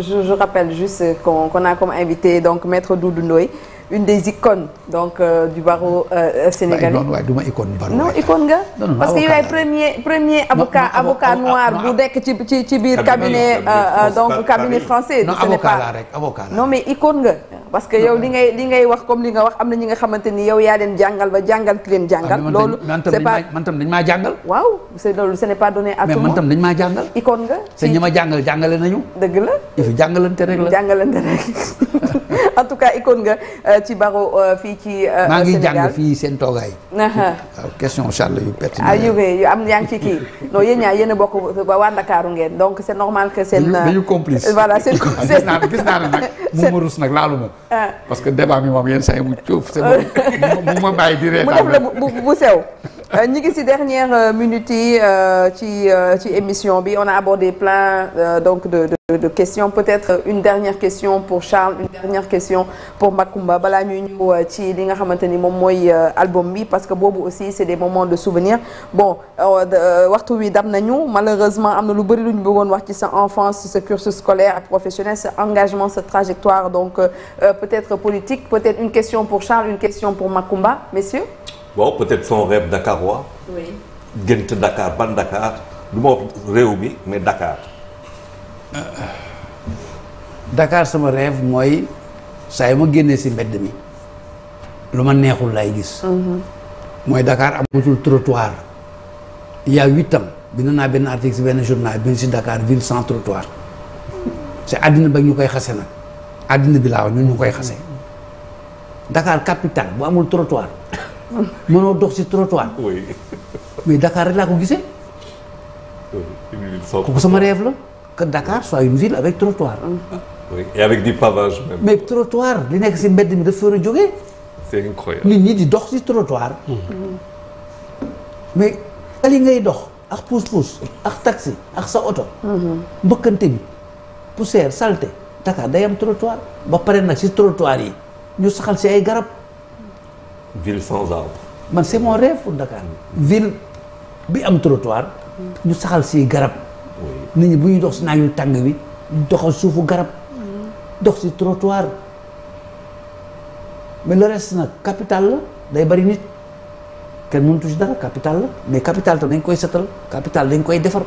je je rappelle juste qu'on qu'on a comme invité donc maître Doudou Ndoye une des icônes donc euh, du barreau euh, euh sénégalais. waaye du ma icône barreau non icône nga. parce que yaay premier premier avocat avocat noir bu nekk ci ci biir cabinet euh, donc cabinet français. non avocat la rek avocat la non mais icône nga. parce que yow li ngay li ngay wax comme li nga wax am na ñi nga xamante ni yow yaa leen jàngal ba jàngal ki leen jàngal ah, loolu c'est pas man tam dañ maa jàngal waaw c'est loolu ce n'est maa jàngal icône ma jàngal jàngale nañu dëgg la yëfi jàngalante rek la jàngalante rek *laughs* en tout cas icône nga euh, ci baro euh, fii ci euh, maa ngi jàng fii seen toogaay waaw question Charles yu pertinent ah, yu am yaa ngi ci kii non yéen ñaa yéen a bokk ba waa Ndakaaru ngeen donc c'est normal que seen dañu complice *laughs* gis naa nag *laughs* mu ma rus nag laalu moom Euh, parce que débat mi moom yenn saa yi mu cuuf c'est bon *laughs* mu ma bàyyi di reetaan la bu sew euh, ñi ngi ci dernière euh, minute yi ci émission bi on a abordé plein donc de de question peut-être une dernière question pour Charles une dernière question pour Makumba balaa ñuy ñëw euh, ci li nga xamante ni moom mooy euh, album bi parce que boobu aussi c'est des moments de souvenir bon euh, waxtu wi dam nañu malheureusement am na lu bëri lu ñu bëggoon wax ci sa enfance sa cursus scolaire ak professionnel sa engagement sa trajectoire donc peut-être politique peut-être une question pour Charles une question pour Makumba messieurs. waaw peut-être son rêve dakarois. oui gént Dakar ban Dakar du ma Dakar sama rêve mooy saa yi ma génnee si mbedd mi lu ma neexul laay gis. Mhm. mooy dakaar amatul trottoir. il y a huit ans naa benn article si benn journal bind si Dakar ville sans trottoir c'est àddina ba ñu koy xase nag àddina bi laa wax ñun ñu koy xase. Dakar capitale bu amul trottoir mënoo dox si trottoir. mais Dakar rek laa ko gisee. kooku sama rêve la. que Dakar soit une ville avec trottoir. mais trottoir li nekk si mbedd mi dafa war a jógee. c'est incroyable nit ñi di dox si trottoir. mais tali ngay dox ak puus-puus ak sa oto. mbëkkante bi poussière saleté Dakar day am trottoir ba pare nag si trottoir yi ñu saxal si ay garab. ville sans arbre. man c'est mon rêve pour ville bi am trottoir. ñu saxal si garab. nit ñi bu ñuy dox si naaju tàng bi dox suufu garab mm. dox si trottoir mais le reste nag capital la day bari nit kenn mëntu si dara capital la mais capital tam dañ koy setal capital dañ koy defar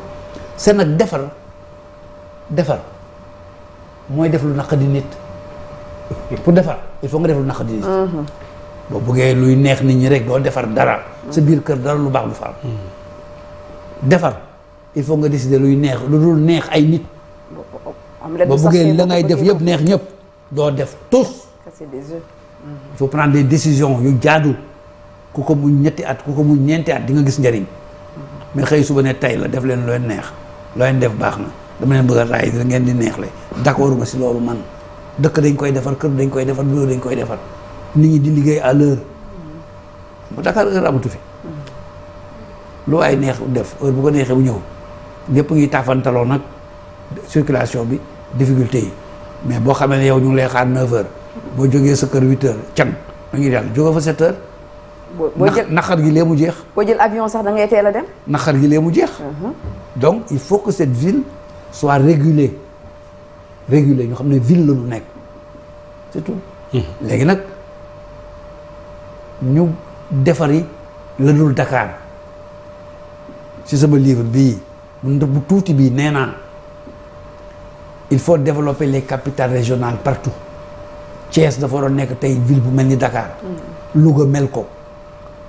seen ak defar defar mooy def lu naq di nit pour defar il faut nga def lu naq di nit uh-huh. boo bëggee luy neex nit ñi rek doo defar dara sa biir kër dara lu baax du fa am mm. defar il faut nga décider luy neex lu dul neex ay nit. ba buggee la ngay def yëpp neex ñëpp doo def tous. il faut prendre des yu jaadu ku ko muñ ñetti at ku ko muñ ñeenti at di nga gis njariñ mais xëy suba ne tey la def leen looy neex looy def baax na dama leen bëgg a raay ngeen di neex la d'accord ma si loolu man dëkk dañ koy defar kër dañ koy defar bureau dañ koy defar nit ñi di liggéey à l'heure bu Dakar heure amatu fi lu ay neex def heure bu ko neexee ñëw. ñëpp ngi taafantaloo nag circulation bi difficulté yi mais boo xamee ne yow ñu ngi lay xaar 9h boo jógee sa kër 8h can da ngi dal jóge fa 7h. boo jël naqar gi lee mu jeex. boo jël avion sax da ngay teel a dem. naqar gi lee mu jeex. Uh-huh. donc il faut que cette ville soit régulée régulée ñu xam ne ville la ñu nekk c'est tout. léegi nag ñu defari la dul Dakar ci sama livre bii. bu tuuti bi nee naa il faut développer les capitales régionales partout Thiès dafa waroon nekk tey ville bu mel ni dakaar mm. Louga mel ko.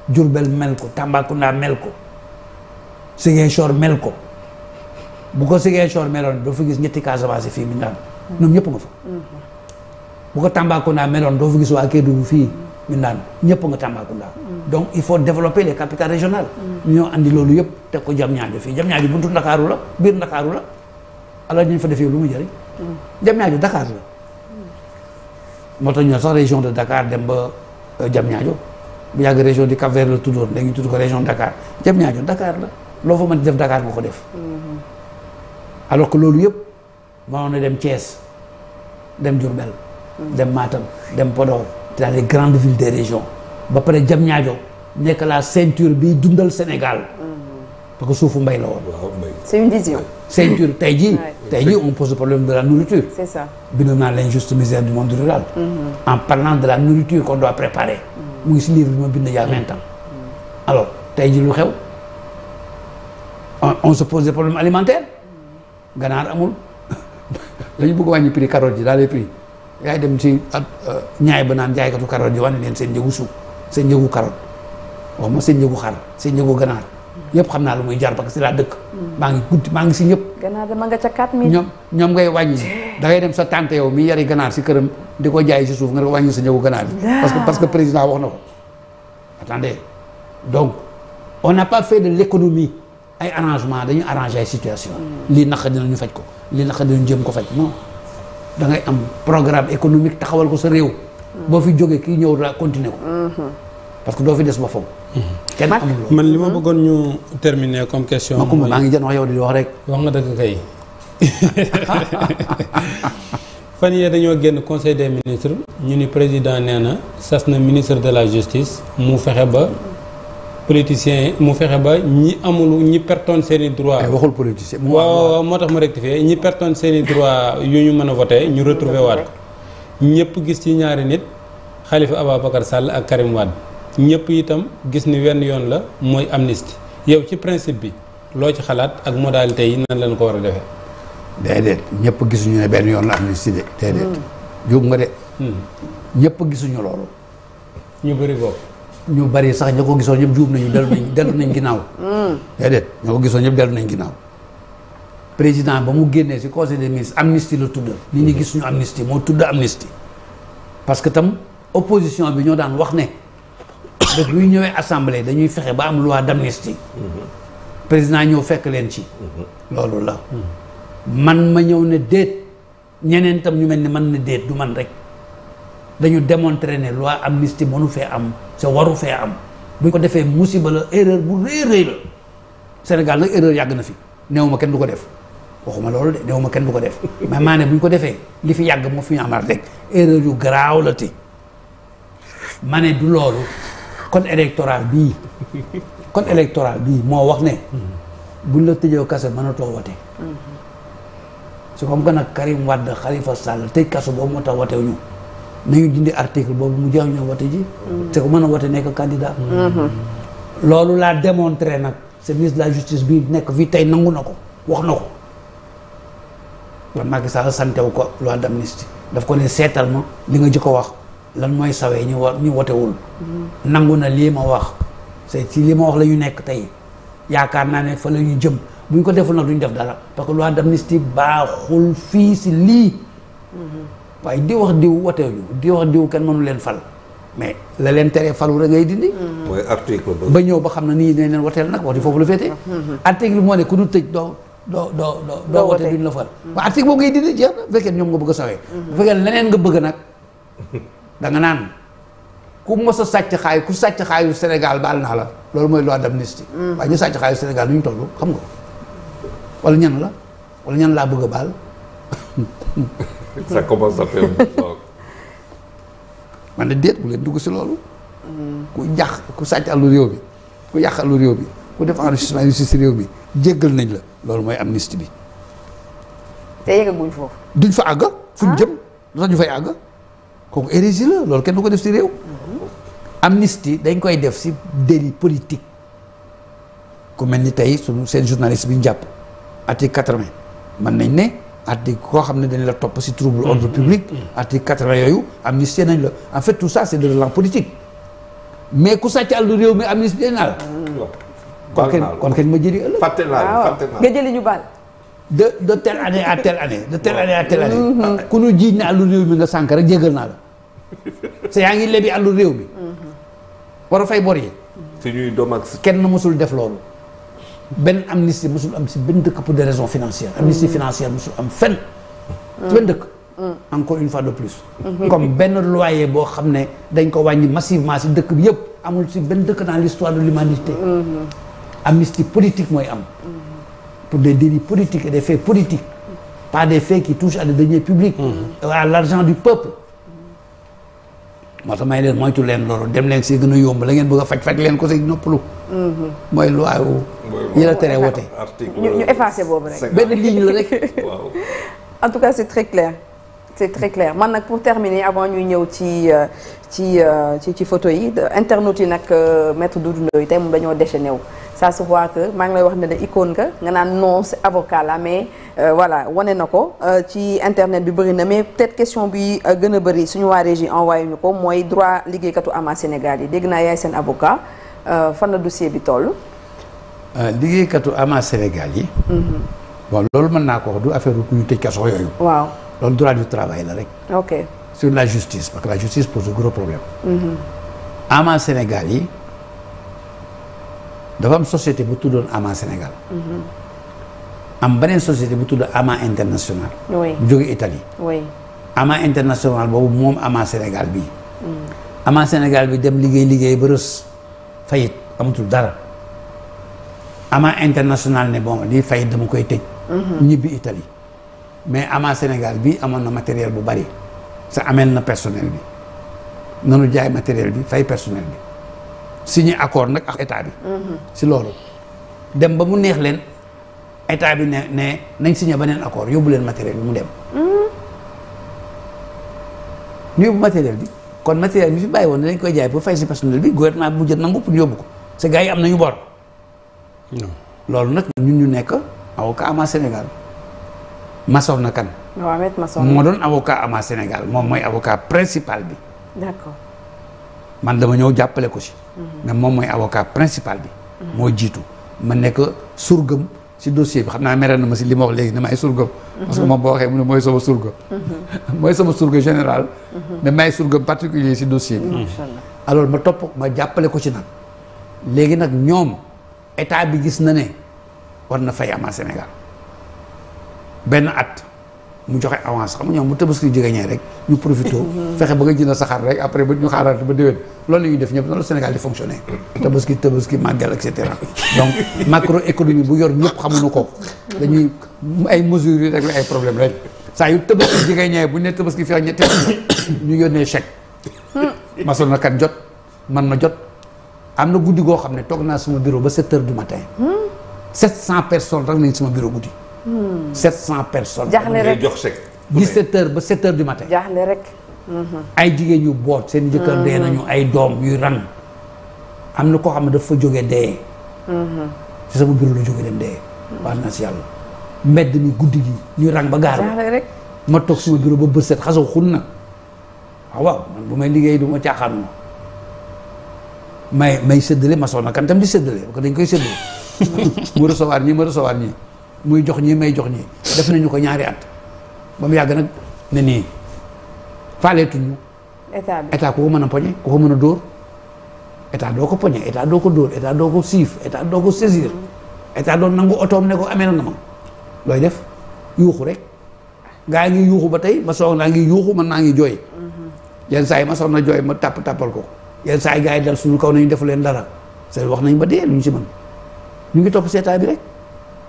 Diourbel mel ko Tambacounda mel ko. Ziguinchor mel ko bu ko sigee Ziguinchor meloon doo fa gis ñetti Casamance fii mu daan mm. ñoom ñëpp nga fa. Mm-hmm. bu ko Tambacounda meloon doo fa gis waa Kédougou fii mu daan ñëpp nga Tambacounda. donc il faut développer les capitales régionales. ñoo indi loolu yëpp teg ko Diamniadio fii Diamniadio buntu Ndakaaru la biir Ndakaaru la alors ñu fa defee lu mu jëriñ. Diamniadio Dakar la. moo tax ñu sax région de dakaar dem ba jam euh, Diamniadio bu yàgg région du Cap-Vert la tuddoon léegi tudd ko région Dakar Diamniadio Dakar la loo fa mën di def Dakar nga ko def. alors que loolu yëpp ma na dem cees dem Diourbel. dem Matam dem Podor. dans les grandes villes des régions. ba pare jam ñaajo nekk la ceinture bi dundal Sénégal. parce que suufu mbay la woon. c'est ceinture tey jii. tey jii on pose le problème de la nourriture. c'est ça. bindoon naa misère du monde rural. Mm-hmm. en parlant de la nourriture a doit préparer. Mm-hmm. muy si livre bi ma bind il y a vingt ans. Mm-hmm. alors tey jii lu xew on se pose des problèmes alimentaires. ganaar amul *laughs* dañu bëgg wàññi prix carotte ji daal les prix yaay dem ci euh, ñaay ba naan jaaykatu carotte ji wane leen seen njëgu suuf. sa njëgu karoot wax ma seen njëgu xar seen njëgu ganaar yëpp xam naa lu muy jar parce que si laa dëkk maa ngi guddi maa ngi si ñëpp ganaar dama nga ca 4000 ñoom ñoom ngay wàññi da ngay dem sa tante yow mi yari ganaar si këram di ko jaay si suuf nga ko wàññi sa njëgu ganaar bi parce que parce que président wax na ko attendez donc on n'a pas fait de l'économie ay arrangement dañu arrangé ay situation lii naqa dinañu faj ko lii naqa dinañu jëm ko faj non da ngay am programme économique taxawal ko sa réew boo fi jógee ki ñëw raa continuer mhm. parce que doo fi des ba foog. kenn man li ma bëggoon ñu terminer comme question. ma kumba maa ngi jën wax yow di wax rek. wax nga dëgg kay. *laughs* fan yee dañoo génn conseil des ministre ñu ni président nee na sas na ministre de la justice mu fexe ba politicien mu fexe ba ñi amul ñi perton seen i droit eh, waxul politicien waaw waaw moo tax ma rectifier ñi perton seen i droit yu ñu mën a voté ñu retrouver waat ko ñëpp gis ci ñaari nit xalifa Ababacar sàll ak Karim Wade ñëpp itam gis ni wenn yoon la mooy amnistie yow ci principe bi loo ci xalaat ak modalité yi nan leen ko war a defee. déedéet ñëpp gisuñu ne benn yoon la amnistie de déedéet. Hmm. juum nga de. Hmm. ñëpp gisuñu loolu. ñu bëri bokk. ñu bari sax ña ko gisoon ñëpp juum nañu dellu nañ dellu nañ ginnaaw. Hmm. déedéet ña ko gisoon ñëpp dellu nañ ginnaaw. président ba mu génnee ci conseil des ministres amnistie la tudd. nit ñi mhm. gis ñu amnistie moo tudd amnistie. parce que tam opposition bi ñoo daan wax ne def luy ñëwee assemblée dañuy fexe ba am loi d'amnistie. Mhm. président ñëw fekk leen ci. Mhm. loolu la. man ma ñëw ne déet ñeneen tam ñu mel ni man ne déet du man rek dañu démontrer ne loi amnistie mënu fee am sa waru fee am. bu ñu ko defee musiba la erreur bu rëy rëy la Sénégal nag erreur yàgg na fi néew ma kenn du ko def. waxuma loolu de dewuma kenn bu ko def mais bu ñu ko defee li fi yàgg moo fi ñu amal rek erreur yu garaaw la te ma du loolu kon électoral bii code électoral bii moo wax ne buñ la tëjoo kaso mënatoo wote su comme que nag Karim Wade xalifa Sall tëj kaso boobu moo tax wotewuñu nañu dindi article boobu mu jeex ñu wote ji mm. te ku mën a wote nekk candidat mm-hmm. loolu laa démontré nag service la justice bii nekk fii tey nangu na ko wax na ko loolu Macky Sall santewu ko loi d'amnistie daf ko ne seetal ma li nga jëkk ko wax lan mooy sawee ñu wa ñu wotewul mm-hmm. nangu na lii ma wax c'est ci lii ma wax la ñu nekk tey yaakaar naa ne fa la ñu jëm bu ñu ko deful nag duñ def dara parce que loi d'amnistie baaxul fii si lii mm-hmm. waaye di wax diw woteewuñu di wax diw kenn mënu leen fal mais la leen teree falu rek ngay dindi. Mm-hmm. mooy article ba ñëw ba xam ne nii dañ leen woteel nag wax di foofu la féetee. article moo ne ku du tëj doo doo doo doo doo wote duñ la fal waa article boobu ngay dindi jeex bu fekkee ñoom nga bëgg a sawee bu fekkee leneen nga bëgg nag da naan ku mos sàcc xaay ku sàcc xaayu Sénégal baal naa la loolu mooy loi d'amnistie mm. waaye ñu sàcc xaayu Sénégal nu ñu toll xam nga wala ñan la wala ñan laa bëgg a baal ça commence à faire man ne déet bu leen dugg si loolu ku jax ku sàcc àllu réew bi ku yàq àllu réew bi ku def enrichissement si réew bi jéggal nañ la loolu mooy amnistie bi. te yeggaguñ foofu. duñ fa àgg. fuñ ah. jëm lu tax ñu fay àgg. kooku hérésie la loolu kenn du ko def si réew. Mhm. amnistie dañ koy def si délit politique. ku mel ni tey suñu seen journaliste bi ñu jàpp. article quatre-vingt mën nañ ne article koo xam ne dañ la topp si trouble ordre mhm. public. Mhm. article quatre-vingt yooyu amnistie nañ la en fait tout ça c' est de l'élan politique. mais ku sàcc àll réew mi amnistie naa la. Ah. kon kañ kon kañ ma jëli ëllëg. fàtte naa ah, fàtte naa nga jëli ñu baal. de de telle année à telle de telle année à telle année. Mhm. Ah, ku réew mi nga sànk rek naa la. *laughs* te yaa ngi lebi àllu réew bi mhm. war a fay bor yi. suñuy doom ak kenn mosul def loolu. benn amnistie mosul am si benn dëkk pour des raisons financières. amnistie mhm. financière mosul am fenn. si benn dëkk. encore une fois de plus. comme benn loyer boo xam ne dañ ko wàññi massivement si dëkk bi yëpp amul si benn dëkk naa l'histoire de l'humanité am amnistie politique mooy am. pour de délits politiques et des faits politiques. pas des faits qui touchent à des deniers publics. Mm-hmm. à l'argent du peuple. moo tax may leen moytu leen loolu dem leen si gën a yomb la ngeen bëgg a faj faj leen ko si noppalu. Mm-hmm. mooy lu aayu. yi la tere woote. ñu ñu effacé boobu rek. benn ligne la rek. *laughs* en tout cas c'est très clair. c'est man nag pour terminer avant ñuy ñëw ci euh, ci euh, ci ci photo yi internautes yi nag euh, maître Doudou Ndoye tey moom dañoo déchaîné wu. ça se voit que maa ngi lay wax ne la icône ka nga naan non c'est avocat la mais euh, voilà wone na ko euh, ci internet bi bëri na mais peut-être question bi euh, gën a bëri suñu waa régie envoyé ñu ko mooy droit liggéeykatu ama Sénégal yi dégg naa seen avocat fan la dossier bi toll. liggéeykatu ama Sénégal yi. bon mm-hmm. loolu mën naa ko wax du affaire ku ñu tëj kaso yooyu. waaw loolu droit du travail la rek. ok sur la justice pose de gros problèmes. Mm-hmm. ama Sénégal yi. dafa am société bu tuddoon ama Sénégal. Mm-hmm. am beneen société bu tudd ama international. oui bu jóge Italie. oui ama international boobu moom ama Sénégal bii. Mm. ama Sénégal bi dem liggéey liggéey ba rës fayit amatul dara international bon lii fayit dama koy tëj. Mm-hmm. ñibbi Italie mais ama Sénégal bi amoon na matériel bu bari sa ameel na personnel bi nanu jaay matériel bi fay personnel bi. signé accord nag ak état bi. si loolu dem ba mu neex leen état bi ne ne nañ signé beneen accord yóbbu leen matériel bi mu dem. ñu yóbbu matériel bi kon matériel bi fi bàyyi woon ne koy jaay pour fay si personnel bi gouvernement bi mu jël nangu pour yóbbu ko sa yi am na ñu bor. loolu nag ñun ñu nekk avocat ama Sénégal masoon na kan. moo doon avocat ama Sénégal moom mooy avocat principal bi. man dama ñëw jàppale ko si. mais mm-hmm. moom mooy avocat principal bi. Mm-hmm. moo jiitu ma nekk surgëm si dossier bi xam naa mere na ma si li ma wax léegi ne maay surgëm. Mm-hmm. parce que moom boo waxee mu ne mooy sama surga. *laughs* mooy sama surga général. mais maay surga particulier si dossier bi. alors ma topp ma jàppale ko ci nag. léegi nag ñoom état bi gis na ne war na fay am Sénégal benn at. mu joxe avance xam nga ñoom bu tabaski jógee ñee rek ñu profité *laughs* fexe ba nga jënd saxaar xar rek après ba ñu xaaraat ba déwén loolu la ñuy def ñëpp noonu la Sénégal di fonctionné tabaski tabaski màggal et cetera donc *laughs* macroéconomie bu yor ñëpp xamuñu ko dañuy ay mesures rek la ay problème rek saa yu tabaski jógee ñee bu ñu nee tabaski fii ak ñetti ñu yónnee chèque *laughs* mason na kat jot man na jot am na guddi goo xam ne toog naa sama bureau ba sept heures du matin hmm? sept cent personnes rek nañ sama bureau 700 personnes. jaaxle rek jox chèque. 17 heures ba 7 heures du rek. Mhm. ay jigéen yu boot seen jëkkër mhm. dee nañu ay doom yuy rang am na ko xam ne dafa jógee dee. Mhm. ci sama bureau la jógee dem dee. wax na si yàlla mbedd mi guddi gi ñuy rang ba gaar rek ma toog suma bureau ba bët set xasaw xun na ah, waaw man bu may liggéey du ma caaxaanu ma may may séddale ma soxna kan di séddale parce que dañ koy séddale *laughs* mu recevoir ñi ma recevoir ñi muy jox ñi may jox ñi def nañu ko ñaari at ba mu yàgg nag ne nii faaleetuñu état bi état ku ko mën a poñe ku ko mën a dóor état doo ko poñe état doo ko dóor état doo ko siif état doo ko saisir état doon nangu otoom ne ko amee na ma looy def yuuxu rek gaa ngi yuuxu ba tey ma soow naa ngi yuuxu man naa ngi jooy mm-hmm. yenn saa yi ma soog na jooy ma tàpp tàppal ko yenn saa yi gaa yi dal suñu kaw nañu defu leen dara seen wax nañ ba dee lu ñu ci mën ñu ngi topp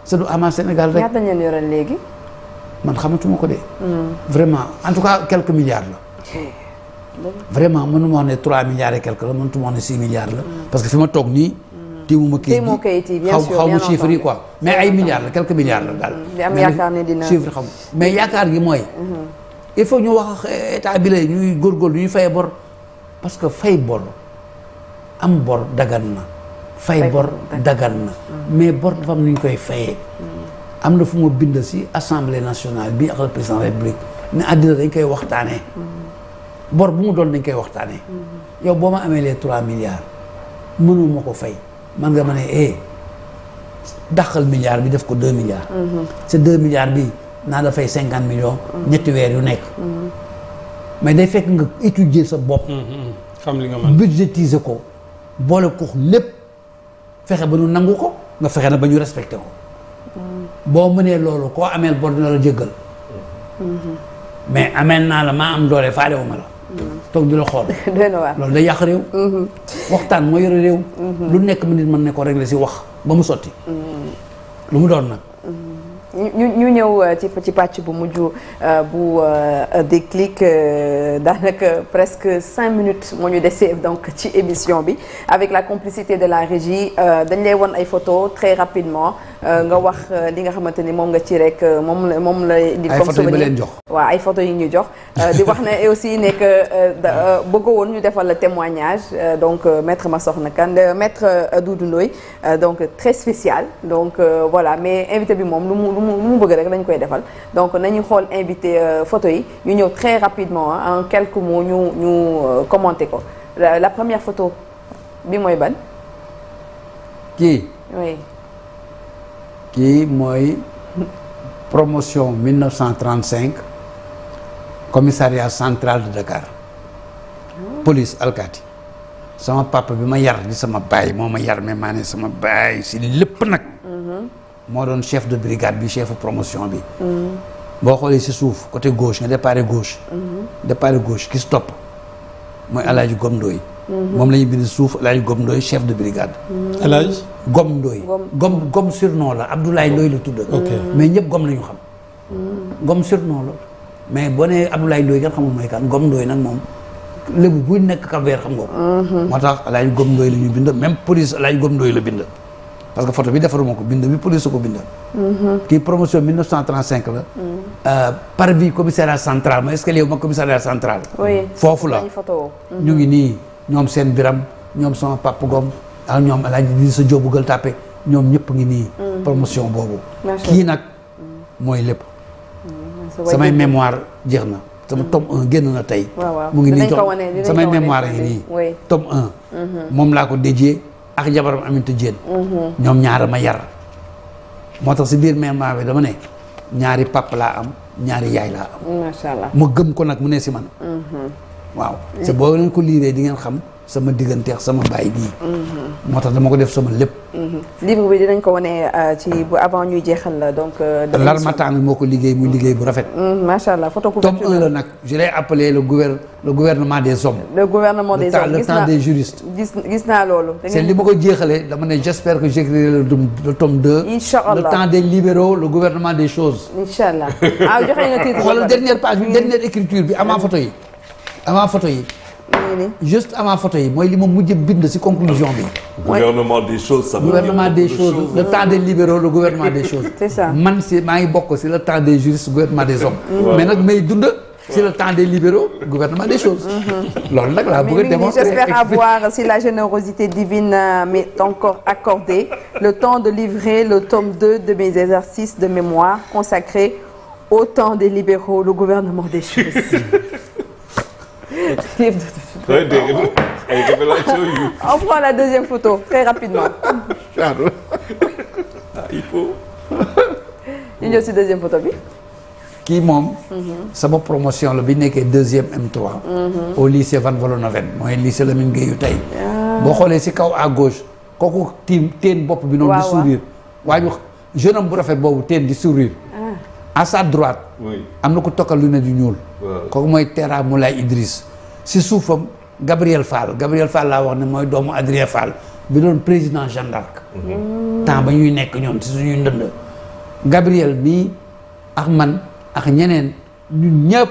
sa du ama Sénégal rek ñaata léegi. man xamatuma ko de. Hmm. vraiment en tout cas quelques milliards eh, la. vraiment mënuma wax ne trois milliards et quelque la mënatuma wax ne six milliards la. Hmm. parce que fi ma toog nii. Hmm. tiimuma kayit yi xaw xaw ma chiffre yi quoi. mais ay milliards la quelques milliards la daal. di am yaakaar ne dina mais yaakaar gi mooy. il faut ñu wax état bi la ñuy góorgóorlu faye bor parce que fay bor am bor dagan na. fay bor dagan na mm. mais bor dafa am nu ñu koy fayee mm. am na fu ma bind si assemblée nationale bi ak le président république ne àddina dañ koy waxtaane mm. bor bu mu doon dañ koy waxtaanee yow boo ma amee les trois milliards mënuma ko fay man nga ma ne eh dàqal bi def ko deux milliards sa mm-hmm. deux milliards bi naa dafay cinquante millions ñetti weer yu nekk mm-hmm. mais day fekk nga étudier sa bopp mm-hmm. xam li ko boole ko lépp fexe ba ñu nangu ko nga fexe na ba ñu respecté ko boo mënee loolu koo amee bor na la jéggal mais amee naa la maa am doole faalewuma la toog di la xool *laughs* loolu da yàq réew mhm. waxtaan moo yore réew mhm. lu nekk ma nit mën ne ko régler si wax ba mu sotti mhm. lu mu doon nag ñu ñu ñëw euh, ci ci pàcc bu mujj euh, bu euh, déclic daanaka presque cinq minutes moo ñu desee donc ci émission bi avec la complicité de la régie dañ lay won ay photos très rapidement Euh, nga wax euh, li nga xamante ni moom nga ci rek euh, moom la moom la indi comme souvenir leen jox waa ay photo yi ñu jox di wax na aussi nekk bëgg woon ñu defal la témoignage donc maître Massokhna Kane maître Doudou Ndoye donc très spécial donc voilà mais invité bi moom lu mu lu mu bëgg rek lañ koy defal donc nañu xool invité photo yi ñu ñëw très rapidement en quelques mots ñu ñu commenter ko la première photo bi mooy ban kii kii mooy promotion 1935 commissariat centrale de Dakar police alkaati sama papa bi ma yar di sama baay moo ma yar mais maa ne sama baay si lépp nag moo doon chef de brigade bi chefu promotion bi boo xoolee si suuf côté gauche nga départ gauche mhm. départ gauche ki si topp mooy Alaaji Gomdooy Mhm. moom la ñuy bind suuf El Gom Ndoy chef de brigade. Mhm. El Gom Ndoy. Gom Gom surnom la Abdoulaye Ndoy la tudd. mais ñëpp Gom la ñu xam. Mhm. Gom surnom la mais boo nee Abdoulaye Ndoy kenn xamul mooy kan Gom Ndoy nag moom lébu buy nekk Cap Vert xam nga ko. moo tax El Hadj Gom ñu bind même police El Hadj Gom Ndoy la bind. parce que photo bi defaruma ko bind bi police ko bind. kii promotion 1935 la. Euh, parvis commissariat central ma est-ce que ma commissariat central. foofu la ñu ñoom seen biram ñoom sama papa Gom ak ñoom El Hadj di sa jóobu gël tàppe ñoom ñëpp ngi nii. Mm. promotion boobu. kii nag mm. mooy lépp. Mm. samay mémoire jeex na. sama tome 1 génn na tey. mu ngi nii jox samay mémoire ngi mm-hmm. moom laa ko déjee ak jabaram Aminata Dieng. Mm-hmm. ñoom ñaara ma yar. moo tax si biir mémoire bi dama ne ñaari pap laa am ñaari yaay laa am. macha allah ma gëm ko nag mu ne si man. Mm-hmm. waaw c'est boo leen ko liiree di ngeen xam sama digganteex sama baay bii mm-hmm. moo tax da dama ko def sama lépp mm-hmm. livre bi dinañ ko wane euh, ci bu avant ñuy jeexal donc euh, l'armatan bi moo ko liggéey muy liggéey bu rafet mm-hmm. macha allah photo couverture tome 1 la nag je l'ai le gouver le des hommes le gouvernement des hommes le temps des juristes gis gis naa loolu c'est li ma ko jeexalee dama ne j'espère que j'écrirai le le tome 2 incha allah le temps des libéraux le gouvernement des choses incha allah ah joxe nga titre bi dernière écriture bi avant photo yi avant photo yi. juste avant photo yi mooy li moom mujj bind ci conclusion bi. gouvernement des choses ça gouvernement des choses le temps des man ci maa ngi bokk ci le temps des juristes gouvernement des hommes. Mhm. mais nag may dund. c'est le temps des libéraux gouvernement des choses. Mhm. loolu nag laa bëgg la générosité divine euh, m'est encore le temps de livrer le tome 2 de mes exercices de mémoire consacré au temps des libéraux le gouvernement des choses. *laughs* ay révélation yu. on prend la deuxième photo très rapidement. il faut. ñu ñëw si deuxième photo bi. kii moom. sama promotion la bi nekkee deuxième M3. au lycée Van Vollenhoven mooy lycée Lamine Gueye yu tey. Ah. boo xoolee si kaw à gauche kooku tiim teen bopp bi. noonu di sourire waaw waaw. waa ñu jeune homme bu rafet boobu teen di sourire. à sa am na ku tokkal lu ne du ñuul. kooku mooy Tera Moulay Idriss. si suufam Gabriel Fall Gabriel Fall laa wax ne mooy doomu Adrien Fall bi doon président Jeanne mhm. temps ba ñuy nekk ñoom si suñuy ndënd. Gabriel mii ak man ak ñeneen ñun ñëpp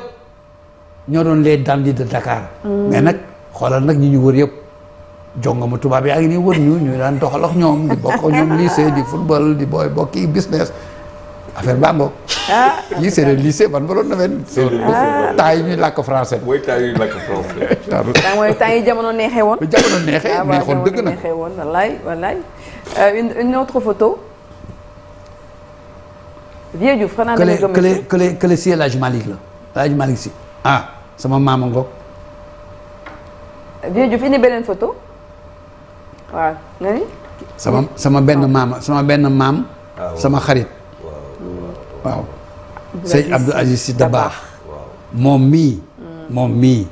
ñoo doon les dandys de Dakar. Mhm. mais nag xoolal nag ñi ñu wër yëpp. jongoma tubaab yaa ngi nii wër ñu ñu daan doxal ak ñoom di bokk ñoom lycée di football di bokki business. affaire baa ngoog. Ah. yii c'est lycée man ma doon nawet. c'est ah. ñuy làkk français. mooy temps ñuy làkk ah, jamono neexee woon. neexoon dëgg na neexee woon wallaay wallaay. Euh, une autre photo. Vieux Diouf xanaa da nga kële kële si El Hadj Malick la El Hadj si ah sama maama ngoog. sama benn maam. sama xarit. waaw sëñ Abdou Aziz si Dabaax moom mii moom mii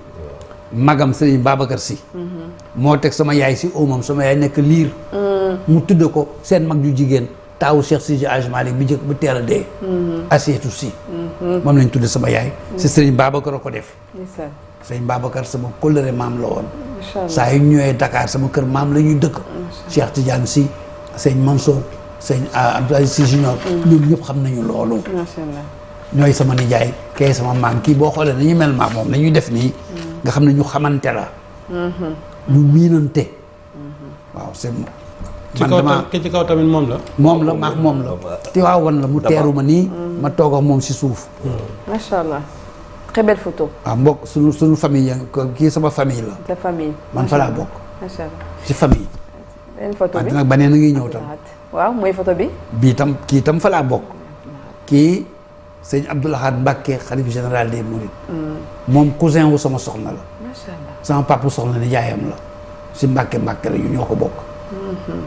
magam sëñ Babacar si mm-hmm. moo teg sama yaay si óomam sama yaay nekk liir mm. mu tudd ko seen mag ju jigéen taawu Cheikh Sidi Hadj Malick jëkk bu teel a dee mm-hmm. Asiyatu si mm-hmm. moom lañ tudd sama yaay si sëñ Babacar a ko def sëñ Babacar sama kóllëre maam la woon saa yu ñëwee Dakar sama kër maam la ñuy dëkk Cheikh Tidiane si sëñ Mansour sëñ Abdou Aziz Sy Junior ñoom ñëpp xam nañu loolu ñooy sama nijaay kay sama maam kii boo xoolee nañu mel maam moom nañuy def nii nga xam ne ñu xamante la mm-hmm. ñu miinante waaw c'est man dama ki ci la moom la maak moom la Tiwaawan la mu teeru ma nii mm-hmm. ma toog moom si suuf macha allah très belle mbokk suñu suñu famille kii sama famille la sa famille man fa laa bokk macha allah si famille baneen a ngi ñëw tam waaw mooy photo bi. bii tam kii tam fa bokk. kii sëñ Abdoul Ahad Mbacké xalif général des Mourides. Mm. moom cousin wu sama soxna la. macha allah sama papa soxna ni la si Mbacké Mbacké la ñoo ko bokk. Mm-hmm.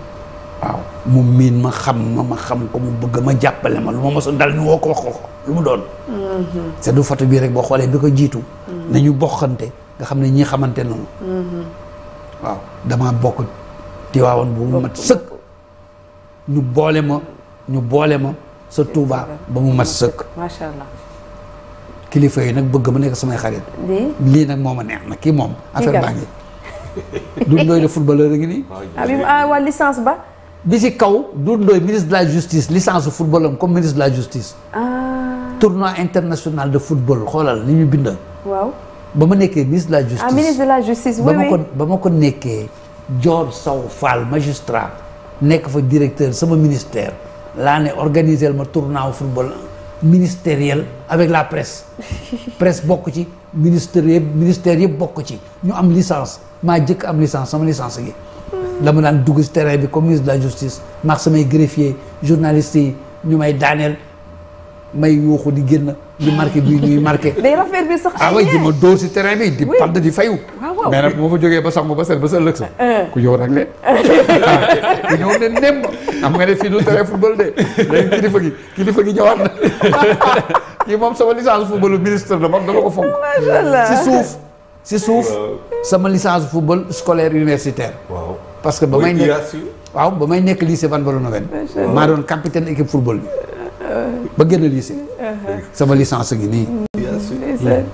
waaw mu miin ma xam ma xam ko mu bëgg ma jàppale ma lu ma mos dal ñu woo ko wax ko lu mu doon. c' mm-hmm. est bii rek boo xoolee bi ko jiitu. Mm. nañu bokkante nga xam ne ñii xamante noonu. Mm-hmm. waaw damaa bokk Tiwaawan bu mat sëkk. ñu boole ma ñu boole ma sa Touba ba mu mat sëkk. macha allah. kilifa yi nag bëgg ma nekk samay xarit. lii nag moo ma neex na kii moom. affaire baa ngi. Doudou Ndoye de footballeur a ngi nii. ah waa licence ba. bi ci kaw Doudou Ndoye ministre de la justice licence football am comme ministre de la justice. Ah. tournoi international de football xoolal ni ñu bind waaw ba ma nekkee ministre de la ah, justice. ba ma ko ba ma ko nekkee. Dior Sow Fall magistrat. nekk fa directeur sama ministère laa ne organiser ma tournoi football ministériel avec la presse *laughs* presse bokk ci ministère yëpp ministère yëpp bokk ci ñu am licence maa jëkk am licence sama licence gi la hmm. ma daan dugg ci terrain bi comme ministre de la justice maag samay greffier journaliste yi ñu may daaneel may yuuxu di génn di marqué bi ñuy marqué. *laughs* day sax ah oui di ma dóor si terrain bi di padd di fayu. mais nag bu ma fa jógee ba sangu ba set ba sa ëllëg sa. Euh. ku ñëw rek leen. *laughs* ku ñëw fii du de kilifa gi kilifa gi ñëwaat na *laughs* kii moom sama licence footballu ministre la moom dama ko fonk. si suuf si suuf euh. sama licence football scolaire universitaire. waaw parce que ba may nekk waaw ba may nekk lycée Van Vollenhoven. maa doon capitaine équipe football bi. Euh, ba génn lycée. Uh-huh. sama licence gi nii.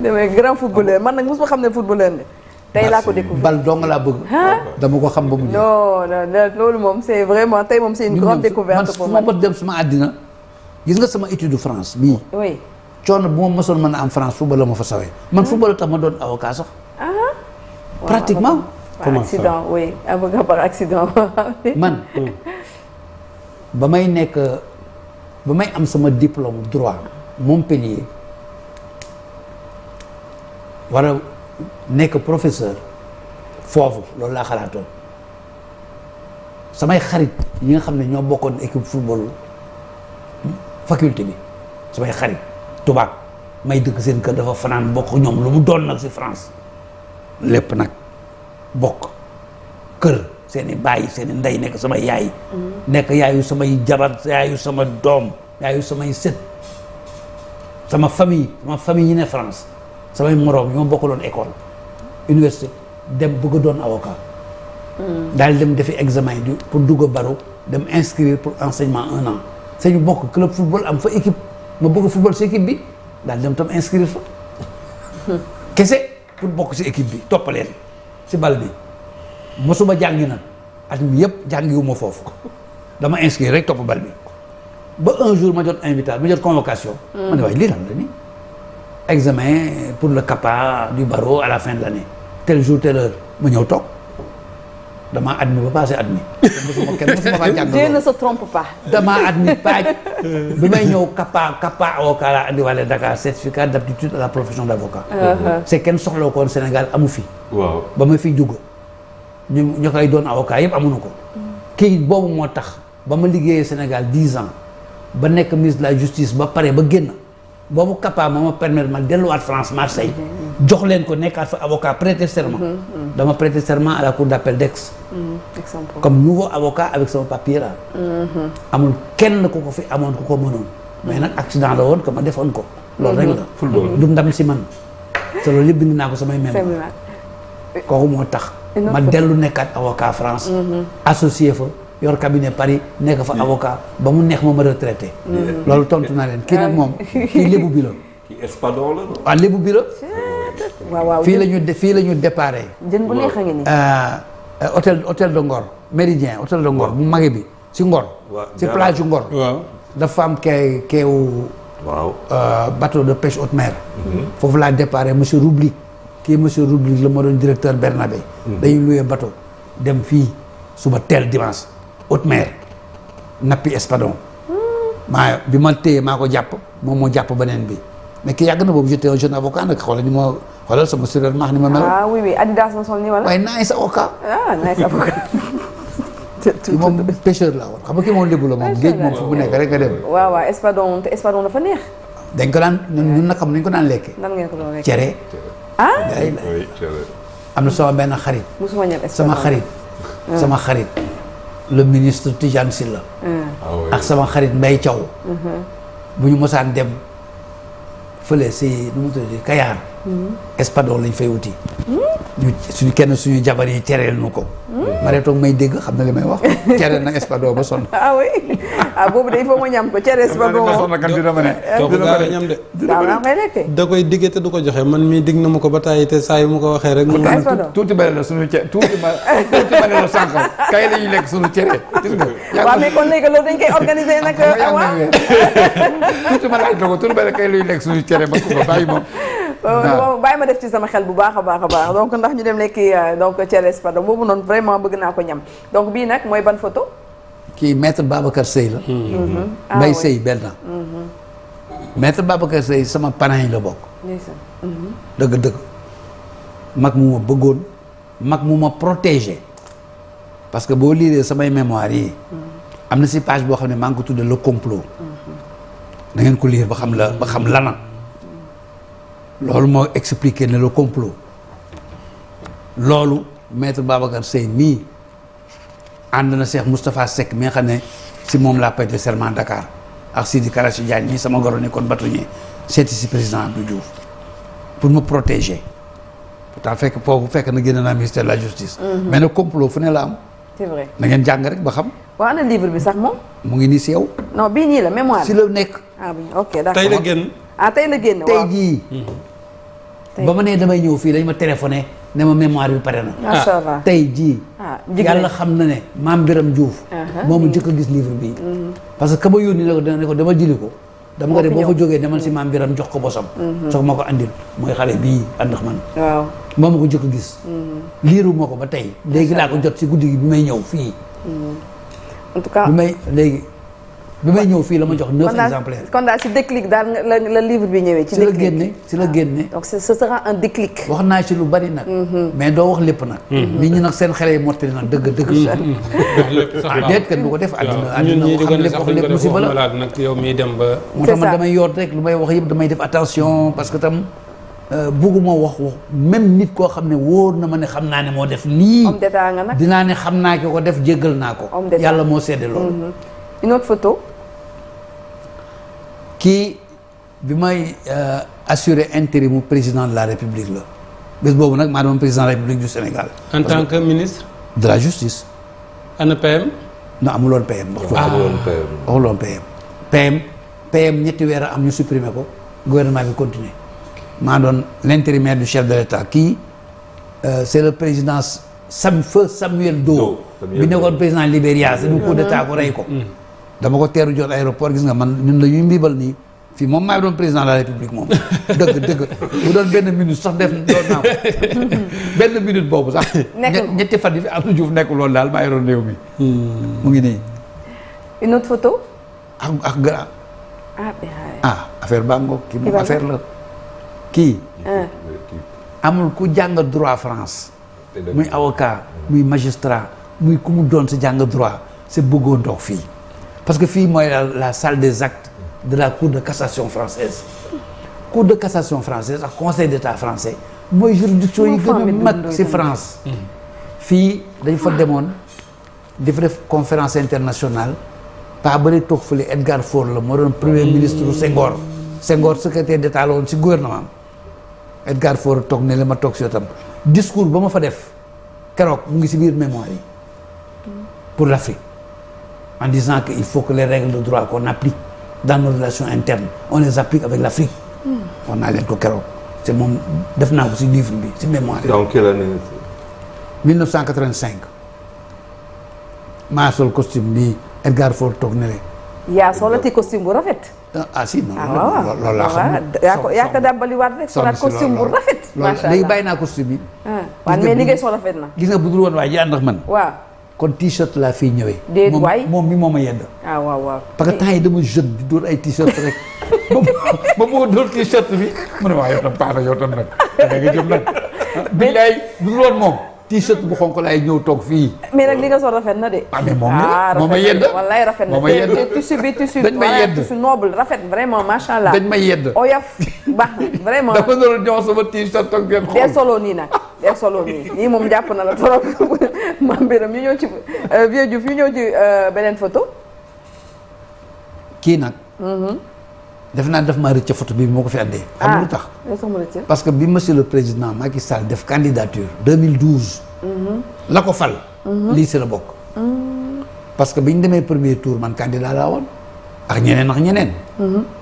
damay grand footballeur man nag mosuma xam ne footballeur la. tey laa ko découvrir bal dong laa bëgg. dama ko xam ba mu jeex. non non loolu moom c'est vraiment tey moom c'est une grande découverte pour man fu ma dem sama àddina. gis nga sama étude bu ma mosoon a am France football ma fa sawee. man football tax ma doon avocat sax. Ah? pratiquement. comment par accident. *laughs* man hmm. ba may nekk. ba may am sama diplôme droit Montpellier war a nekk professeur foofu loolu laa xalaatoon samay xarit ñi nga xam ne ñoo bokkoon équipe football faculté bi samay xarit tubaab may dëkk seen kër dafa fanaan bokk ñoom lu mu doon nag si France lépp nag bokk kër seen i bàyyi seen i ndey nekk samay yaay. Mm-hmm. nekk yaayu samay jabar yaayu sama doom yaayu samay sët. sama famille sama famille yi ne France samay moroom bokk bokkaloon école université dem bëgg doon avocat. Mm-hmm. daal dem defi examen yi pour dugg a dem inscrire pour enseignement un an. sañu bokk club football am fa équipe ma bëgg football si équipe bi daal dem tam inscrire fa. *laughs* kese pour bokk si équipe bi toppaleen si bal bi. mosuma jàngi nag at mi yëpp foofu dama inscrire rek topp bal bi ba un jour ma jot invitation ma jot convocation. ma ne hmm. waaye lii lan la nii. examen pour le CAPA du barreau à la fin de l'année tel jour telle heure ma ñëw toog damaa admis ba passé admis. mosuma kenn mosuma faa jàng. Dieu ne se trompe pas. damaa admis *laughs* paaj bi may ñëw CAPA profession d' avocat. Uh-huh. fi. waaw ba ma fi jóg. ñu ñu koy doon avocat yëpp amuñu ko. kayit boobu moo tax ba ma liggéeyee Sénégal dix ans ba nekk ministre de la justice ba pare ba génn boobu CAPA moo ma permettre ma delluwaat France Marseille. jox leen ko nekkaat fa avocat prêter mm-hmm, mm-hmm. dama prêter serment à la cour d' appel d' Aix. comme nouveau avocat avec sama papier mm-hmm. amul kenn ku ko fi amoon ku ko mënoon. mais nag accident la woon que ma defoon ko. loolu rek la du ndam si man. te loolu yëpp bind naa ko samay mémoire. moo tax. ma dellu nekkaat avocat France. Mm-hmm. associé fa yor cabinet Paris nekk fa mm. avocat ba mu neex ma ma retraité. Mm-hmm. loolu tontu naa leen kii nag moom kii *laughs* lébu bi la. kii espadon ah, fii la ñu fii la ñu déparé. jën bu neex a ngi nii. Euh, euh, hôtel de Ngor Méridien hôtel de Ngor bu mage bi si Ngor. si plage Ngor. dafa am kee keewu. waaw euh, bateau de pêche haute mer. Mm-hmm. foofu laa déparé monsieur Roublik. kii monsieur Roublik la moo doon directeur Bernabé hmm. dañuy loué bateau dem fii suba teel dimanche haute mer nappi espadon hmm. maa bi ma téye maa ko jàpp moom moo jàpp beneen bi mais ki yàgg na boobu j'étais on jeune avocat nag xoolal ni ma xoolal sama suréer ni ma mel. ah oui oui Adidas ma sol ni waaye naaj sa avocat. Ah, avocat. *laughs* moom pêcheur laa woon xam nga kii moom lébu la moom. géej moom fu mu nekk rek nga dem. waaw espadon te espadon dafa neex. dañ ko daan ñun nag xam nañ ko daan lekkee. cere. ah am na sama benn xarit. sama xarit. Ah. sama xarit le ministre Tidiane Sylla ah. Ah ak sama xarit mbay Thiaw. Mhm. bu ñu mosaan dem fële si nu mu tudd kayaan Hmm? espadon lañ fay wuti. Hmm? ñu suñu kenn suñu jabar yi tereel nu ko. Hmm? mare toog may dégg xam na li may wax cere *laughs* nag espadon ba sonn. ah oui ah boobu de il faut ma cere ma ah, digge du ko joxe man mii dig na ma ko ba taay te saa waxee rek. mu naan suñu ba tuuti bale la sànq kay la ñuy lekk suñu cere. gis nga waaw ma suñu ko bàyyi moom Euh, bàyyi ma def ci sama xel bu baax a baax a baax donc ndax ñu dem lekki euh, donc Thielès pardon boobu noonu vraiment bëgg naa ko ñam donc bii nag mooy ban photo kii maître Babacar Seye la hmm. mhm. Mbaye ah, Seye benn mhm. maître Babacar Seye sama parents yi la bokk mhm. dëgg dëgg mag mu ma bëggoon mag mu ma protégé parce que boo liiree samay mémoire yi am na si page boo xam ne maa ngi ko tuddee le complot da ngeen ko liir ba xam la ba xam lana loolu moo expliqué ne le complot loolu maître Babacar Seye mii ànd na Cheikh Moustapha Seck mi xam ne si moom laa prêté serment Dakar ak Sidi Karachi Diagne mii sama goro nekkoon bâtonnier seeti si président Abdou Diouf pour me protéger pourtant fekk foofu fekk na génn naa ministère de la justice. Mhm. mais nag complot fu ne la am. jàng rek ba xam. waaw ana livre mu ngi nii si la nekk. ah la génn. ah tey ba ma nee damay ñëw fii dañ ma téléphoné ne ma mémoire bi pare na. Ah, tey jii. Ah, yàlla xam na ne maam Biram Diouf. Uh-huh. moom jëkk gis livre bii. Mm-hmm. parce que ka ma yónni ne ko dina ne ko dama jëli ko. dama ko de boo si mm-hmm. maam Biram jox ko bosam. Mm-hmm. soog ma ko andil mooy xale bii ànd ak man. waaw ko jëkk a gis. liiru ko ba tey. léegi laa ko jot si guddi gi bi may ñëw fii. en tout bi may léegi. bi may ñëw fii la ma jox neuf exemplaires. kon daal si déclic daal la la ci la génne si la ah. génne. donc ce sera un wax naa ci lu bari nag. Mm-hmm. mais doo wax lépp nag. Mm-hmm. nit ñi nag seen xale yi mottali nag dëgg dëgg. Mm-hmm. ah *laughs* ko def. àddina àddina mu xam lépp wax lépp musiba la nag yow miy dem ba. lu may wax yëpp damay def attention parce que tam. Euh, bugguma wax wax même nit koo xam ne wóor na ma ne xam naa ne moo def lii. dinaa ne xam naa ki ko def jéggal naa ko. yàlla moo sedde loolu. une autre photo. kii bi may euh, assurer intérim mu président de la république la bés boobu nag maa doon président de la république du Sénégal. en tant que ministre. de la justice. ana PM. non amuloon ah. ñetti weer am ñu supprimer ko gouvernement bi continuer maa doon l' du chef de l' état kii euh, c' est le président Sam feu Samuel Doe. bi nekkoon président Libéria du coup d' état ko rey ko. Mm. dama ko teeru jot aéroport gis nga man ñun la ñuy mbiibal nii fii moom maay doon président de la république moom *laughs* dëgg dëgg bu doon benn minute sax def doon naa ko *laughs* benn minute boobu sax ñetti fan yi fi Abdou Diouf nekkul woon daal maa yoroon réew mi hmm. mu ngi nii une autre photo ak ak grand ah, ah affaire baa ngoog kii moom affaire la kii ah. amul ku jàng droit France muy avocat muy magistrat muy ku mu doon si jàng droit c'est bëggoon dox fii parce que fii mooy la salle des actes de la cour de cassation française cour de cassation française ak conseil d'état français mooy juridiction yi gën a mag ci France fii dañu fa demoon di def conférence internationale paa ba lay toog fële Edgar Faure la moo doon premier ministre Senghor Senghor secrétaire d'état la woon ci gouvernement Edgar Faure toog ne la ma toog si yow tam discours ba ma fa def keroog mu ngi si biir mémoire yi pour l'Afrique en disant il faut que les règles de droit qu'on applique dans nos relations internes on les applique avec l'Afrique war hmm. naa leen ko keroog c'est moom def naa ko ci livre bi ci mémoire donc quelle année 1985 maa sol costume bi Edgar Faure toog nele yaa solati costume bu rafet ah, ah si non ah, loolu laa xam yaa ko dàmbaliwaat rek solaat costume bu rafet macha allah léegi bàyyi naa costume bi ah, waaw mais li ngay sol rafet na gis nga bu dul waaye ji ànd man kon t-shirt laa fiy ñëwee. moom mi moo ma yedd. ah waaw waaw parce que temps yi dama jeune di dóor ay t-shirt rek *laughs* ba ma bëgg t-shirt bi mu ne waaw yow tam paana yow tam nag da nga *laughs* du loon moom. t-shirt bu xonk laay ñëw toog fii. mais nag li nga sol rafet na de. ah mais moom la ah, moom ma yedd wallaay rafet na te bi tissu. dañ ma yedd tissu noble rafet vraiment macha allah. dañ ma yedd oyof baax na vraiment. dafa doon ñëw sama t-shirt toog ngeen solo nii nag dee solo nii nii moom jàpp na la trop *laughs* maam Biram ñu ñëw ci euh, Vieux Diouf ñu ñëw ci euh, beneen photo. kii nag. Mm-hmm. def naa def maa rëcc photo bi moo ko fi àndee. xam ah, lu tax parce que bi monsieur le président Macky Sall def candidature 2012. Mhm. la ko fal. Mhm. lii si la bokk. Mhm. parce que bi ñu demee premier tour man candidat laa woon. ak ñeneen ak ñeneen.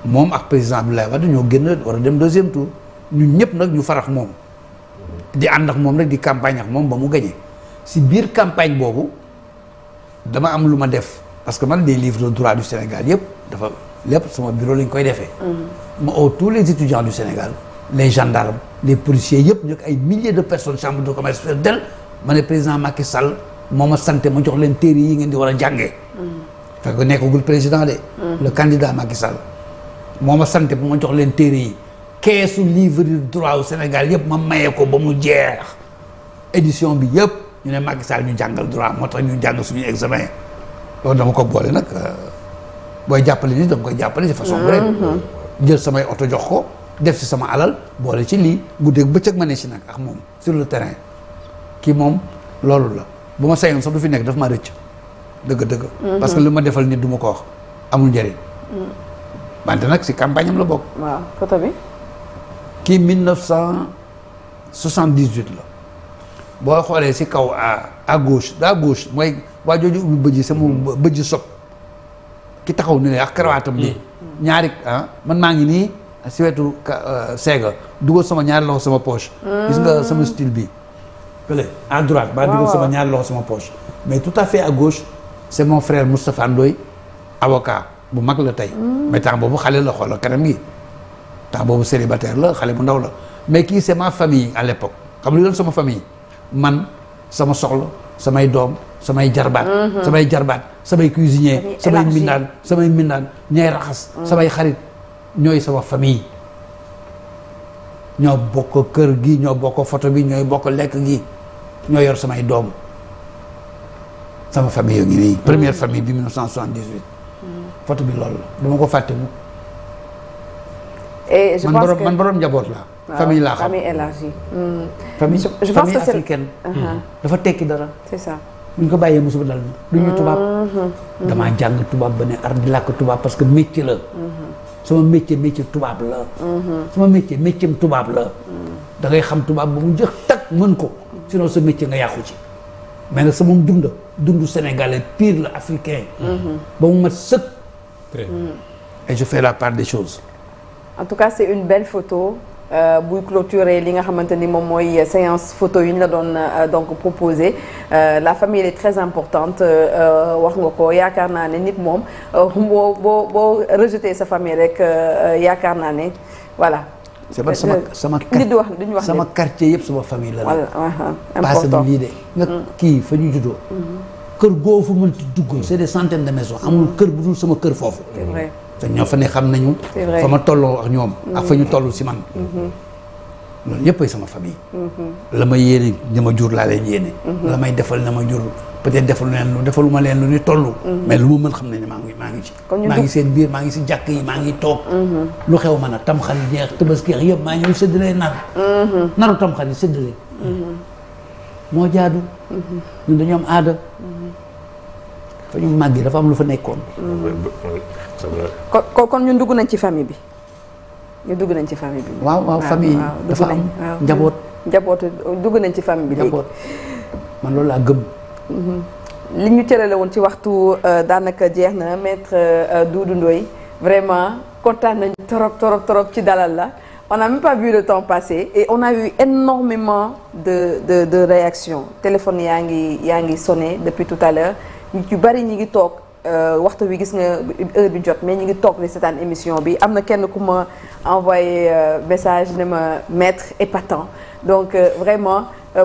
moom ak président Abdoulaye Wade ñoo génn war dem deuxième tour ñun ñëpp nag ñu farax moom. di ànd ak moom rek di campagne ak moom ba mu gañe si biir campagne boobu dama am lu ma def parce que man des livres de droit du Sénégal yëpp dafa. lépp sama bureau lañ koy defee. mu oo tous les étudiants du Sénégal les gendarmes les policier yëpp ñu ay milliers de personnes chambre de commerce faire del ma président Macky Sall moo ma sant jox leen téere yi ngeen di war a jàngee. Mm. fekk nekkagul président de. Mm. le candidat Macky Sall moo ma sant bu ma jox leen téere yi. keesu livre du droit au Sénégal yëpp ma mayee ko ba mu jeex édition bi yëpp ñu ne Macky Sall ñu jàngal droit moo tax ñu jàng suñu examen loolu dama ko boole nag. Euh, booy jàppale nit da koy jàppale ci façon bu mhm. jël samay oto jox ko def ci sama alal boole ci lii guddeeg bëccëg ma ne si nag ak moom sur le terrain kii moom loolu la bu ma sayoon sax du fi nekk daf ma rëcc dëgg-dëgg mhm. parce que li ma defal nit du ma ko wax amul njëriñ mhm. wante nag ci campagne am la bokk waaw photo bi boo xoolee ci kaw à à gauche mooy waa jooju ubbi bëj sama bëj yi ki taxaw ni ne ak karawaatam lii mm. ñaari ah man maa ngi nii si wetu euh, seega dugal sama ñaari loxo sama poche gis nga sama mm. style bi pële à droite baa dugal sama ñaari loxo sama poche mais tout à fait à gauche c'est mon frère Moustapha Ndoye avocat bu mag la tey mm. mais temps boobu xale la xoolal kanam gi temps boobu célibataire la xale bu ndaw la mais kii c'est ma famille à l'époque xam nga li doon sama famille man sama soxla samay doom samay jarbaat mhm. samay jarbaat samay cuisinier samay mbindaan samay mbindaan ñay raxas mhm. samay xarit ñooy sama famille ñoo bokk kër gi ñoo bokk photo bi ñooy bokk lekk gi ñoo yor samay doom sama famille yoo ngi nii première mhm. famille bi 1978 photo bi lool la dama ko fàtte mu et je man pense borom, que man borom njaboot laa. waaw famille laa xam élargie. famille je, je famille pense que africaine. dafa tekki dara. c'est ça. bu ñu ko bàyyee musiba dal du ñu tubaab. Mhm. damaa jàng tubaab ba ne ar di làkk tubaab parce que métier la. Mhm. sama métier métier tubaab la. Mhm. sama métier métier tubaab la. da ngay xam tubaab ba mu jëx tag mën ko sinon sa métier nga yàqu ci. mais nag sa moom dund dundu sénégalais pire la africain. ba mu mat sëkk. et je fais la part des choses. en tout cas c'est une belle photo. Euh, buy clôturer li nga xamante ni moom mooy séance photo yi ñu la doon euh, donc proposé euh, la famille est très importante wax nga ko yaakaar naa ne nit moom boo boo boo rejeté sa famille rek yaakaar naa ne voilà. sama sama nit wax duñu wax sama quartier yëpp sama famille la. voilà uh-huh, important passé lii de. Mm. nga kii fa ñu juddoo. Mm-hmm. kër goo fu mënti dugg c'est des centaines de maisons. Mm-hmm. amul kër bu dul sama kër foofu. te ñoo fa ne xam nañu. fa ma tolloo ak ñoom. ak fa ñu mm-hmm. toll si man. Mm-hmm. loolu ñëpp ay sama famille. Mm-hmm. la may yéene ña ma jur laa leen yéene. la may defal na ma jur peut-être defalu leen lu defaluma leen lu ni toll. mais lu ma mën xam nañ ne maa ngi maa ngi maa ngi seen biir maa ngi si jàkk yi maa ngi toog. lu xew ma nag tamxarit jeex tabaski jeex yëpp maa ñëw séddalee nar. naru tamxarit séddalee. moo jaadu. ñun dañoo am aada. fa ñu màggee dafa am lu fa nekkoon. kon kon ñun dugg nañ ci famille bi ñu dugg nañ ci famille bi. waaw waaw famille dafa am njaboot. njabootu dugg nañ ci famille bi léegi njaboot man loolu laa gëm. Mhm. li ñu cërale woon ci waxtu euh, daanaka jeex na maître euh, Doudou Ndoye vraiment kontaan nañ torop torop torop ci dalal la on n'a même passer et on a eu énormément de de de réactions téléphone yaa ngi yaa ngi sonné depuis tout à ñu bari ñi ngi toog. Euh, waxtu wi gis nga heure bi jot mais ñu ngi toog di seetaan émission bi am na kenn ku ma envoyé euh, message ne ma maître épatant donc euh, vraiment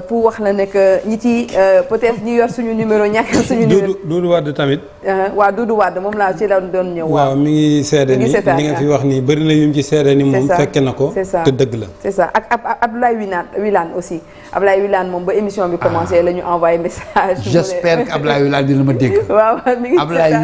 pour wax la ne que ñi ci peut-être ñu yor suñu numéro ñàkk suñu. numéro Doudou Wade tamit. Uh-huh. waaw Doudou Wade moom laa ci la doon ñëw. waaw mi ngi seede ni li nga fi wax nii bëri na yu mu ci seede ni moom. fekke na ko te dëgg la. c'est ça ak ab Abdoulaye Wilane Wilane aussi. Ablaye Wilane moom ba émission bi commencé ah. la ñu envoyé message. *laughs* j'espère que Ablaye Wilane dina ma dégg. *laughs* waaw mi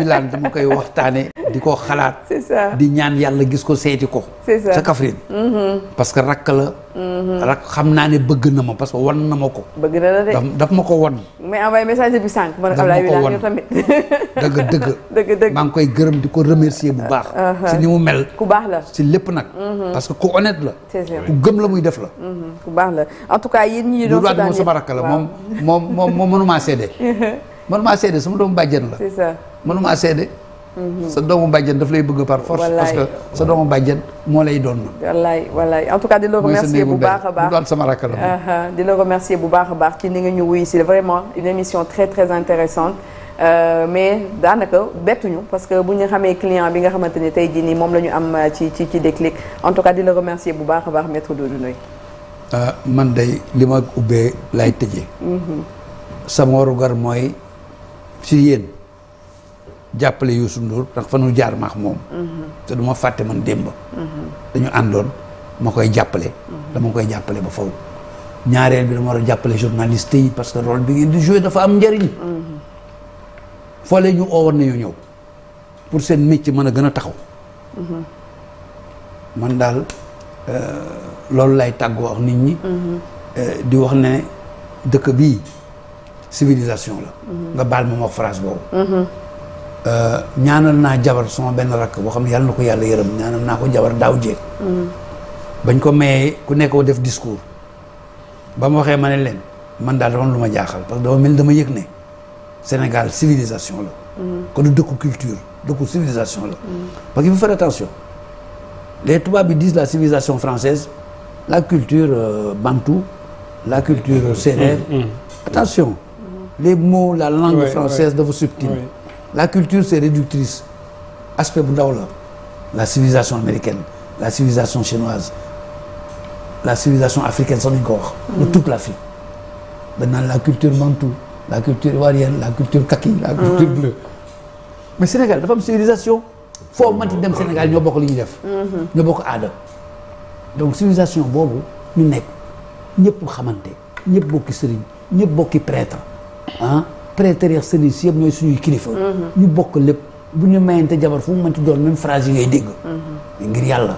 dama koy waxtaane di ko xalaat. *laughs* di ñaan yàlla gis ko seeti ko. c'est ça ca mm-hmm. parce que rakk la. Mm-hmm. rakk xam naa ne bëgg na ma parce que wan na ma ko. bëgg na la de daf ma ko wan. mais envoyé message bi sànq. man Ablaye Wilane yow tamit. dëgg dëgg. dëgg dëgg maa ngi koy gërëm di ko remercier bu baax. si ni mu mel. ku baax la si lépp nag. Mm-hmm. parce que ku honnête la. c'est ku gëm la muy def la. ku baax la en tout ñi doon Doudou Wade moom sama rakk la moom moom moom moom mënumaa seede *laughs* mënumaa seede sama doomu bàjjen la c'est ça mënumaa mhm. sa doomu bàjjen daf lay bëgg par force parce que sa doomu bàjjen moo lay doon na wallaay wallaay en tout cas di la bu baax a baax doon sama rakk la di la remercier baax a baax ci ni nga ñu wuyu si vraiment une émission très très intéressante euh, mais daanaka bettuñu parce que bu ñu xamee client bi nga xamante ne tey jii nii moom la ñu am euh, ci ci ci Déclic en tout cas di la bu baax a baax maître Doudou Ndoye Ah, man day li ma ubbee lay tëjee mm-hmm. sama warugar mooy si yéen jàppale Youssou Ndour ndax fa nu jaar maax moom mm-hmm. te du ma fàtte man démb mm-hmm. dañu àndoon ma koy jàppale dama koy jàppale ba faw ñaareel bi dama war a jàppale journaliste yi parce que rôle bi ngeen di joué dafa am njëriñ foolee ñu oowoon nañu ñëw pour seen métier mën a gën a taxaw man daal euh, loolu lay tàggoo wax nit ñi. di wax ne dëkk bi civilisation la. nga baal ma wax phrase boobu. ñaanal naa jabar sama benn rakk boo xam ne yàlla na ko yàlla yërëm ñaanal naa ko jabar daaw jéeg. bañ ko mayee ku nekkoo def discours ba ma waxee ma ne leen man daal doon lu ma jaaxal parce que dama mel dama yëg ne Sénégal civilisation la. kon du dëkku culture dëkku civilisation la. Mm. parce que il faut attention les tubaab bi disent la civilisation française la culture euh, la culture mm-hmm. sérère mm-hmm. attention les mots la langue ouais, française ouais. dafa subtile ouais. la culture c'est réductrice aspect bu ndaw la la civilisation américaine la civilisation chinoise la civilisation africaine sax nañu ko wax de mm-hmm. toute l'Afrique dañ naan la culture bantou la culture ivoirienne la culture kaki la culture bleue mais Sénégal dafa am civilisation foo manti dem Sénégal ñoo bokk li ñuy def ñoo bokk aada donc civilisation boobu ñu nekk ñëpp xamante ñëpp bokki sëriñ ñëpp bokki prêtre ah prêtre yax sëriñ si yëpp ñooy suñuy kilifa. Mhm. ñu bokk lépp bu ñu mayante jabar fu mu mënti doon même phrase yi ngay dégg. Mhm. ngir yàlla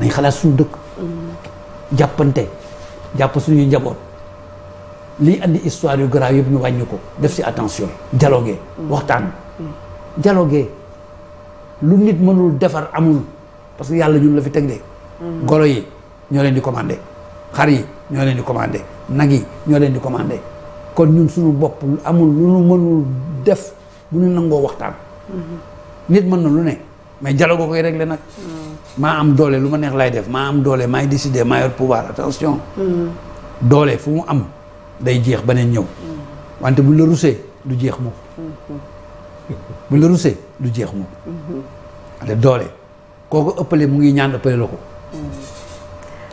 nañ xalaat suñu dëkk. Mhm. jàppante jàpp suñuy njaboot liy indi histoire yu grave yëpp ñu wàññi ko def si attention dialogue waxtaan dialogue lu nit mënul defar amul parce que yàlla ñun la fi teg de golo yi ñoo leen di commandé xar yi ñoo leen di commandé nag yi ñoo leen di commandé kon ñun suñu bopp amul lu ñu mënul def bu ñu nangoo waxtaan mm-hmm. nit mën na lu ne mais dialogue koy réglé nag mm. maa am doole lu ma neex lay def maa am doole maay décider maa yor pouvoir attention mm. doole fu mu am day jeex beneen ñëw mm. wante bu la rusee du jeex mukk mm-hmm. bu la rusee du jeex mukk mm-hmm. wante doole kooko ko ëppale mu ngi ñaan ëppale la ko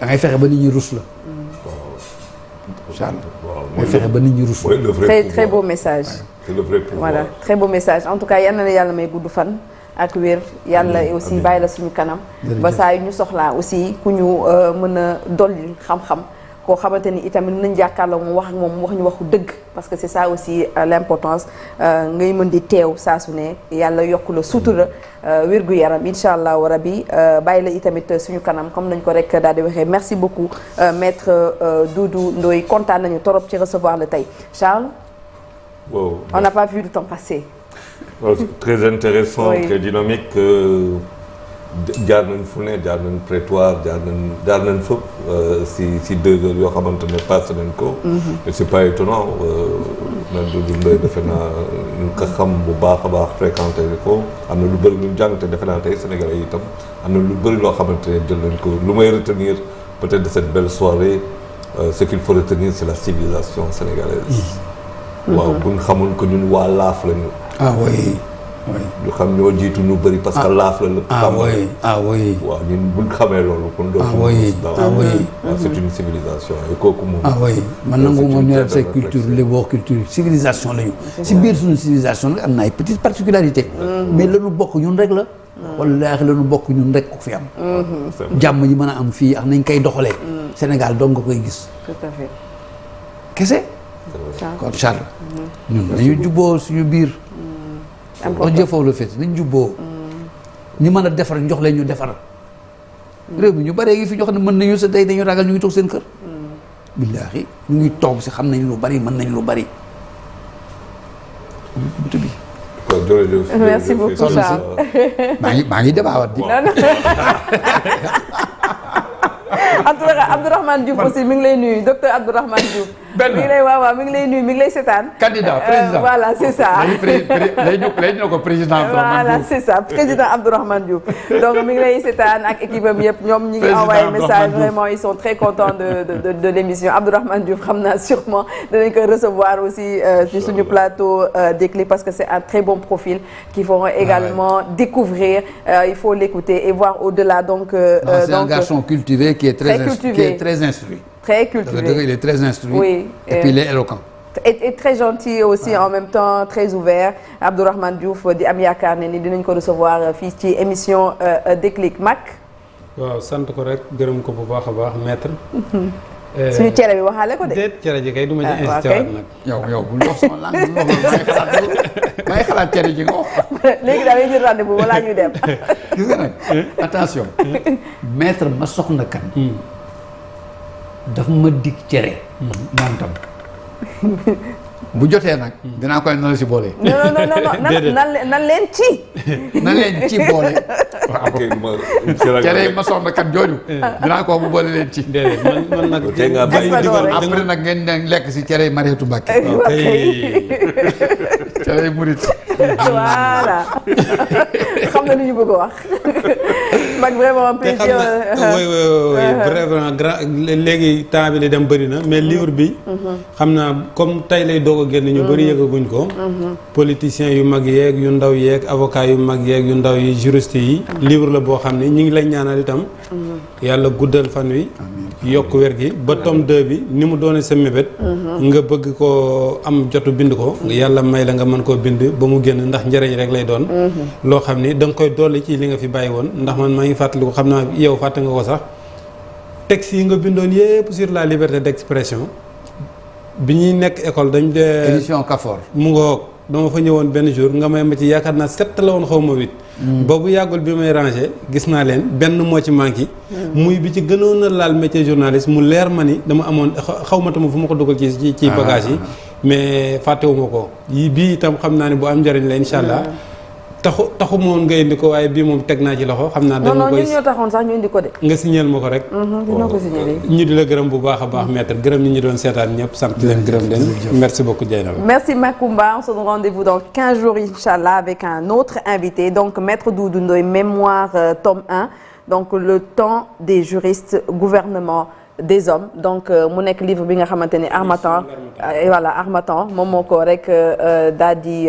da fexe ba nit ñi rus la. waaw mooy ba nit ñi rus. très beau message. c'est le beau message en tout cas yal na la yàlla may gudd fan. ak wér yàlla aussi bàyyi la suñu kanam. ba saa yu ñu soxlaa aussi ku ñu euh, mën a dolli xam-xam. koo xamante ni itamit mën nañ jàkkaarloo moom wax ak moom wax ñu waxu dëgg parce que c'est ça aussi euh, l'importance euh, ngay mën di teew saa su ne yàlla yokk la sutura euh, wérgu yaram incha allah rabi bàyyi la itamit suñu kanam comme nañ ko rek daal di waxee merci beaucoup maître Doudou Ndoye kontaan nañu torop ci recevoir la tey Charles. on n'a pas vu le temps passer. très intéressant. très dynamique. jaar nañ fu ne jaar nañ prétoire jaar nañ jaar nañ euh, si si deux heures yoo xamante ne passé nañ ko. mais mm-hmm. c'est pas étonnant na euh, Doudou Ndoye defe naa ñu ko bu baax a baax fréquenté ko am na lu bëri ñu jàng te defe naa tey Sénégalais yi itam am na lu bëri loo xamante ne jël nañ ko lu may retenir peut-être de cette belle soirée euh, ce qu'il faut retenir c'est la civilisation sénégalaise. Mm-hmm. waaw bu ñu xamul que ñun waa laaf lañu. Ah ñu xam ñoo jiitu ñu bëri parce que ah. laaf la la. ah oui ah oui waaw ñun ah, ah, kooku moom. ah man nangu moom ñu culture li boo culture civilisation la si biir suñu civilisation nag am na ay petites particularités. Mm-hmm. mais la ñu bokk ñun rek la. Mm-hmm. wallaahi la ñu bokk ñun rek ko fi am. jàmm ñi mën a am fii ak nañ koy doxalee. Mm. Sénégal dong nga koy gis. tout à fait. kese. kon Charles. Mm-hmm. ñun dañu jubboo suñu biir. wax jëfoo la féete nañ jubboo mm. ñu mën a defar jox leen ñu defar mm. réew mi ñu bëree ngi fi ñoo xam ne mën nañu sa tey dañu ragal ñu ngi toog seen kër mm. billaahi ñu ngi toog si xam nañu lu bari mën nañ lu bari bunt bi merci beaucoup Charles maa ngi maa ngi débaawat di *laughs* Abdourahmane Diouf aussi mi ngi lay nuyu docteur Abdourahmane Diouf benn mi ngi lay waaw waaw mi ngi lay mi ngi lay seetaan. candidat euh, président voilà c'est ça. président Abdourahmane Diouf donc mi ngi lay seetaan ak équipe am yëpp ñoom ñi ngi envoyé message vraiment ils sont très contents de l'émission Abdourahmane Diouf xam naa sûrement danañ ko recevoir aussi euh, ci suñu plateau euh, Déclic parce que c'est un très bon profil qu'ils vont également découvrir il faut l'écouter et voir au-delà donc. donc c'est un garçon cultivé qui est très instruit. très cultivé il est très euh, aussi en même temps très ouvert Abdourahmane Diouf di am yaakaar ne ni dinañ ko recevoir euh, fii ci émission euh, Déclic Mac. sant ko rek gërëm ko bu baax a baax maître. Mhm. cere bi waxaale ko de. déet cere ji kay du ma ci ah, incité waat nag. yow yow bu ndox sama lan bu ndox may xalaat cere ji nga wax. *laughs* léegi daal di jël rendez-vous balaa dem. *laughs* *laughs* attention hmm. maître ma soxna kan. Hmm. daf ma dig cere. moom tam. bu jotee nag. dinaa koy nan si boole. non non non nan leen ci. nan leen ci boole. Ah, cere yi ma soxna kat jooju. dinaa ko bu boole leen ci. déedéet man man nag. tey nag ngeen ne lekk si cere yi Mariétou Mbacké. ok cere yi murit. voilà *laughs* xam na lu ñu bëgg wax. man vraiment un plaisir. te xam naa euh, euh, vraiment grand léegi temps bi li dem bëri na mais livre bi. Mhm. Mhm. xam naa comme tey lay doog a génn ñu bëri mhm. yëgaguñ ko. politiciens yu mag yeeg yu ndaw yeeg avocat yu mag yeeg yu ndaw yi juriste yi. livre la boo xam ne ñu ngi lay ñaanal itam. yàlla guddal fan wi yokk wér gi ba tom 2 bi ni mu doone sa mébét mhm. nga bëgg koo am jotu bind ko mhm. yàlla may la nga mën koo bind ba mu génn ndax njëriñ rek lay doon mhm. loo xam ni danga koy dolli ci li nga fi bàyyi woon ndax man maa ngi fàttaliku xam naa yow fàtte nga ko sax texte yi nga bindoon yépp sur la liberté d'expression bi ñuy nekk école dañ dee édition Kafor mu dama fa ñëwoon benn jour nga may ma ci yaakaar naa sept la woon xaw ma huit mm. boobu yàggul bi may rangé gis naa leen benn moo ci manqué mm. muy bi ci gënoon a laal métier journaliste mu leer ma ni dama amoon xaw ma tamit fu ma ko dugal ci ci ah. bagage yi mais fàttewuma ko yi bii itam xam naa ne bu am njëriñ la incha allah taxu taxu ma woon nga indi ko waaye bii moom teg naa ci loxo xam naa. dama koy non non ñun ko de. nga signal ma ko rek. Mhm, ñu di la gërëm bu baax a baax maître gërëm ñi ñu doon seetaan ñëpp sant leen gërëm leen. merci beaucoup Dieynaba. merci Macoumba on se donne rendez-vous dans 15 jours incha allah avec un autre invité donc maître Doudou Ndoye mémoire euh, tome 1 donc le temps des juristes gouvernement. des hommes donc euh, mu nekk livre bi nga xamante ni Harmattan euh, voilà Harmattan moom moo ko rek euh, daa di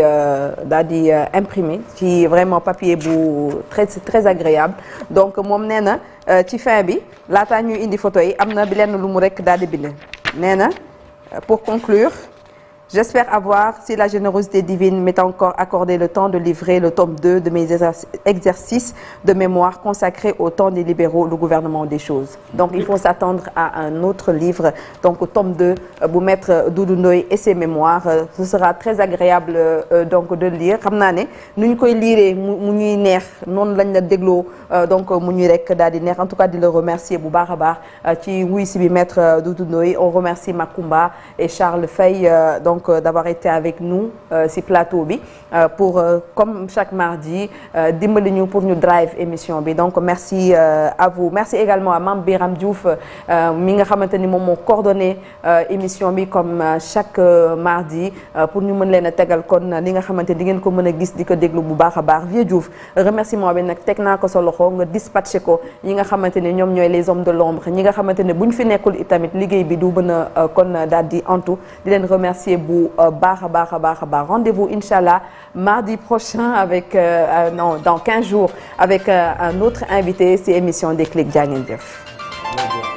daa di imprimé ci vraiment papier bu très très agréable donc moom nee na ci fin bi laataa ñuy indi photo yi am na lenn lu mu rekk daal di bind nee na pour conclure J'espère avoir, si la générosité divine m'est encore accordé le temps de livrer le tome 2 de mes exercices de mémoire consacrés au temps des libéraux, le gouvernement des choses. Donc il faut s'attendre à un autre livre, donc au tome 2, euh, bu maître Doudou et ses mémoires. Euh, ce sera très agréable euh, donc de lire xam naa ne nu ñu koy liiree mu ñuy neex noonu lañ la dégloo donc mu ñuy rek daal di neex en tout cas di le remercier bu baax a baax ci wuy si bi maître Doudou Ndoye on remercie Makumba et Charles Faye donc donc euh, d'avoir été avec nous euh, ci plateau bi Euh, pour euh, comme chaque mardi euh, dimbali ñu pour ñu drive émission bi donc merci à vous merci également à Mame Biram Diouf mi nga xamante ni moom moo coordonné émission bi comme chaque mardi pour ñu mën leen a tegal kon li nga xamante ni di ngeen ko mën a gis di ko déglu bu baax a baax Vieux Diouf remerciement bi nag teg naa ko sa loxo nga dispatché ko ñi nga xamante ni ñoom ñooy les hommes de l'ombre ñi nga xamante ne bu ñu fi nekkul itamit liggéey bi du mën a kon daal di antu di leen remercier bu baax a baax a baax a baax rendez incha allah mardi prochain avec euh, euh non dans 15 jours avec euh, un autre invité si émission Déclic jaa ngeen jëf